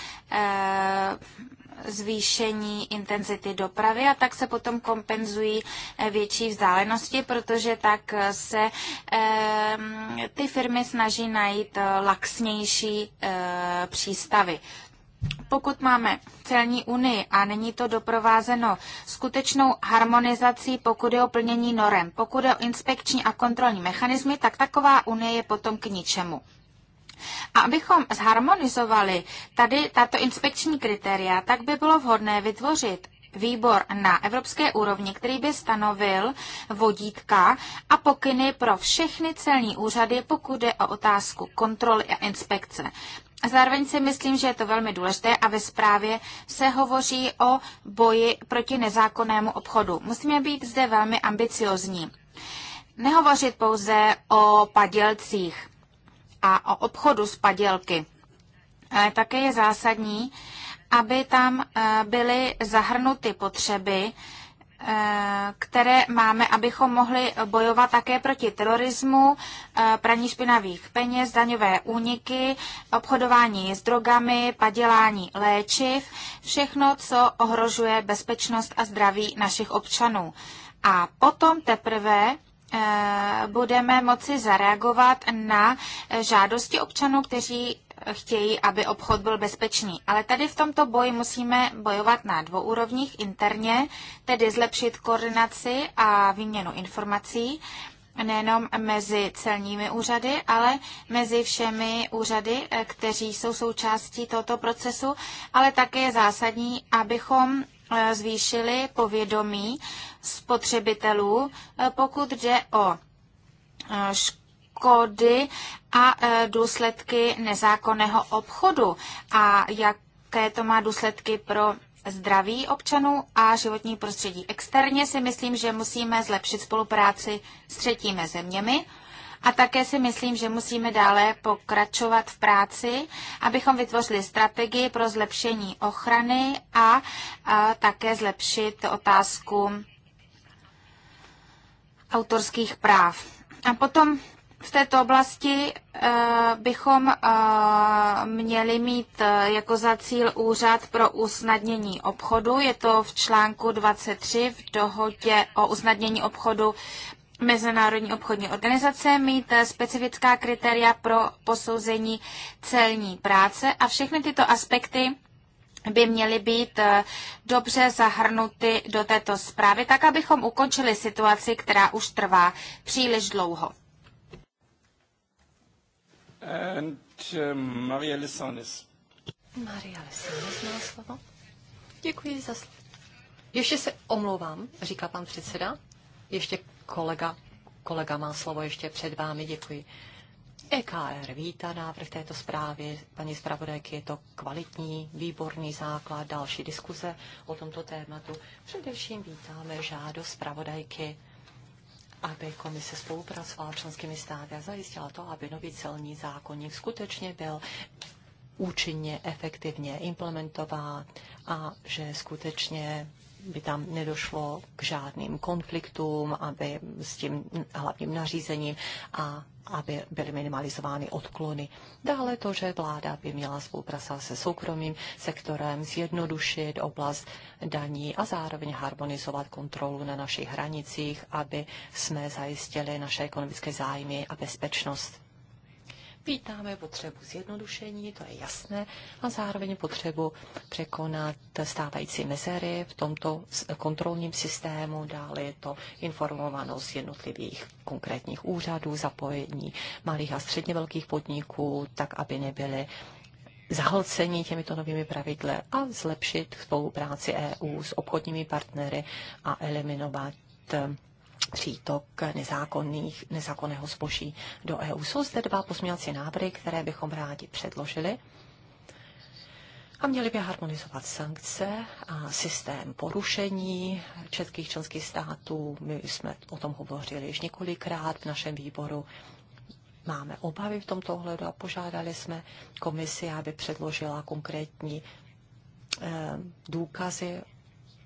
zvýšení intenzity dopravy a tak se potom kompenzují eh, větší vzdálenosti, protože tak eh, se ehm, ty firmy snaží najít eh, laxnější přístavy. Pokud máme celní unii a není to doprovázeno skutečnou harmonizací, pokud je o plnění norem, pokud je o inspekční a kontrolní mechanismy, tak taková unie je potom k ničemu. A abychom zharmonizovali tady tato inspekční kritéria, tak by bylo vhodné vytvořit výbor na evropské úrovni, který by stanovil vodítka a pokyny pro všechny celní úřady, pokud jde o otázku kontroly a inspekce. A zároveň si myslím, že je to velmi důležité a ve zprávě se hovoří o boji proti nezákonnému obchodu. Musíme být zde velmi ambiciozní. Nehovořit pouze o padělcích a o obchodu s padělky. Také je zásadní, aby tam eh, byly zahrnuty potřeby, eh, které máme, abychom mohli bojovat také proti terorismu, eh, praní špinavých peněz, daňové úniky, obchodování s drogami, padělání léčiv, všechno, co ohrožuje bezpečnost a zdraví našich občanů. A potom teprve Eh, budeme moci zareagovat na žádosti občanů, kteří chtějí, aby obchod byl bezpečný. Ale tady v tomto boji musíme bojovat na dvou úrovních interně, tedy zlepšit koordinaci a výměnu informací nejenom mezi celními úřady, ale mezi všemi úřady, eh, kteří jsou součástí tohoto procesu, ale také je zásadní, abychom Eh, zvýšili povědomí spotřebitelů, eh, pokud jde o eh, škody a důsledky nezákonného obchodu a jaké to má důsledky pro zdraví občanů a životní prostředí. Externě si myslím, že musíme zlepšit spolupráci s třetími zeměmi a také si myslím, že musíme dále pokračovat v práci, abychom vytvořili strategii pro zlepšení ochrany a, a také zlepšit otázku autorských práv. A potom v této oblasti e, bychom e, měli mít e, jako za cíl úřad pro usnadnění obchodu. Je to v článku 23 v dohodě o usnadnění obchodu Mezinárodní obchodní organizace mít eh, specifická kritéria pro posouzení celní práce a všechny tyto aspekty by měly být eh, dobře zahrnuty do této zprávy, tak abychom ukončili situaci, která už trvá příliš dlouho. And, uh, Maria Lisanis. Maria Lisanis má slovo. Děkuji za slovo. Ještě se omlouvám, říká pan předseda. Ještě kolega, kolega má slovo ještě před vámi, děkuji. EKR vítá návrh této zprávy. Paní zpravodajky, je to kvalitní, výborný základ další diskuze o tomto tématu. Především vítáme žádost zpravodajky, aby komise spolupracovala s členskými státy a zajistila to, aby nový celní zákonník skutečně byl účinně, efektivně implementován a že skutečně aby tam nedošlo k žádným konfliktům, aby s tím hlavním nařízením a aby byly minimalizovány odklony. Dále to, že vláda by měla spolupracovat se soukromým sektorem, zjednodušit oblast daní a zároveň harmonizovat kontrolu na našich hranicích, aby jsme zajistili naše ekonomické zájmy a bezpečnost. Vítáme potřebu zjednodušení, to je jasné, a zároveň potřebu překonat stávající mezery v tomto kontrolním systému. Dále je to informovanost jednotlivých konkrétních úřadů, zapojení malých a středně velkých podniků, tak aby nebyly zahlcení těmito novými pravidly a zlepšit spolupráci EU s obchodními partnery a eliminovat přítok nezákonných, nezákonného zboží do EU. Jsou zde dva pozměňovací návrhy, které bychom rádi předložili a měli by harmonizovat sankce a systém porušení českých členských států. My jsme o tom hovořili již několikrát v našem výboru. Máme obavy v tomto ohledu a požádali jsme komisi, aby předložila konkrétní eh, důkazy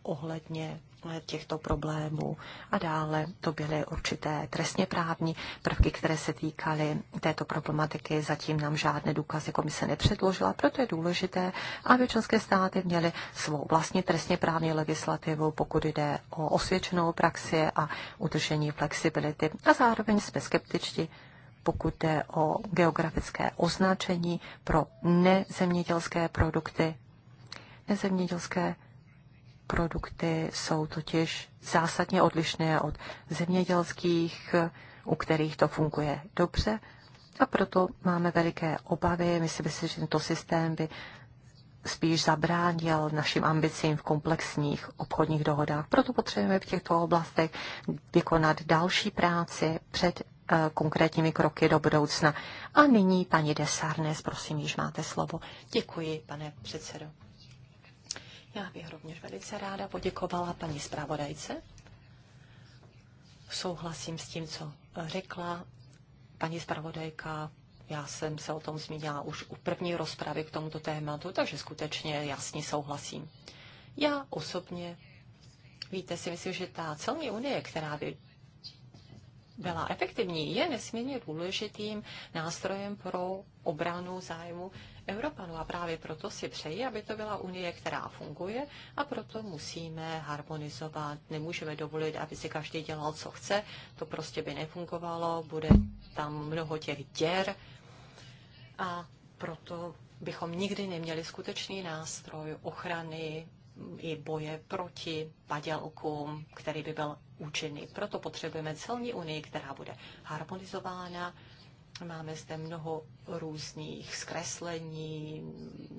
ohledně těchto problémů. A dále to byly určité trestně právní prvky, které se týkaly této problematiky. Zatím nám žádné důkazy komise nepředložila, proto je důležité, aby členské státy měly svou vlastní trestně právní legislativu, pokud jde o osvědčenou praxi a udržení flexibility. A zároveň jsme skeptičtí, pokud jde o geografické označení pro nezemědělské produkty. Nezemědělské produkty jsou totiž zásadně odlišné od zemědělských, u kterých to funguje dobře. A proto máme veliké obavy. Myslím si, že tento systém by spíš zabránil našim ambicím v komplexních obchodních dohodách. Proto potřebujeme v těchto oblastech vykonat další práci před eh, konkrétními kroky do budoucna. A nyní, paní Desarnes, prosím, již máte slovo. Děkuji, pane předsedo. Já bych rovněž velice ráda poděkovala paní zpravodajce. Souhlasím s tím, co řekla paní zpravodajka. Já jsem se o tom zmínila už u první rozpravy k tomuto tématu, takže skutečně jasně souhlasím. Já osobně, víte, si myslím, že ta celní unie, která by byla efektivní, je nesmírně důležitým nástrojem pro obranu zájmu Evropanů. A právě proto si přeji, aby to byla unie, která funguje a proto musíme harmonizovat. Nemůžeme dovolit, aby si každý dělal, co chce. To prostě by nefungovalo, bude tam mnoho těch děr a proto bychom nikdy neměli skutečný nástroj ochrany i boje proti padělkům, který by byl účinný. Proto potřebujeme celní unii, která bude harmonizována, Máme zde mnoho různých zkreslení,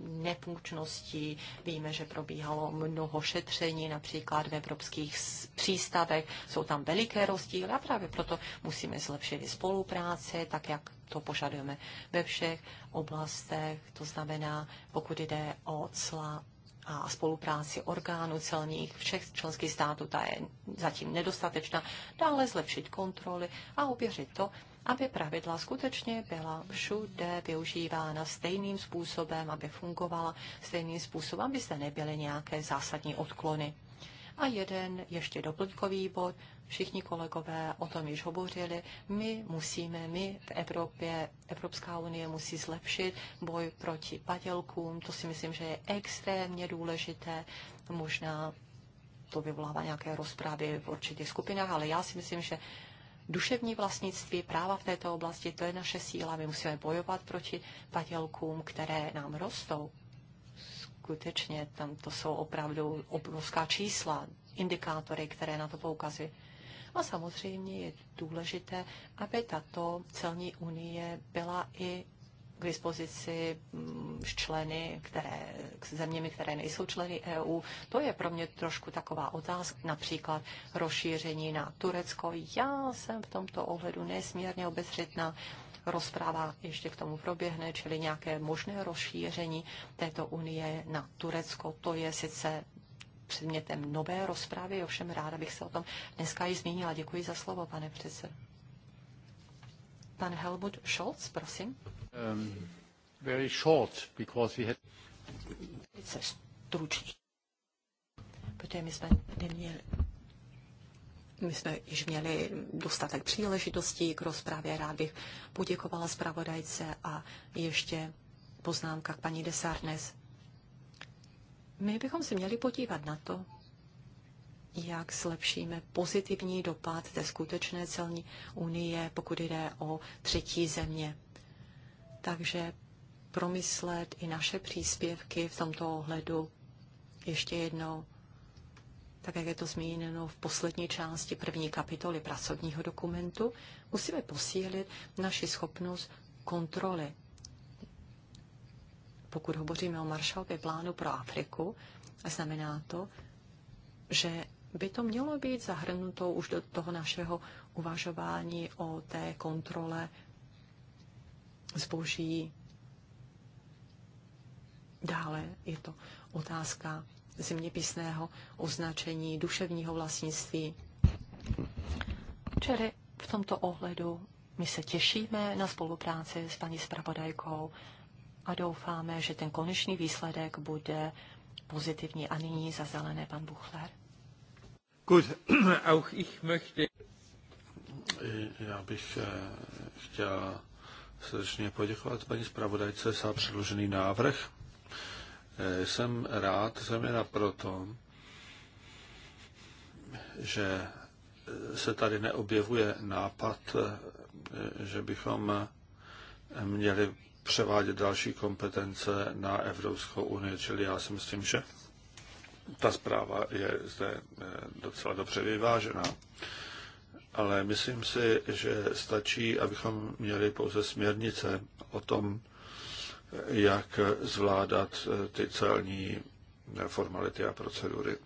nefunkčností. Víme, že probíhalo mnoho šetření, například v evropských přístavech. Jsou tam veliké rozdíly a právě proto musíme zlepšit spolupráci, tak jak to požadujeme ve všech oblastech. To znamená, pokud jde o cla a spolupráci orgánů celních všech členských států, ta je zatím nedostatečná. Dále zlepšit kontroly a uvěřit to, aby pravidla skutečně byla všude využívána stejným způsobem, aby fungovala stejným způsobem, aby se nebyly nějaké zásadní odklony. A jeden ještě doplňkový bod, všichni kolegové o tom již hovořili, my musíme, my v Evropě, Evropská unie musí zlepšit boj proti padělkům, to si myslím, že je extrémně důležité, možná to vyvolává nějaké rozprávy v určitých skupinách, ale já si myslím, že duševní vlastnictví, práva v této oblasti, to je naše síla. My musíme bojovat proti patělkům, které nám rostou. Skutečně, tam to jsou opravdu obrovská čísla, indikátory, které na to poukazují. A samozřejmě je důležité, aby tato celní unie byla i k dispozici mm, s členy, které, s zeměmi, které nejsou členy EU. To je pro mě trošku taková otázka, například rozšíření na Turecko. Já jsem v tomto ohledu nesmírně obezřetná. Rozpráva ještě k tomu proběhne, čili nějaké možné rozšíření této unie na Turecko. To je sice předmětem nové rozprávy, ovšem ráda bych se o tom dneska i zmínila. Děkuji za slovo, pane předsedo. Pan Helmut Scholz, prosím. Um, very short, because we had... Velice protože my jsme neměli my jsme již měli dostatek příležitostí k rozpravě. Rád bych poděkovala zpravodajce a ještě poznámka k paní Desarnes. My bychom si měli podívat na to, jak zlepšíme pozitivní dopad té skutečné celní unie, pokud jde o třetí země. Takže promyslet i naše příspěvky v tomto ohledu ještě jednou, tak jak je to zmíněno v poslední části první kapitoly pracovního dokumentu, musíme posílit naši schopnost kontroly. Pokud hovoříme o Marshallově plánu pro Afriku, znamená to, že by to mělo být zahrnuto už do toho našeho uvažování o té kontrole zboží. Dále je to otázka zeměpisného označení duševního vlastnictví. Čili v tomto ohledu my se těšíme na spolupráci s paní spravodajkou a doufáme, že ten konečný výsledek bude pozitivní. A nyní za zelené pan Buchler. Gut, auch ich möchte... Já bych eh, chtěl srdečně poděkovat paní zpravodajce za předložený návrh. Eh, jsem rád, zejména proto, že eh, se tady neobjevuje nápad, že bychom měli převádět další kompetence na Evropskou unii. Čili já si myslím, že ta zpráva je zde eh, docela dobře vyvážená. Ale myslím si, že stačí, abychom měli pouze směrnice o tom, jak zvládat eh, ty celní eh, formality a procedury.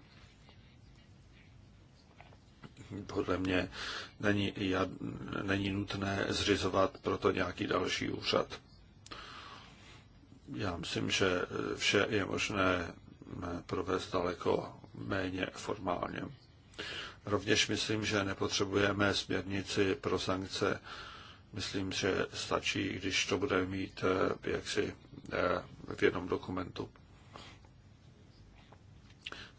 Podle mě není, není nutné zřizovat proto nějaký další úřad. Já myslím, že vše je možné provést daleko méně formálně. Rovněž myslím, že nepotřebujeme směrnici pro sankce. Myslím, že stačí, když to bude mít eh, jaksi eh, v jednom dokumentu.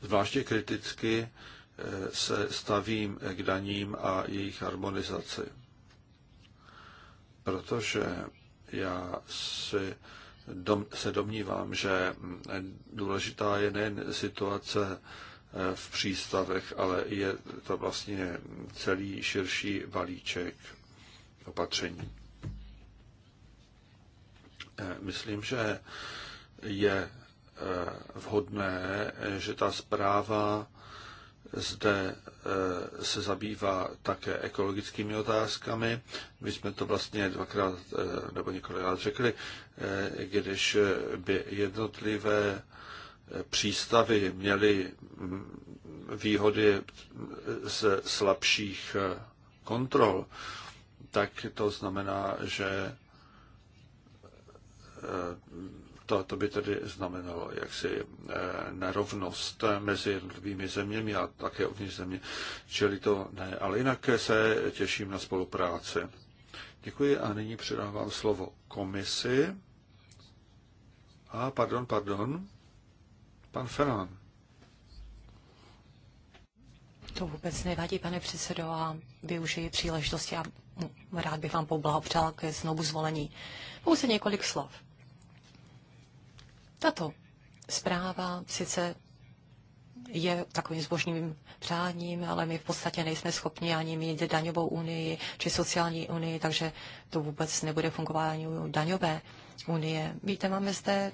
Zvláště kriticky eh, se stavím k daním a jejich harmonizaci. Protože já si dom, se domnívám, že důležitá je nejen situace eh, v přístavech, ale je to vlastně celý širší balíček opatření. Eh, myslím, že je eh, vhodné, že ta zpráva zde eh, se zabývá také ekologickými otázkami. My jsme to vlastně dvakrát eh, nebo několikrát řekli, eh, když by jednotlivé přístavy měly mm, výhody z slabších kontrol, tak to znamená, že to, to by tedy znamenalo jaksi eh, nerovnost mezi jednotlivými zeměmi a také uvnitř země. Čili to ne, ale jinak se těším na spolupráci. Děkuji a nyní předávám slovo komisi. A pardon, pardon, pan Ferán. To vůbec nevadí, pane předsedo, a využiji příležitosti a rád bych vám poblahopřál ke znovu zvolení. Pouze několik slov. Tato zpráva sice je takovým zbožným přáním, ale my v podstatě nejsme schopni ani mít daňovou unii či sociální unii, takže to vůbec nebude fungování daňové unie. Víte, máme zde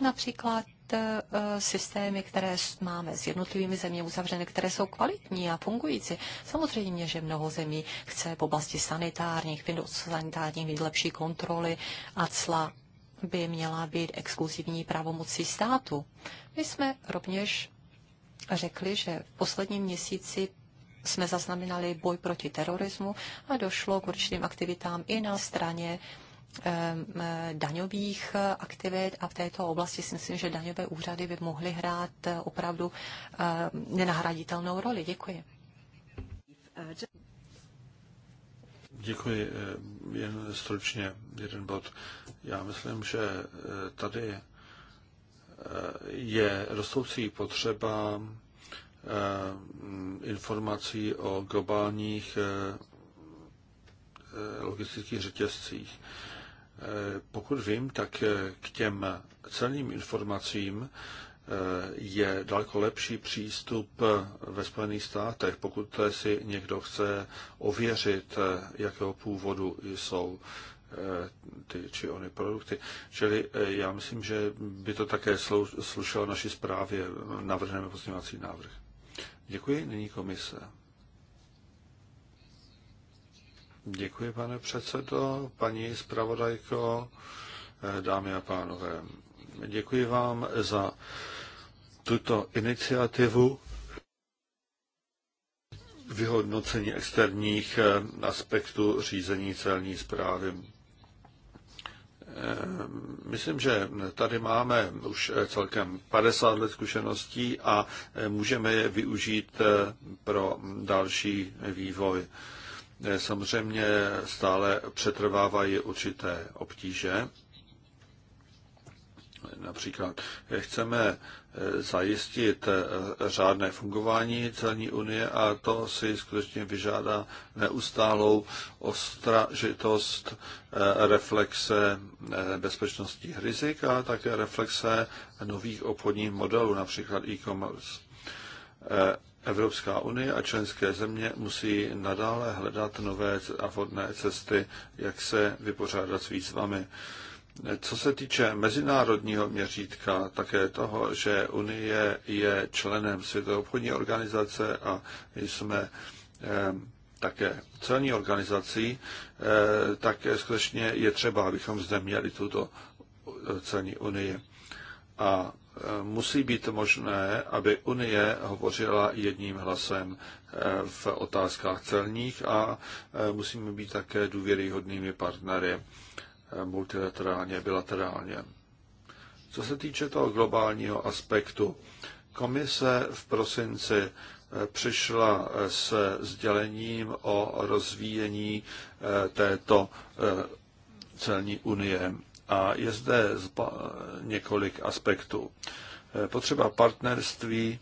například eh, systémy, které máme s jednotlivými zeměmi uzavřené, které jsou kvalitní a fungující. Samozřejmě, že mnoho zemí chce v oblasti sanitárních, sanitárních mít lepší kontroly a cla by měla být exkluzivní pravomocí státu. My jsme rovněž řekli, že v posledním měsíci jsme zaznamenali boj proti terorismu a došlo k určitým aktivitám i na straně e, daňových aktivit a v této oblasti si myslím, že daňové úřady by mohly hrát e, opravdu e, nenahraditelnou roli. Děkuji. Děkuji. Eh, jen stručně jeden bod. Já myslím, že eh, tady eh, je rostoucí potřeba informací o globálních logistických řetězcích. Pokud vím, tak k těm celním informacím je daleko lepší přístup ve Spojených státech, pokud si někdo chce ověřit, jakého původu jsou eh, ty či ony produkty. Čili eh, já myslím, že by to také slušelo naší zprávě. Navrhneme pozměňovací návrh. Děkuji. Nyní komise. Děkuji, pane předsedo, paní zpravodajko, eh, dámy a pánové. Děkuji vám za tuto iniciativu vyhodnocení externích eh, aspektů řízení celní zprávy. Eh, myslím, že tady máme už eh, celkem 50 let zkušeností a můžeme je využít pro další vývoj. Samozřejmě stále přetrvávají určité obtíže. Například chceme Eh, zajistit eh, řádné fungování celní unie a to si skutečně vyžádá neustálou ostražitost eh, reflexe bezpečnostních rizik a také reflexe nových obchodních modelů, například e-commerce. Evropská unie a členské země musí nadále hledat nové a vhodné cesty, jak se vypořádat s výzvami. Co se týče mezinárodního měřítka, také toho, že Unie je členem Světové obchodní organizace a jsme také celní organizací, eh, tak skutečně je třeba, abychom zde měli tuto celní unii. A eh, musí být možné, aby Unie hovořila jedním hlasem eh, v otázkách celních a musíme být také důvěryhodnými partnery multilaterálně, bilaterálně. Co se týče toho globálního aspektu, komise v prosinci eh, přišla eh, s sdělením o rozvíjení eh, této celní unie. A je zde několik aspektů. Potřeba partnerství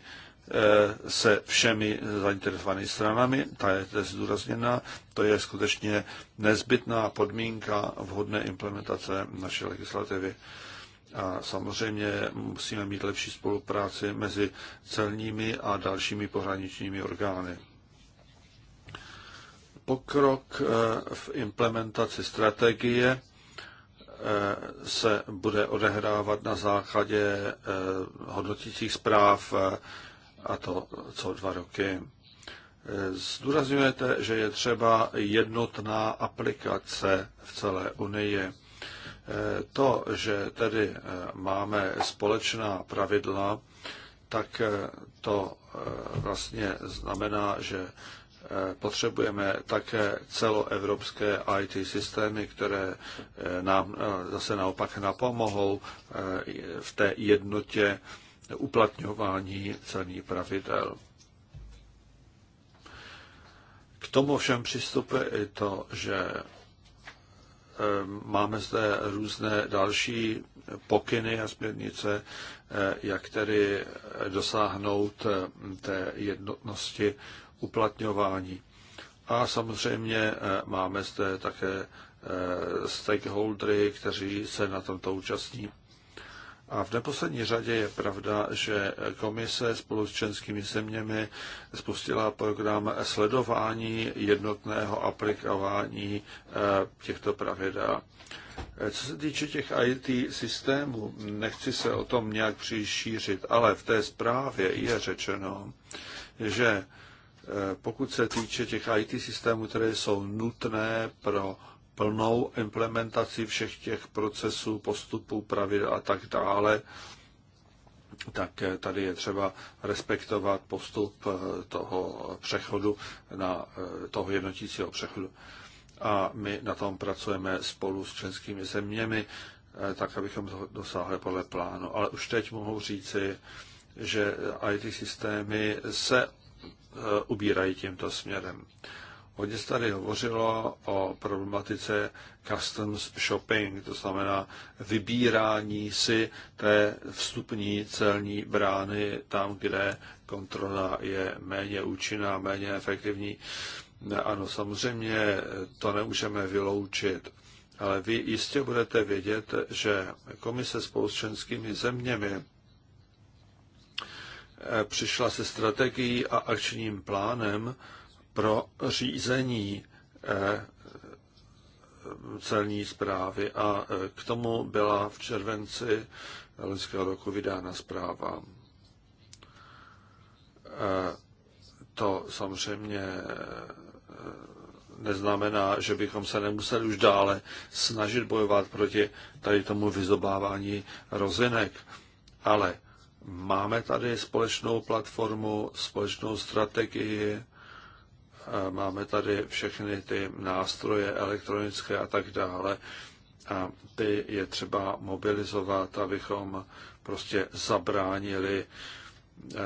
Eh, se všemi zainteresovanými stranami, ta je zde zdůrazněna, to je skutečně nezbytná podmínka vhodné implementace naší legislativy. A samozřejmě musíme mít lepší spolupráci mezi celními a dalšími pohraničními orgány. Pokrok eh, v implementaci strategie eh, se bude odehrávat na základě hodnotících zpráv a to co dva roky. Zdůrazňujete, že je třeba jednotná aplikace v celé Unii. To, že tedy eh, máme společná pravidla, tak eh, to eh, vlastně znamená, že potřebujeme také celoevropské IT systémy, které nám zase naopak napomohou v té jednotě uplatňování celních pravidel. K tomu všem přistupuje i to, že eh, máme zde různé další pokyny a směrnice, eh, jak tedy dosáhnout eh, té jednotnosti uplatňování. A samozřejmě máme zde také stakeholdery, kteří se na tomto účastní. A v neposlední řadě je pravda, že komise spolu s členskými zeměmi spustila program sledování jednotného aplikování eh, těchto pravidel. Eh, co se týče těch IT systémů, nechci se o tom nějak příšířit, ale v té zprávě je řečeno, že eh, pokud se týče těch IT systémů, které jsou nutné pro plnou implementaci všech těch procesů, postupů, pravidel a tak dále, tak tady je třeba respektovat postup eh, toho přechodu na eh, toho jednotícího přechodu. A my na tom pracujeme spolu s členskými zeměmi, eh, tak abychom to dosáhli podle plánu. Ale už teď mohu říci, že IT systémy se ubírají tímto směrem. Hodně se tady hovořilo o problematice customs shopping, to znamená vybírání si té vstupní celní brány tam, kde kontrola je méně účinná, méně efektivní. Ano, samozřejmě to nemůžeme vyloučit, ale vy jistě budete vědět, že komise s členskými zeměmi eh, přišla se strategií a akčním plánem, pro řízení eh, celní zprávy a eh, k tomu byla v červenci loňského roku vydána zpráva. Eh, to samozřejmě neznamená, že bychom se nemuseli už dále snažit bojovat proti tady tomu vyzobávání rozinek, ale máme tady společnou platformu, společnou strategii, máme tady všechny ty nástroje elektronické a tak dále a ty je třeba mobilizovat, abychom prostě zabránili eh,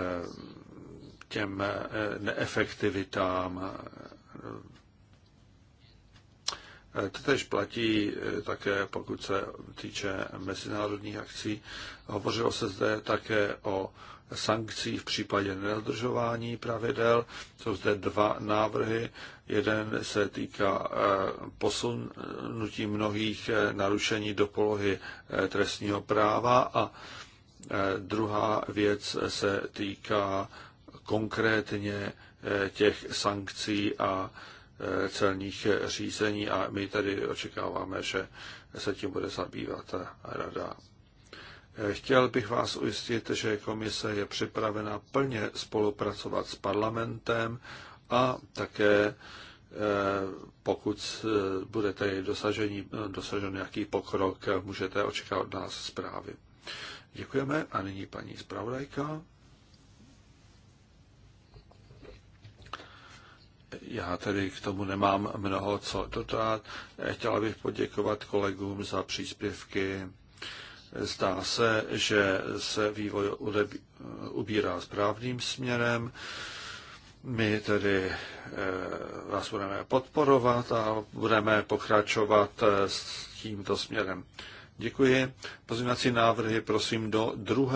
těm eh, neefektivitám. Eh, to tež platí také, pokud se týče mezinárodních akcí. Hovořilo se zde také o sankcí v případě nedodržování pravidel. Jsou zde dva návrhy. Jeden se týká eh, posunutí mnohých eh, narušení do polohy eh, trestního práva a druhá věc se týká konkrétně těch sankcí a celních řízení a my tady očekáváme, že se tím bude zabývat rada Chtěl bych vás ujistit, že komise je připravena plně spolupracovat s parlamentem a také eh, pokud eh, budete dosažení, dosažen nějaký pokrok, můžete očekávat od nás zprávy. Děkujeme a nyní paní zpravodajka. Já tedy k tomu nemám mnoho co dodat. Chtěla bych poděkovat kolegům za příspěvky Zdá se, že se vývoj ubírá správným směrem. My tedy eh, vás budeme podporovat a budeme pokračovat eh, s tímto směrem. Děkuji. Pozměňovací návrhy prosím do 2.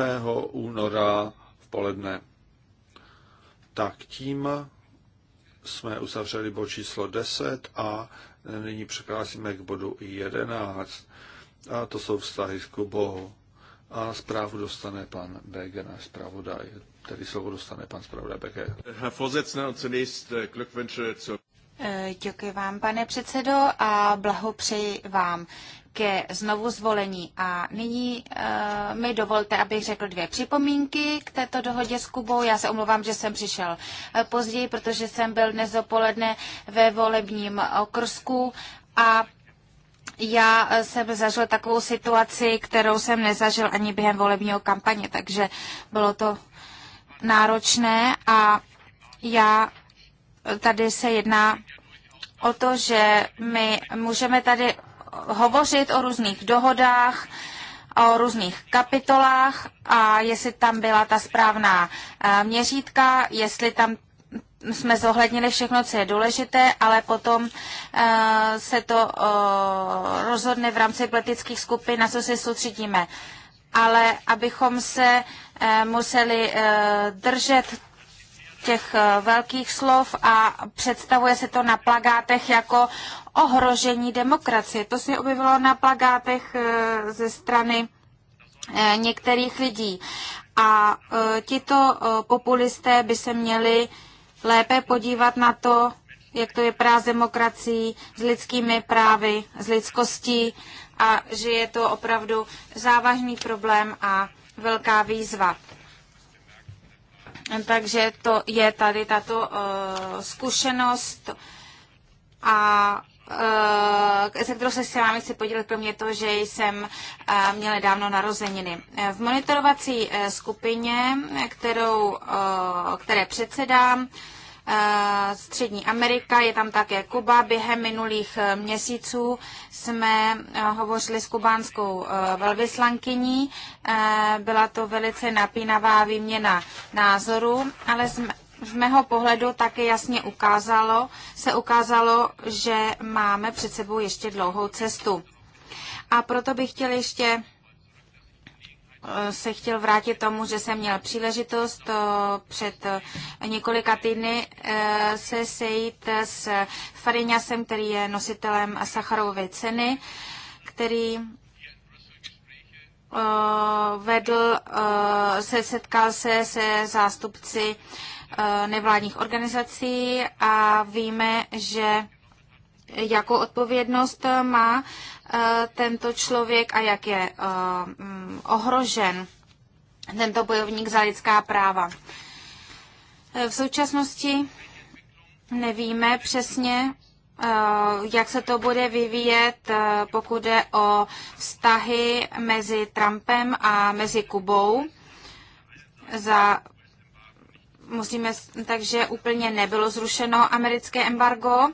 února v poledne. Tak tím jsme uzavřeli bod číslo 10 a nyní překlásíme k bodu 11 a to jsou vztahy k Bohu. A zprávu dostane pan Bege, náš zpravodaj. Tedy slovo dostane pan zpravodaj Bege. Herr Vorsitzender, zunächst äh, Glückwünsche eh, Děkuji vám, pane předsedo, a blahopřeji vám ke znovu zvolení. A nyní e, mi dovolte, abych řekl dvě připomínky k této dohodě s Kubou. Já se omlouvám, že jsem přišel eh, později, protože jsem byl dnes dopoledne ve volebním okrsku a já eh, jsem zažil takovou situaci, kterou jsem nezažil ani během volebního kampaně, takže bylo to náročné a já eh, tady se jedná o to, že my můžeme tady hovořit o různých dohodách, o různých kapitolách a jestli tam byla ta správná eh, měřítka, jestli tam jsme zohlednili všechno, co je důležité, ale potom uh, se to uh, rozhodne v rámci politických skupin, na co se soustředíme. Ale abychom se uh, museli uh, držet těch uh, velkých slov a představuje se to na plagátech jako ohrožení demokracie. To se objevilo na plagátech uh, ze strany uh, některých lidí. A uh, tito uh, populisté by se měli uh, lépe podívat na to, jak to je s demokracií, s lidskými právy, s lidskostí a že je to opravdu závažný problém a velká výzva. Takže to je tady tato uh, zkušenost a Eh, se kterou se s vámi chci podělit, kromě toho, že jsem eh, měla dávno narozeniny. Eh, v monitorovací skupině, kterou, které předsedám, Střední Amerika, je tam také Kuba. Během minulých měsíců jsme hovořili s kubánskou velvyslankyní. Byla to velice napínavá výměna názoru, ale jsme z mého pohledu také jasně ukázalo, se ukázalo, že máme před sebou ještě dlouhou cestu. A proto bych chtěl ještě eh, se chtěl vrátit tomu, že jsem měl příležitost eh, před eh, několika týdny se sejít s Fariňasem, který je nositelem Sacharovy ceny, který vedl, se setkal se se zástupci Eh, nevládních organizací a víme, že jakou odpovědnost má eh, tento člověk a jak je eh, mm, ohrožen tento bojovník za lidská práva. V současnosti nevíme přesně, jak se to bude vyvíjet, pokud jde o vztahy mezi Trumpem a mezi Kubou. Za musíme, takže úplně nebylo zrušeno americké embargo,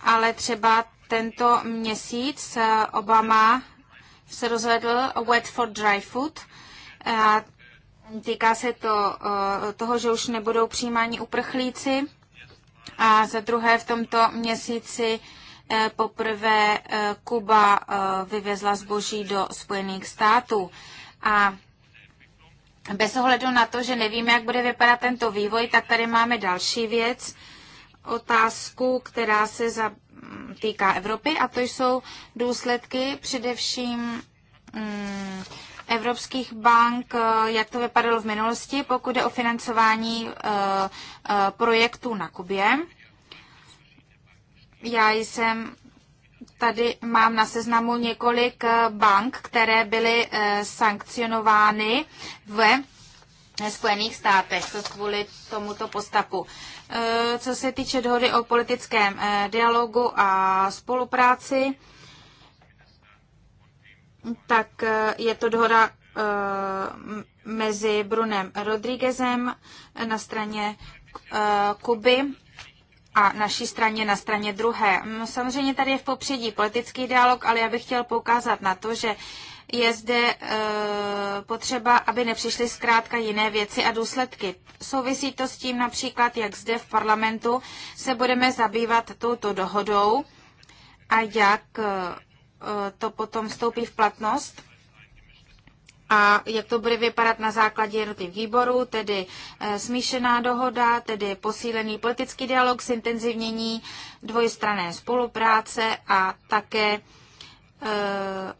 ale třeba tento měsíc eh, Obama se rozvedl Wet for Dry Food. A týká se to eh, toho, že už nebudou přijímáni uprchlíci. A za druhé v tomto měsíci eh, poprvé Kuba vyvezla zboží do Spojených států. A bez ohledu na to, že nevíme, jak bude vypadat tento vývoj, tak tady máme další věc, otázku, která se za, mm, týká Evropy, a to jsou důsledky především mm, evropských bank, eh, jak to vypadalo v minulosti, pokud je o financování e, projektů na Kubě. Já jsem Tady mám na seznamu několik eh, bank, které byly eh, sankcionovány ve Spojených státech kvůli tomuto postapu. Eh, co se týče dohody o politickém dialogu a spolupráci, tak je to dohoda mezi Brunem Rodríguezem na straně Kuby a naší straně na straně druhé. Mm, samozřejmě tady je v popředí politický dialog, ale já bych chtěl poukázat na to, že je zde e, potřeba, aby nepřišly zkrátka jiné věci a důsledky. Souvisí to s tím například, jak zde v parlamentu se budeme zabývat touto dohodou a jak e, to potom vstoupí v platnost a jak to bude vypadat na základě jednotlivých výborů, tedy eh, smíšená dohoda, tedy posílený politický dialog, zintenzivnění dvojstrané spolupráce a také eh,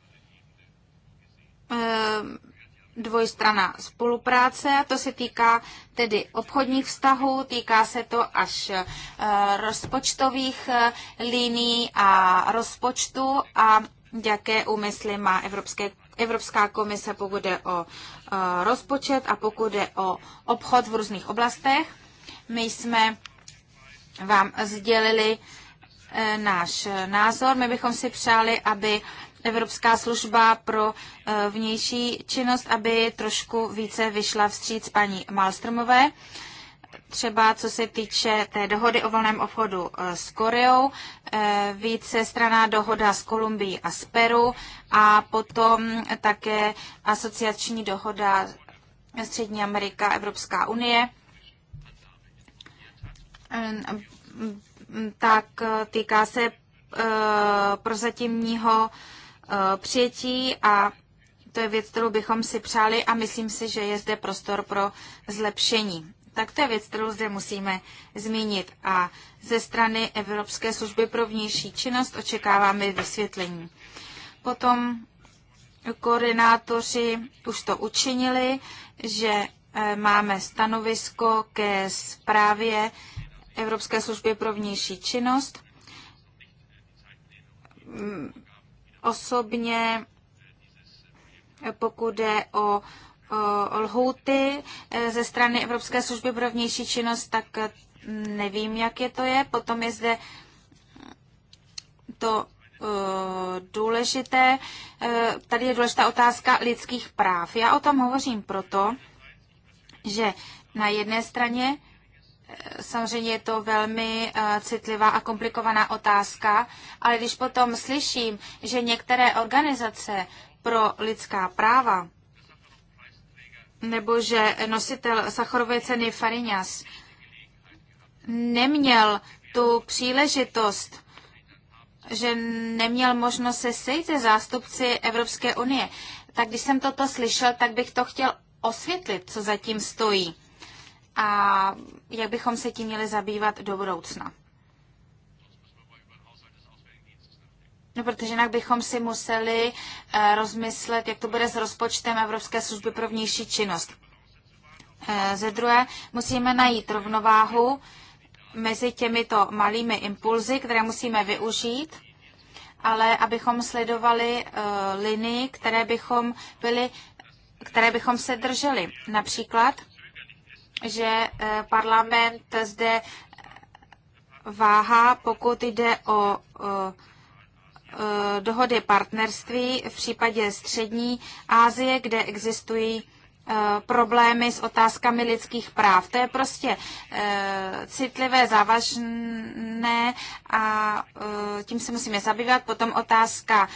eh, dvojstrana spolupráce a to se týká tedy obchodních vztahů, týká se to až rozpočtových líní a rozpočtu a jaké úmysly má Evropské Evropská komise, pokud jde o eh, rozpočet a pokud jde o obchod v různých oblastech. My jsme vám sdělili eh, náš názor. My bychom si přáli, aby Evropská služba pro eh, vnější činnost, aby trošku více vyšla vstříc paní Malstromové třeba co se týče té dohody o volném obchodu eh, s Koreou, eh, více straná dohoda s Kolumbií a s Peru a potom také asociační dohoda Střední Amerika, Evropská unie. Eh, tak týká se prozatímního přijetí a to je věc, kterou bychom si přáli a myslím si, že je zde prostor pro zlepšení tak to je věc, kterou zde musíme zmínit. A ze strany Evropské služby pro vnější činnost očekáváme vysvětlení. Potom koordinátoři už to učinili, že eh, máme stanovisko ke zprávě Evropské služby pro vnější činnost. Mm, osobně, eh, pokud jde o lhouty e, ze strany Evropské služby pro vnější činnost, tak e, nevím, jak je to je. Potom je zde to e, důležité, tady je důležitá otázka lidských práv. Já o tom hovořím proto, že na jedné straně Samozřejmě je to velmi citlivá a komplikovaná otázka, ale když potom slyším, že některé organizace pro lidská práva nebo že nositel Sachorovy ceny Farinas neměl tu příležitost, že neměl možnost se sejít se zástupci Evropské unie. Tak když jsem toto slyšel, tak bych to chtěl osvětlit, co zatím stojí a jak bychom se tím měli zabývat do budoucna. No, protože jinak bychom si museli eh, rozmyslet, jak to bude s rozpočtem Evropské služby pro vnější činnost. Eh, ze druhé, musíme najít rovnováhu mezi těmito malými impulzy, které musíme využít, ale abychom sledovali eh, linii, které bychom, byli, které bychom se drželi. Například, že parlament zde váhá, pokud jde o, o Eh, dohody partnerství v případě střední Asie, kde existují eh, problémy s otázkami lidských práv. To je prostě eh, citlivé, závažné a tím se musíme zabývat. Potom otázka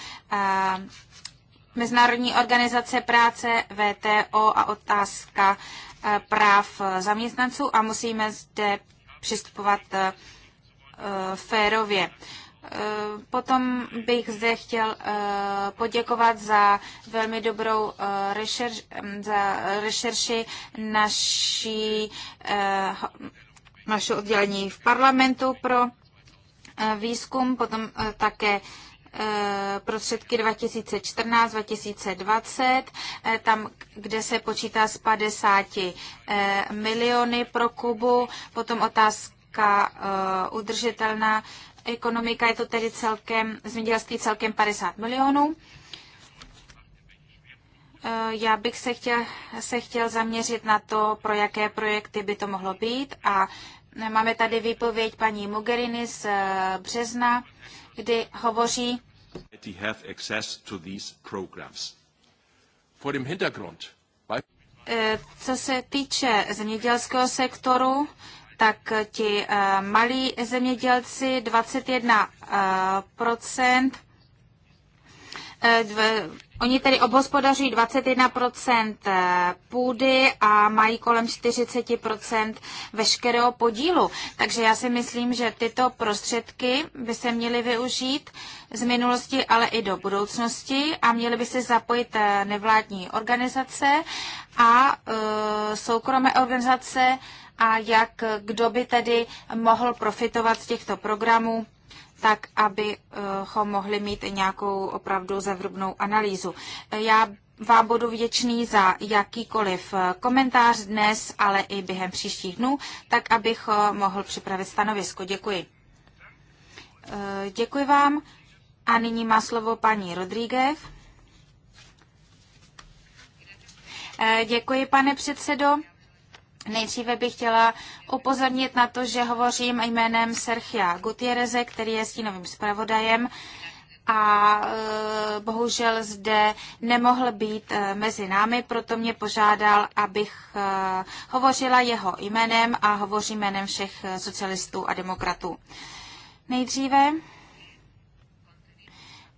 Mezinárodní organizace práce, VTO a otázka práv zaměstnanců a musíme zde přistupovat férově. E, Eh, potom bych zde chtěl eh, poděkovat za velmi dobrou eh, rešerš, mm, za rešerši naší, naše oddělení v parlamentu pro výzkum, potom také prostředky 2014-2020, tam, kde se počítá z 50 miliony pro Kubu, potom otázka udržitelná ekonomika, je to tedy celkem, zemědělství celkem 50 milionů. Eh, já bych se chtěl, se chtěl zaměřit na to, pro jaké projekty by to mohlo být a máme tady výpověď paní Mogherini z eh, března, kdy hovoří to eh, co se týče zemědělského sektoru, tak ti eh, malí zemědělci 21%, eh, oni tedy obhospodařují 21% eh, půdy a mají kolem 40% veškerého podílu. Takže já si myslím, že tyto prostředky by se měly využít z minulosti, ale i do budoucnosti a měly by se zapojit nevládní organizace a soukromé organizace, a jak kdo by tedy mohl profitovat z těchto programů, tak abychom mohli mít nějakou opravdu zevrubnou analýzu. Já vám budu vděčný za jakýkoliv komentář dnes, ale i během příštích dnů, tak abych mohl připravit stanovisko. Děkuji. Eh, děkuji vám. A nyní má slovo paní Rodríguez. Eh, děkuji, pane předsedo. Nejdříve bych chtěla upozornit na to, že hovořím jménem Serchia Gutiereze, který je stínovým zpravodajem a e, bohužel zde nemohl být e, mezi námi, proto mě požádal, abych e, hovořila jeho jménem a hovoří jménem všech socialistů a demokratů. Nejdříve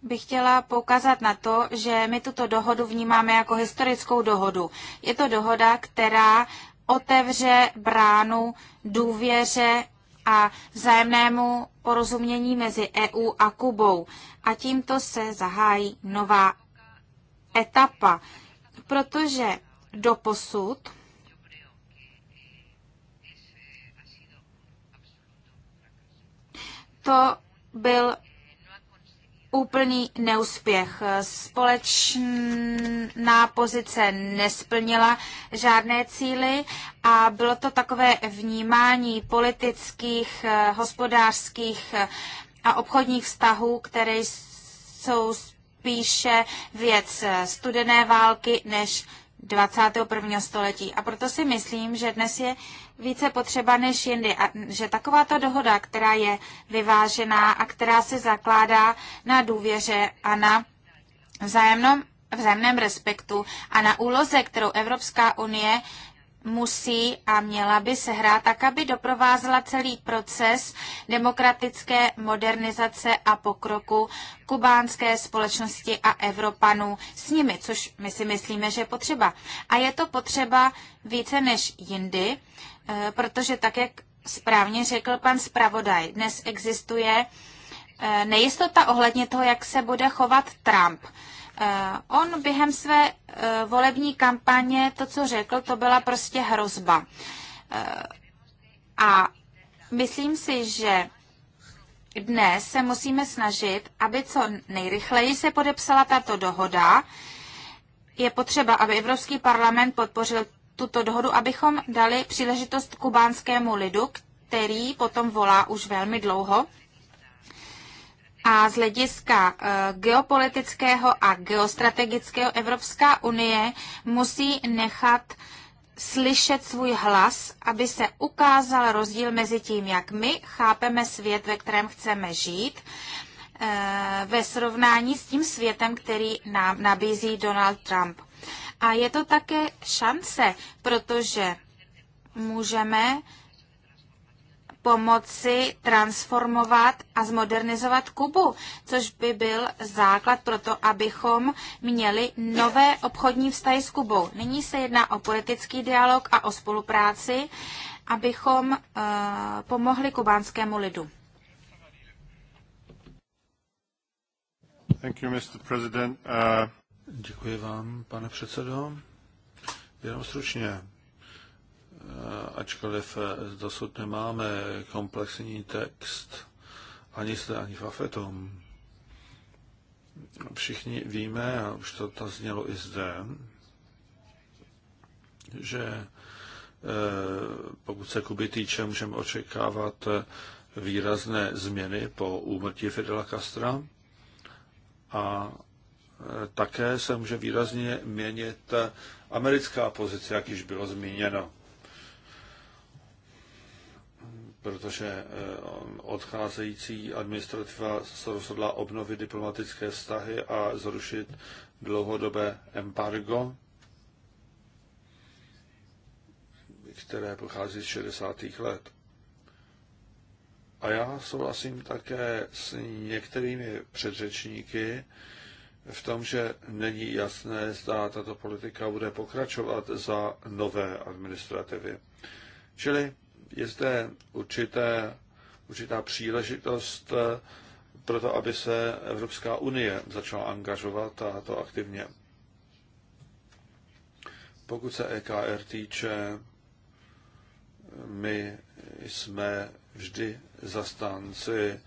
bych chtěla poukázat na to, že my tuto dohodu vnímáme jako historickou dohodu. Je to dohoda, která otevře bránu důvěře a vzájemnému porozumění mezi EU a Kubou. A tímto se zahájí nová etapa, protože do posud to byl úplný neúspěch. Společná pozice nesplnila žádné cíly a bylo to takové vnímání politických, hospodářských a obchodních vztahů, které jsou spíše věc studené války než 21. století. A proto si myslím, že dnes je více potřeba než jindy. A že takováto dohoda, která je vyvážená a která se zakládá na důvěře a na vzájemném, vzájemném respektu a na úloze, kterou Evropská unie musí a měla by se hrát tak, aby doprovázela celý proces demokratické modernizace a pokroku kubánské společnosti a Evropanů s nimi, což my si myslíme, že je potřeba. A je to potřeba více než jindy, eh, protože tak, jak správně řekl pan zpravodaj, dnes existuje eh, nejistota ohledně toho, jak se bude chovat Trump. Eh, on během své eh, volební kampaně to, co řekl, to byla prostě hrozba. Eh, a myslím si, že dnes se musíme snažit, aby co nejrychleji se podepsala tato dohoda. Je potřeba, aby Evropský parlament podpořil tuto dohodu, abychom dali příležitost kubánskému lidu, který potom volá už velmi dlouho a z hlediska eh, geopolitického a geostrategického Evropská unie musí nechat slyšet svůj hlas, aby se ukázal rozdíl mezi tím, jak my chápeme svět, ve kterém chceme žít, eh, ve srovnání s tím světem, který nám nabízí Donald Trump. A je to také šance, protože můžeme pomoci transformovat a zmodernizovat Kubu, což by byl základ pro to, abychom měli nové obchodní vztahy s Kubou. Nyní se jedná o politický dialog a o spolupráci, abychom uh, pomohli kubánskému lidu. Thank you, Mr. President. Uh... Děkuji vám, pane předsedo. Jenom stručně. Eh, ačkoliv eh, dosud nemáme komplexní text ani zde, ani v AFETu. Všichni víme, a už to tam znělo i zde, že eh, pokud se Kuby týče, můžeme očekávat výrazné změny po úmrtí Fidela Castra a také se může výrazně měnit americká pozice, jak již bylo zmíněno protože eh, odcházející administrativa se rozhodla obnovit diplomatické vztahy a zrušit dlouhodobé embargo, které pochází z 60. let. A já souhlasím také s některými předřečníky v tom, že není jasné, zda tato politika bude pokračovat za nové administrativy. Čili je zde určité, určitá příležitost eh, pro to, aby se Evropská unie začala angažovat a to aktivně. Pokud se EKR týče, my jsme vždy zastánci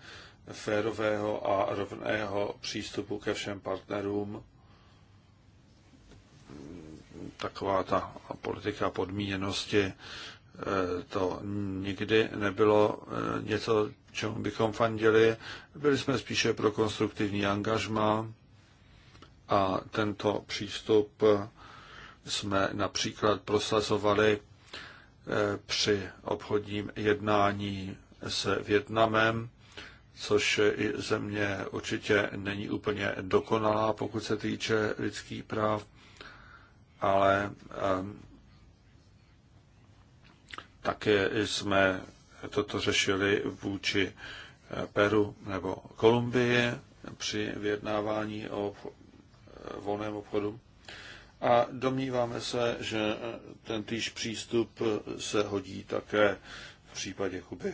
férového a rovného přístupu ke všem partnerům. Taková ta politika podmíněnosti to nikdy nebylo eh, něco, čemu bychom fandili. Byli jsme spíše pro konstruktivní angažma a tento přístup jsme například prosazovali eh, při obchodním jednání s Větnamem, což i země určitě není úplně dokonalá, pokud se týče lidských práv, ale ehm, také jsme toto řešili vůči Peru nebo Kolumbii při vyjednávání o volném obchodu. A domníváme se, že ten týž přístup se hodí také v případě Kuby.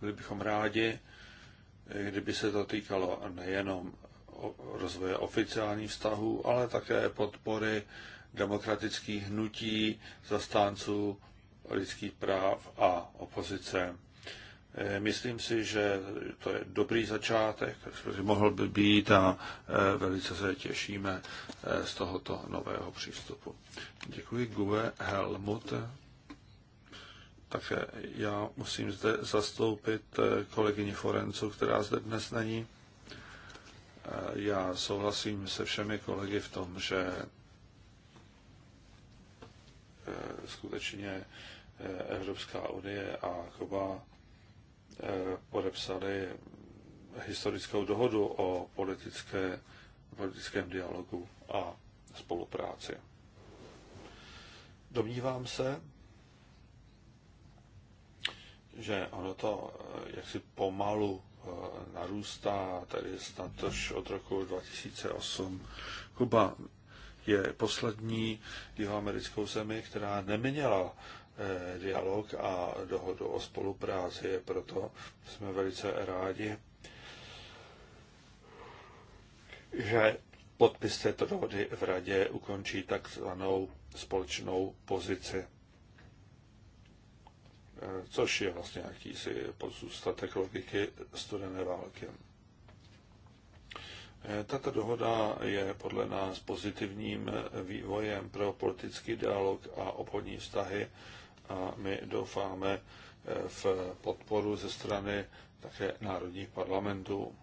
Byli bychom rádi, kdyby se to týkalo nejenom rozvoje oficiálních vztahů, ale také podpory demokratických hnutí, zastánců lidských práv a opozice. Eh, myslím si, že to je dobrý začátek, který mohl by být a eh, velice se těšíme eh, z tohoto nového přístupu. Děkuji Guve Helmut. Také já musím zde zastoupit kolegyni Forencu, která zde dnes není. Já souhlasím se všemi kolegy v tom, že Eh, skutečně eh, Evropská unie a Kuba eh, podepsali historickou dohodu o politické, politickém dialogu a spolupráci. Domnívám se, že ono to jaksi pomalu narůstá, tedy snad až od roku 2008. Kuba je poslední jihoamerickou zemi, která neměla eh, dialog a dohodu o spolupráci, proto jsme velice rádi, že podpis této dohody v radě ukončí takzvanou společnou pozici, eh, což je vlastně jakýsi pozůstatek logiky studené války. Tato dohoda je podle nás pozitivním vývojem pro politický dialog a obchodní vztahy a my doufáme eh, v podporu ze strany také národních parlamentů.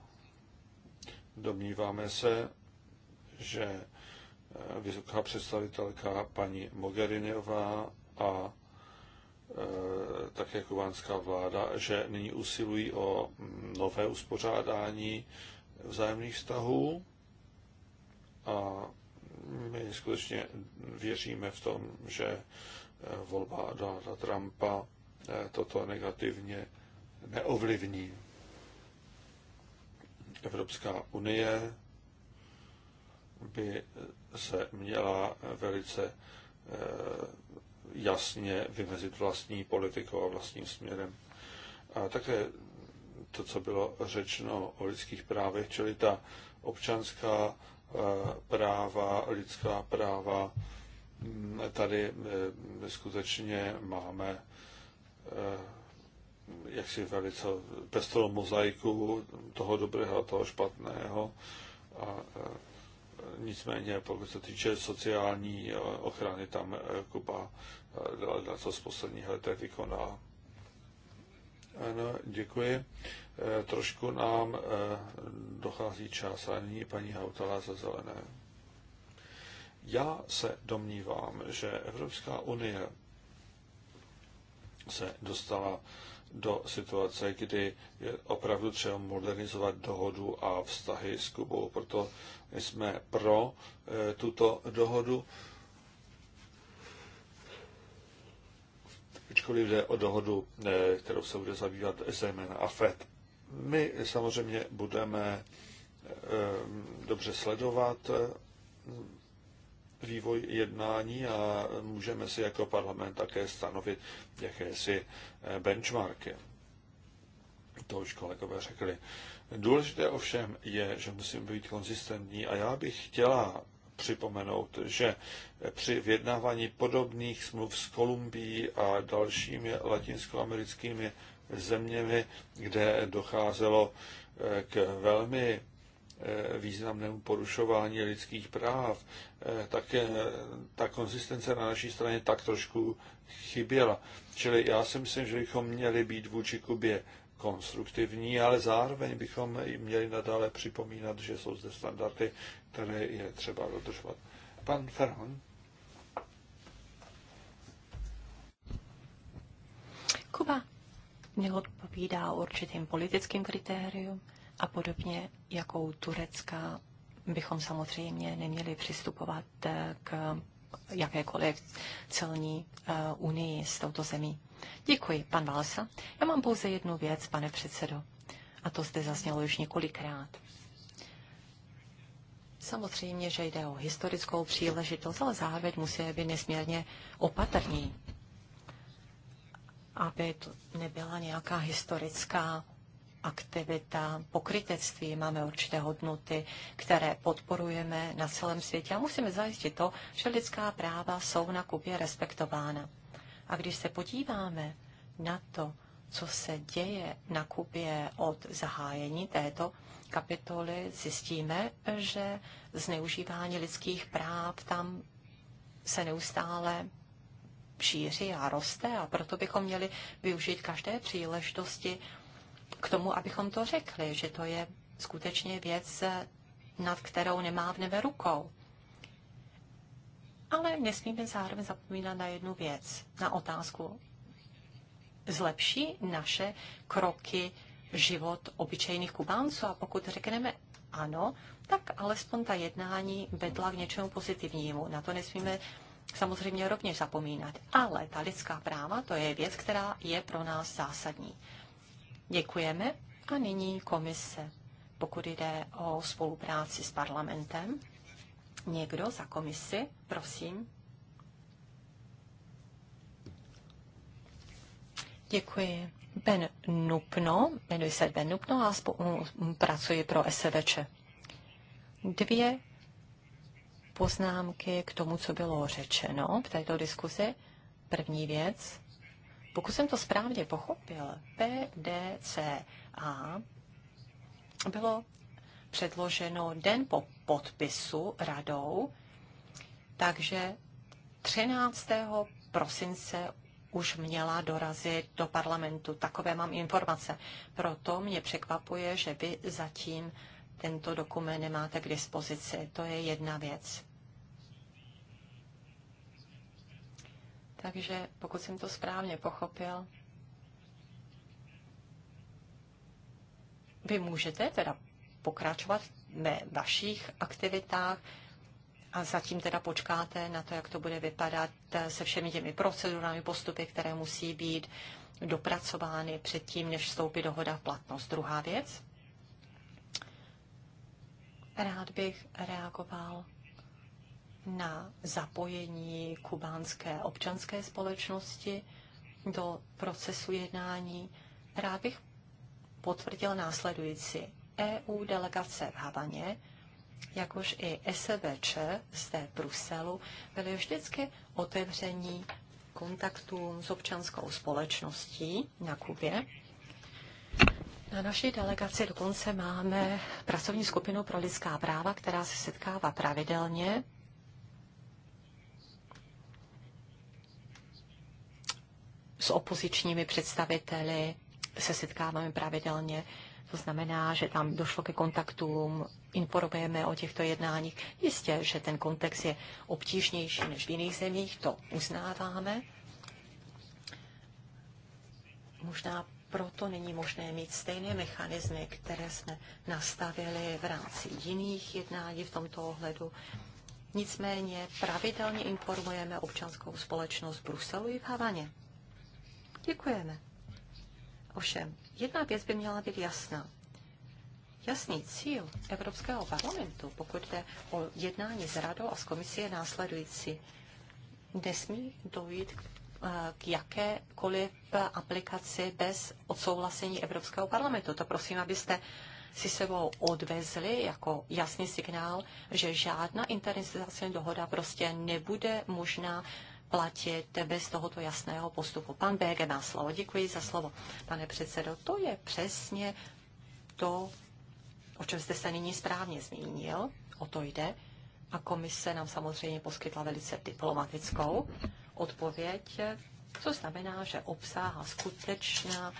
Domníváme se, že eh, vysoká představitelka paní Mogherinová a eh, také kubánská vláda, že nyní usilují o mm, nové uspořádání vzájemných vztahů a my skutečně věříme v tom, že eh, volba Donalda Trumpa eh, toto negativně neovlivní. Evropská unie by eh, se měla velice jasně vymezit vlastní politikou a vlastním směrem. A také to, co bylo řečeno o lidských právech, čili ta občanská eh, práva, lidská práva. Mm, tady eh, skutečně máme eh, jaksi velice pestrou mozaiku toho dobrého a toho špatného. A nicméně, pokud se týče sociální ochrany, tam Kuba dala co z posledních letech vykoná. Ano, děkuji. Eh, trošku nám eh, dochází čas a nyní paní Hautala za zelené. Já se domnívám, že Evropská unie se dostala do situace, kdy je opravdu třeba modernizovat dohodu a vztahy s Kubou. Proto jsme pro eh, tuto dohodu. Ačkoliv jde o dohodu, kterou se bude zabývat zejména AFED. My samozřejmě budeme eh, dobře sledovat eh, vývoj jednání a můžeme si jako parlament také stanovit jakési eh, benchmarky. To už kolegové řekli. Důležité ovšem je, že musíme být konzistentní a já bych chtěla připomenout, že při vyjednávání podobných smluv s Kolumbií a dalšími latinskoamerickými zeměmi, kde docházelo eh, k velmi eh, významnému porušování lidských práv, eh, tak ta konzistence na naší straně tak trošku chyběla. Čili já si myslím, že bychom měli být vůči Kubě konstruktivní, ale zároveň bychom jim měli nadále připomínat, že jsou zde standardy, které je třeba dodržovat. Pan Ferhon. Kuba neodpovídá určitým politickým kritériům a podobně, jako u Turecka bychom samozřejmě neměli přistupovat eh, k jakékoliv celní eh, unii s touto zemí. Děkuji, pan Valsa. Já mám pouze jednu věc, pane předsedo, a to zde zaznělo už několikrát. Samozřejmě, že jde o historickou příležitost, ale zároveň musíme být nesmírně opatrní aby to nebyla nějaká historická aktivita, pokrytectví, máme určité hodnoty, které podporujeme na celém světě a musíme zajistit to, že lidská práva jsou na Kubě respektována. A když se podíváme na to, co se děje na Kubě od zahájení této kapitoly, zjistíme, že zneužívání lidských práv tam se neustále šíří a roste a proto bychom měli využít každé příležitosti k tomu, abychom to řekli, že to je skutečně věc, nad kterou nebe rukou. Ale nesmíme zároveň zapomínat na jednu věc, na otázku. Zlepší naše kroky život obyčejných Kubánců? A pokud řekneme ano, tak alespoň ta jednání vedla k něčemu pozitivnímu. Na to nesmíme samozřejmě rovněž zapomínat. Ale ta lidská práva, to je věc, která je pro nás zásadní. Děkujeme a nyní komise. Pokud jde o spolupráci s parlamentem, někdo za komisi, prosím. Děkuji. Ben Nupno, jmenuji se Ben Nupno a mm, pracuji pro SVČ. Dvě poznámky k tomu, co bylo řečeno v této diskuzi. První věc, pokud jsem to správně pochopil, PDCA bylo předloženo den po podpisu radou, takže 13. prosince už měla dorazit do parlamentu. Takové mám informace. Proto mě překvapuje, že vy zatím tento dokument nemáte k dispozici. To je jedna věc. Takže pokud jsem to správně pochopil, vy můžete teda pokračovat ve vašich aktivitách a zatím teda počkáte na to, jak to bude vypadat se všemi těmi procedurami, postupy, které musí být dopracovány předtím, než vstoupí dohoda v platnost. Druhá věc. Rád bych reagoval na zapojení kubánské občanské společnosti do procesu jednání. Rád bych potvrdil následující. EU delegace v Havaně, jakož i SVČ zde v Bruselu, byly vždycky otevření kontaktům s občanskou společností na Kubě. Na naší delegaci dokonce máme pracovní skupinu pro lidská práva, která se setkává pravidelně. S opozičními představiteli se setkáváme pravidelně. To znamená, že tam došlo ke kontaktům, informujeme o těchto jednáních. Jistě, že ten kontext je obtížnější než v jiných zemích, to uznáváme. Možná proto není možné mít stejné mechanismy, které jsme nastavili v rámci jiných jednání v tomto ohledu. Nicméně pravidelně informujeme občanskou společnost v Bruselu i v Havaně. Děkujeme. Ovšem, jedna věc by měla být jasná. Jasný cíl Evropského parlamentu, pokud jde o jednání s radou a s komisí, je následující. Nesmí dojít k Eh, k jakékoliv aplikaci bez odsouhlasení Evropského parlamentu. To prosím, abyste si sebou odvezli jako jasný signál, že žádná interinstitucionální dohoda prostě nebude možná platit bez tohoto jasného postupu. Pan BG má slovo. Děkuji za slovo, pane předsedo. To je přesně to, o čem jste se nyní správně zmínil. O to jde. A komise nám samozřejmě poskytla velice diplomatickou odpověď, co znamená, že obsáhá skutečná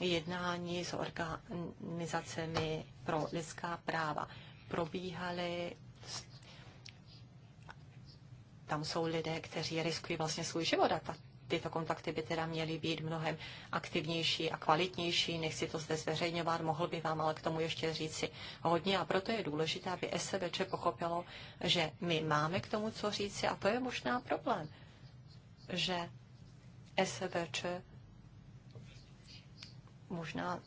jednání s organizacemi pro lidská práva. Probíhaly tam jsou lidé, kteří riskují vlastně svůj život a ta, tyto kontakty by teda měly být mnohem aktivnější a kvalitnější. Nechci to zde zveřejňovat, mohl bych vám ale k tomu ještě říci hodně a proto je důležité, aby SVČ pochopilo, že my máme k tomu co říci a to je možná problém že SVČ možná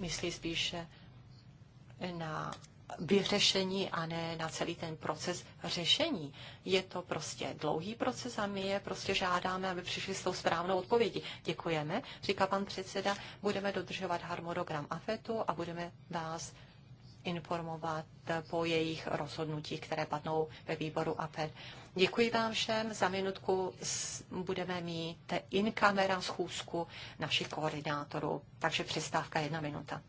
myslí spíše na vyřešení a ne na celý ten proces řešení. Je to prostě dlouhý proces a my je prostě žádáme, aby přišli s tou správnou odpovědí. Děkujeme, říká pan předseda, budeme dodržovat harmonogram AFETu a budeme vás informovat po jejich rozhodnutí, které padnou ve výboru APED. Děkuji vám všem. Za minutku budeme mít in camera schůzku našich koordinátorů, takže přestávka jedna minuta.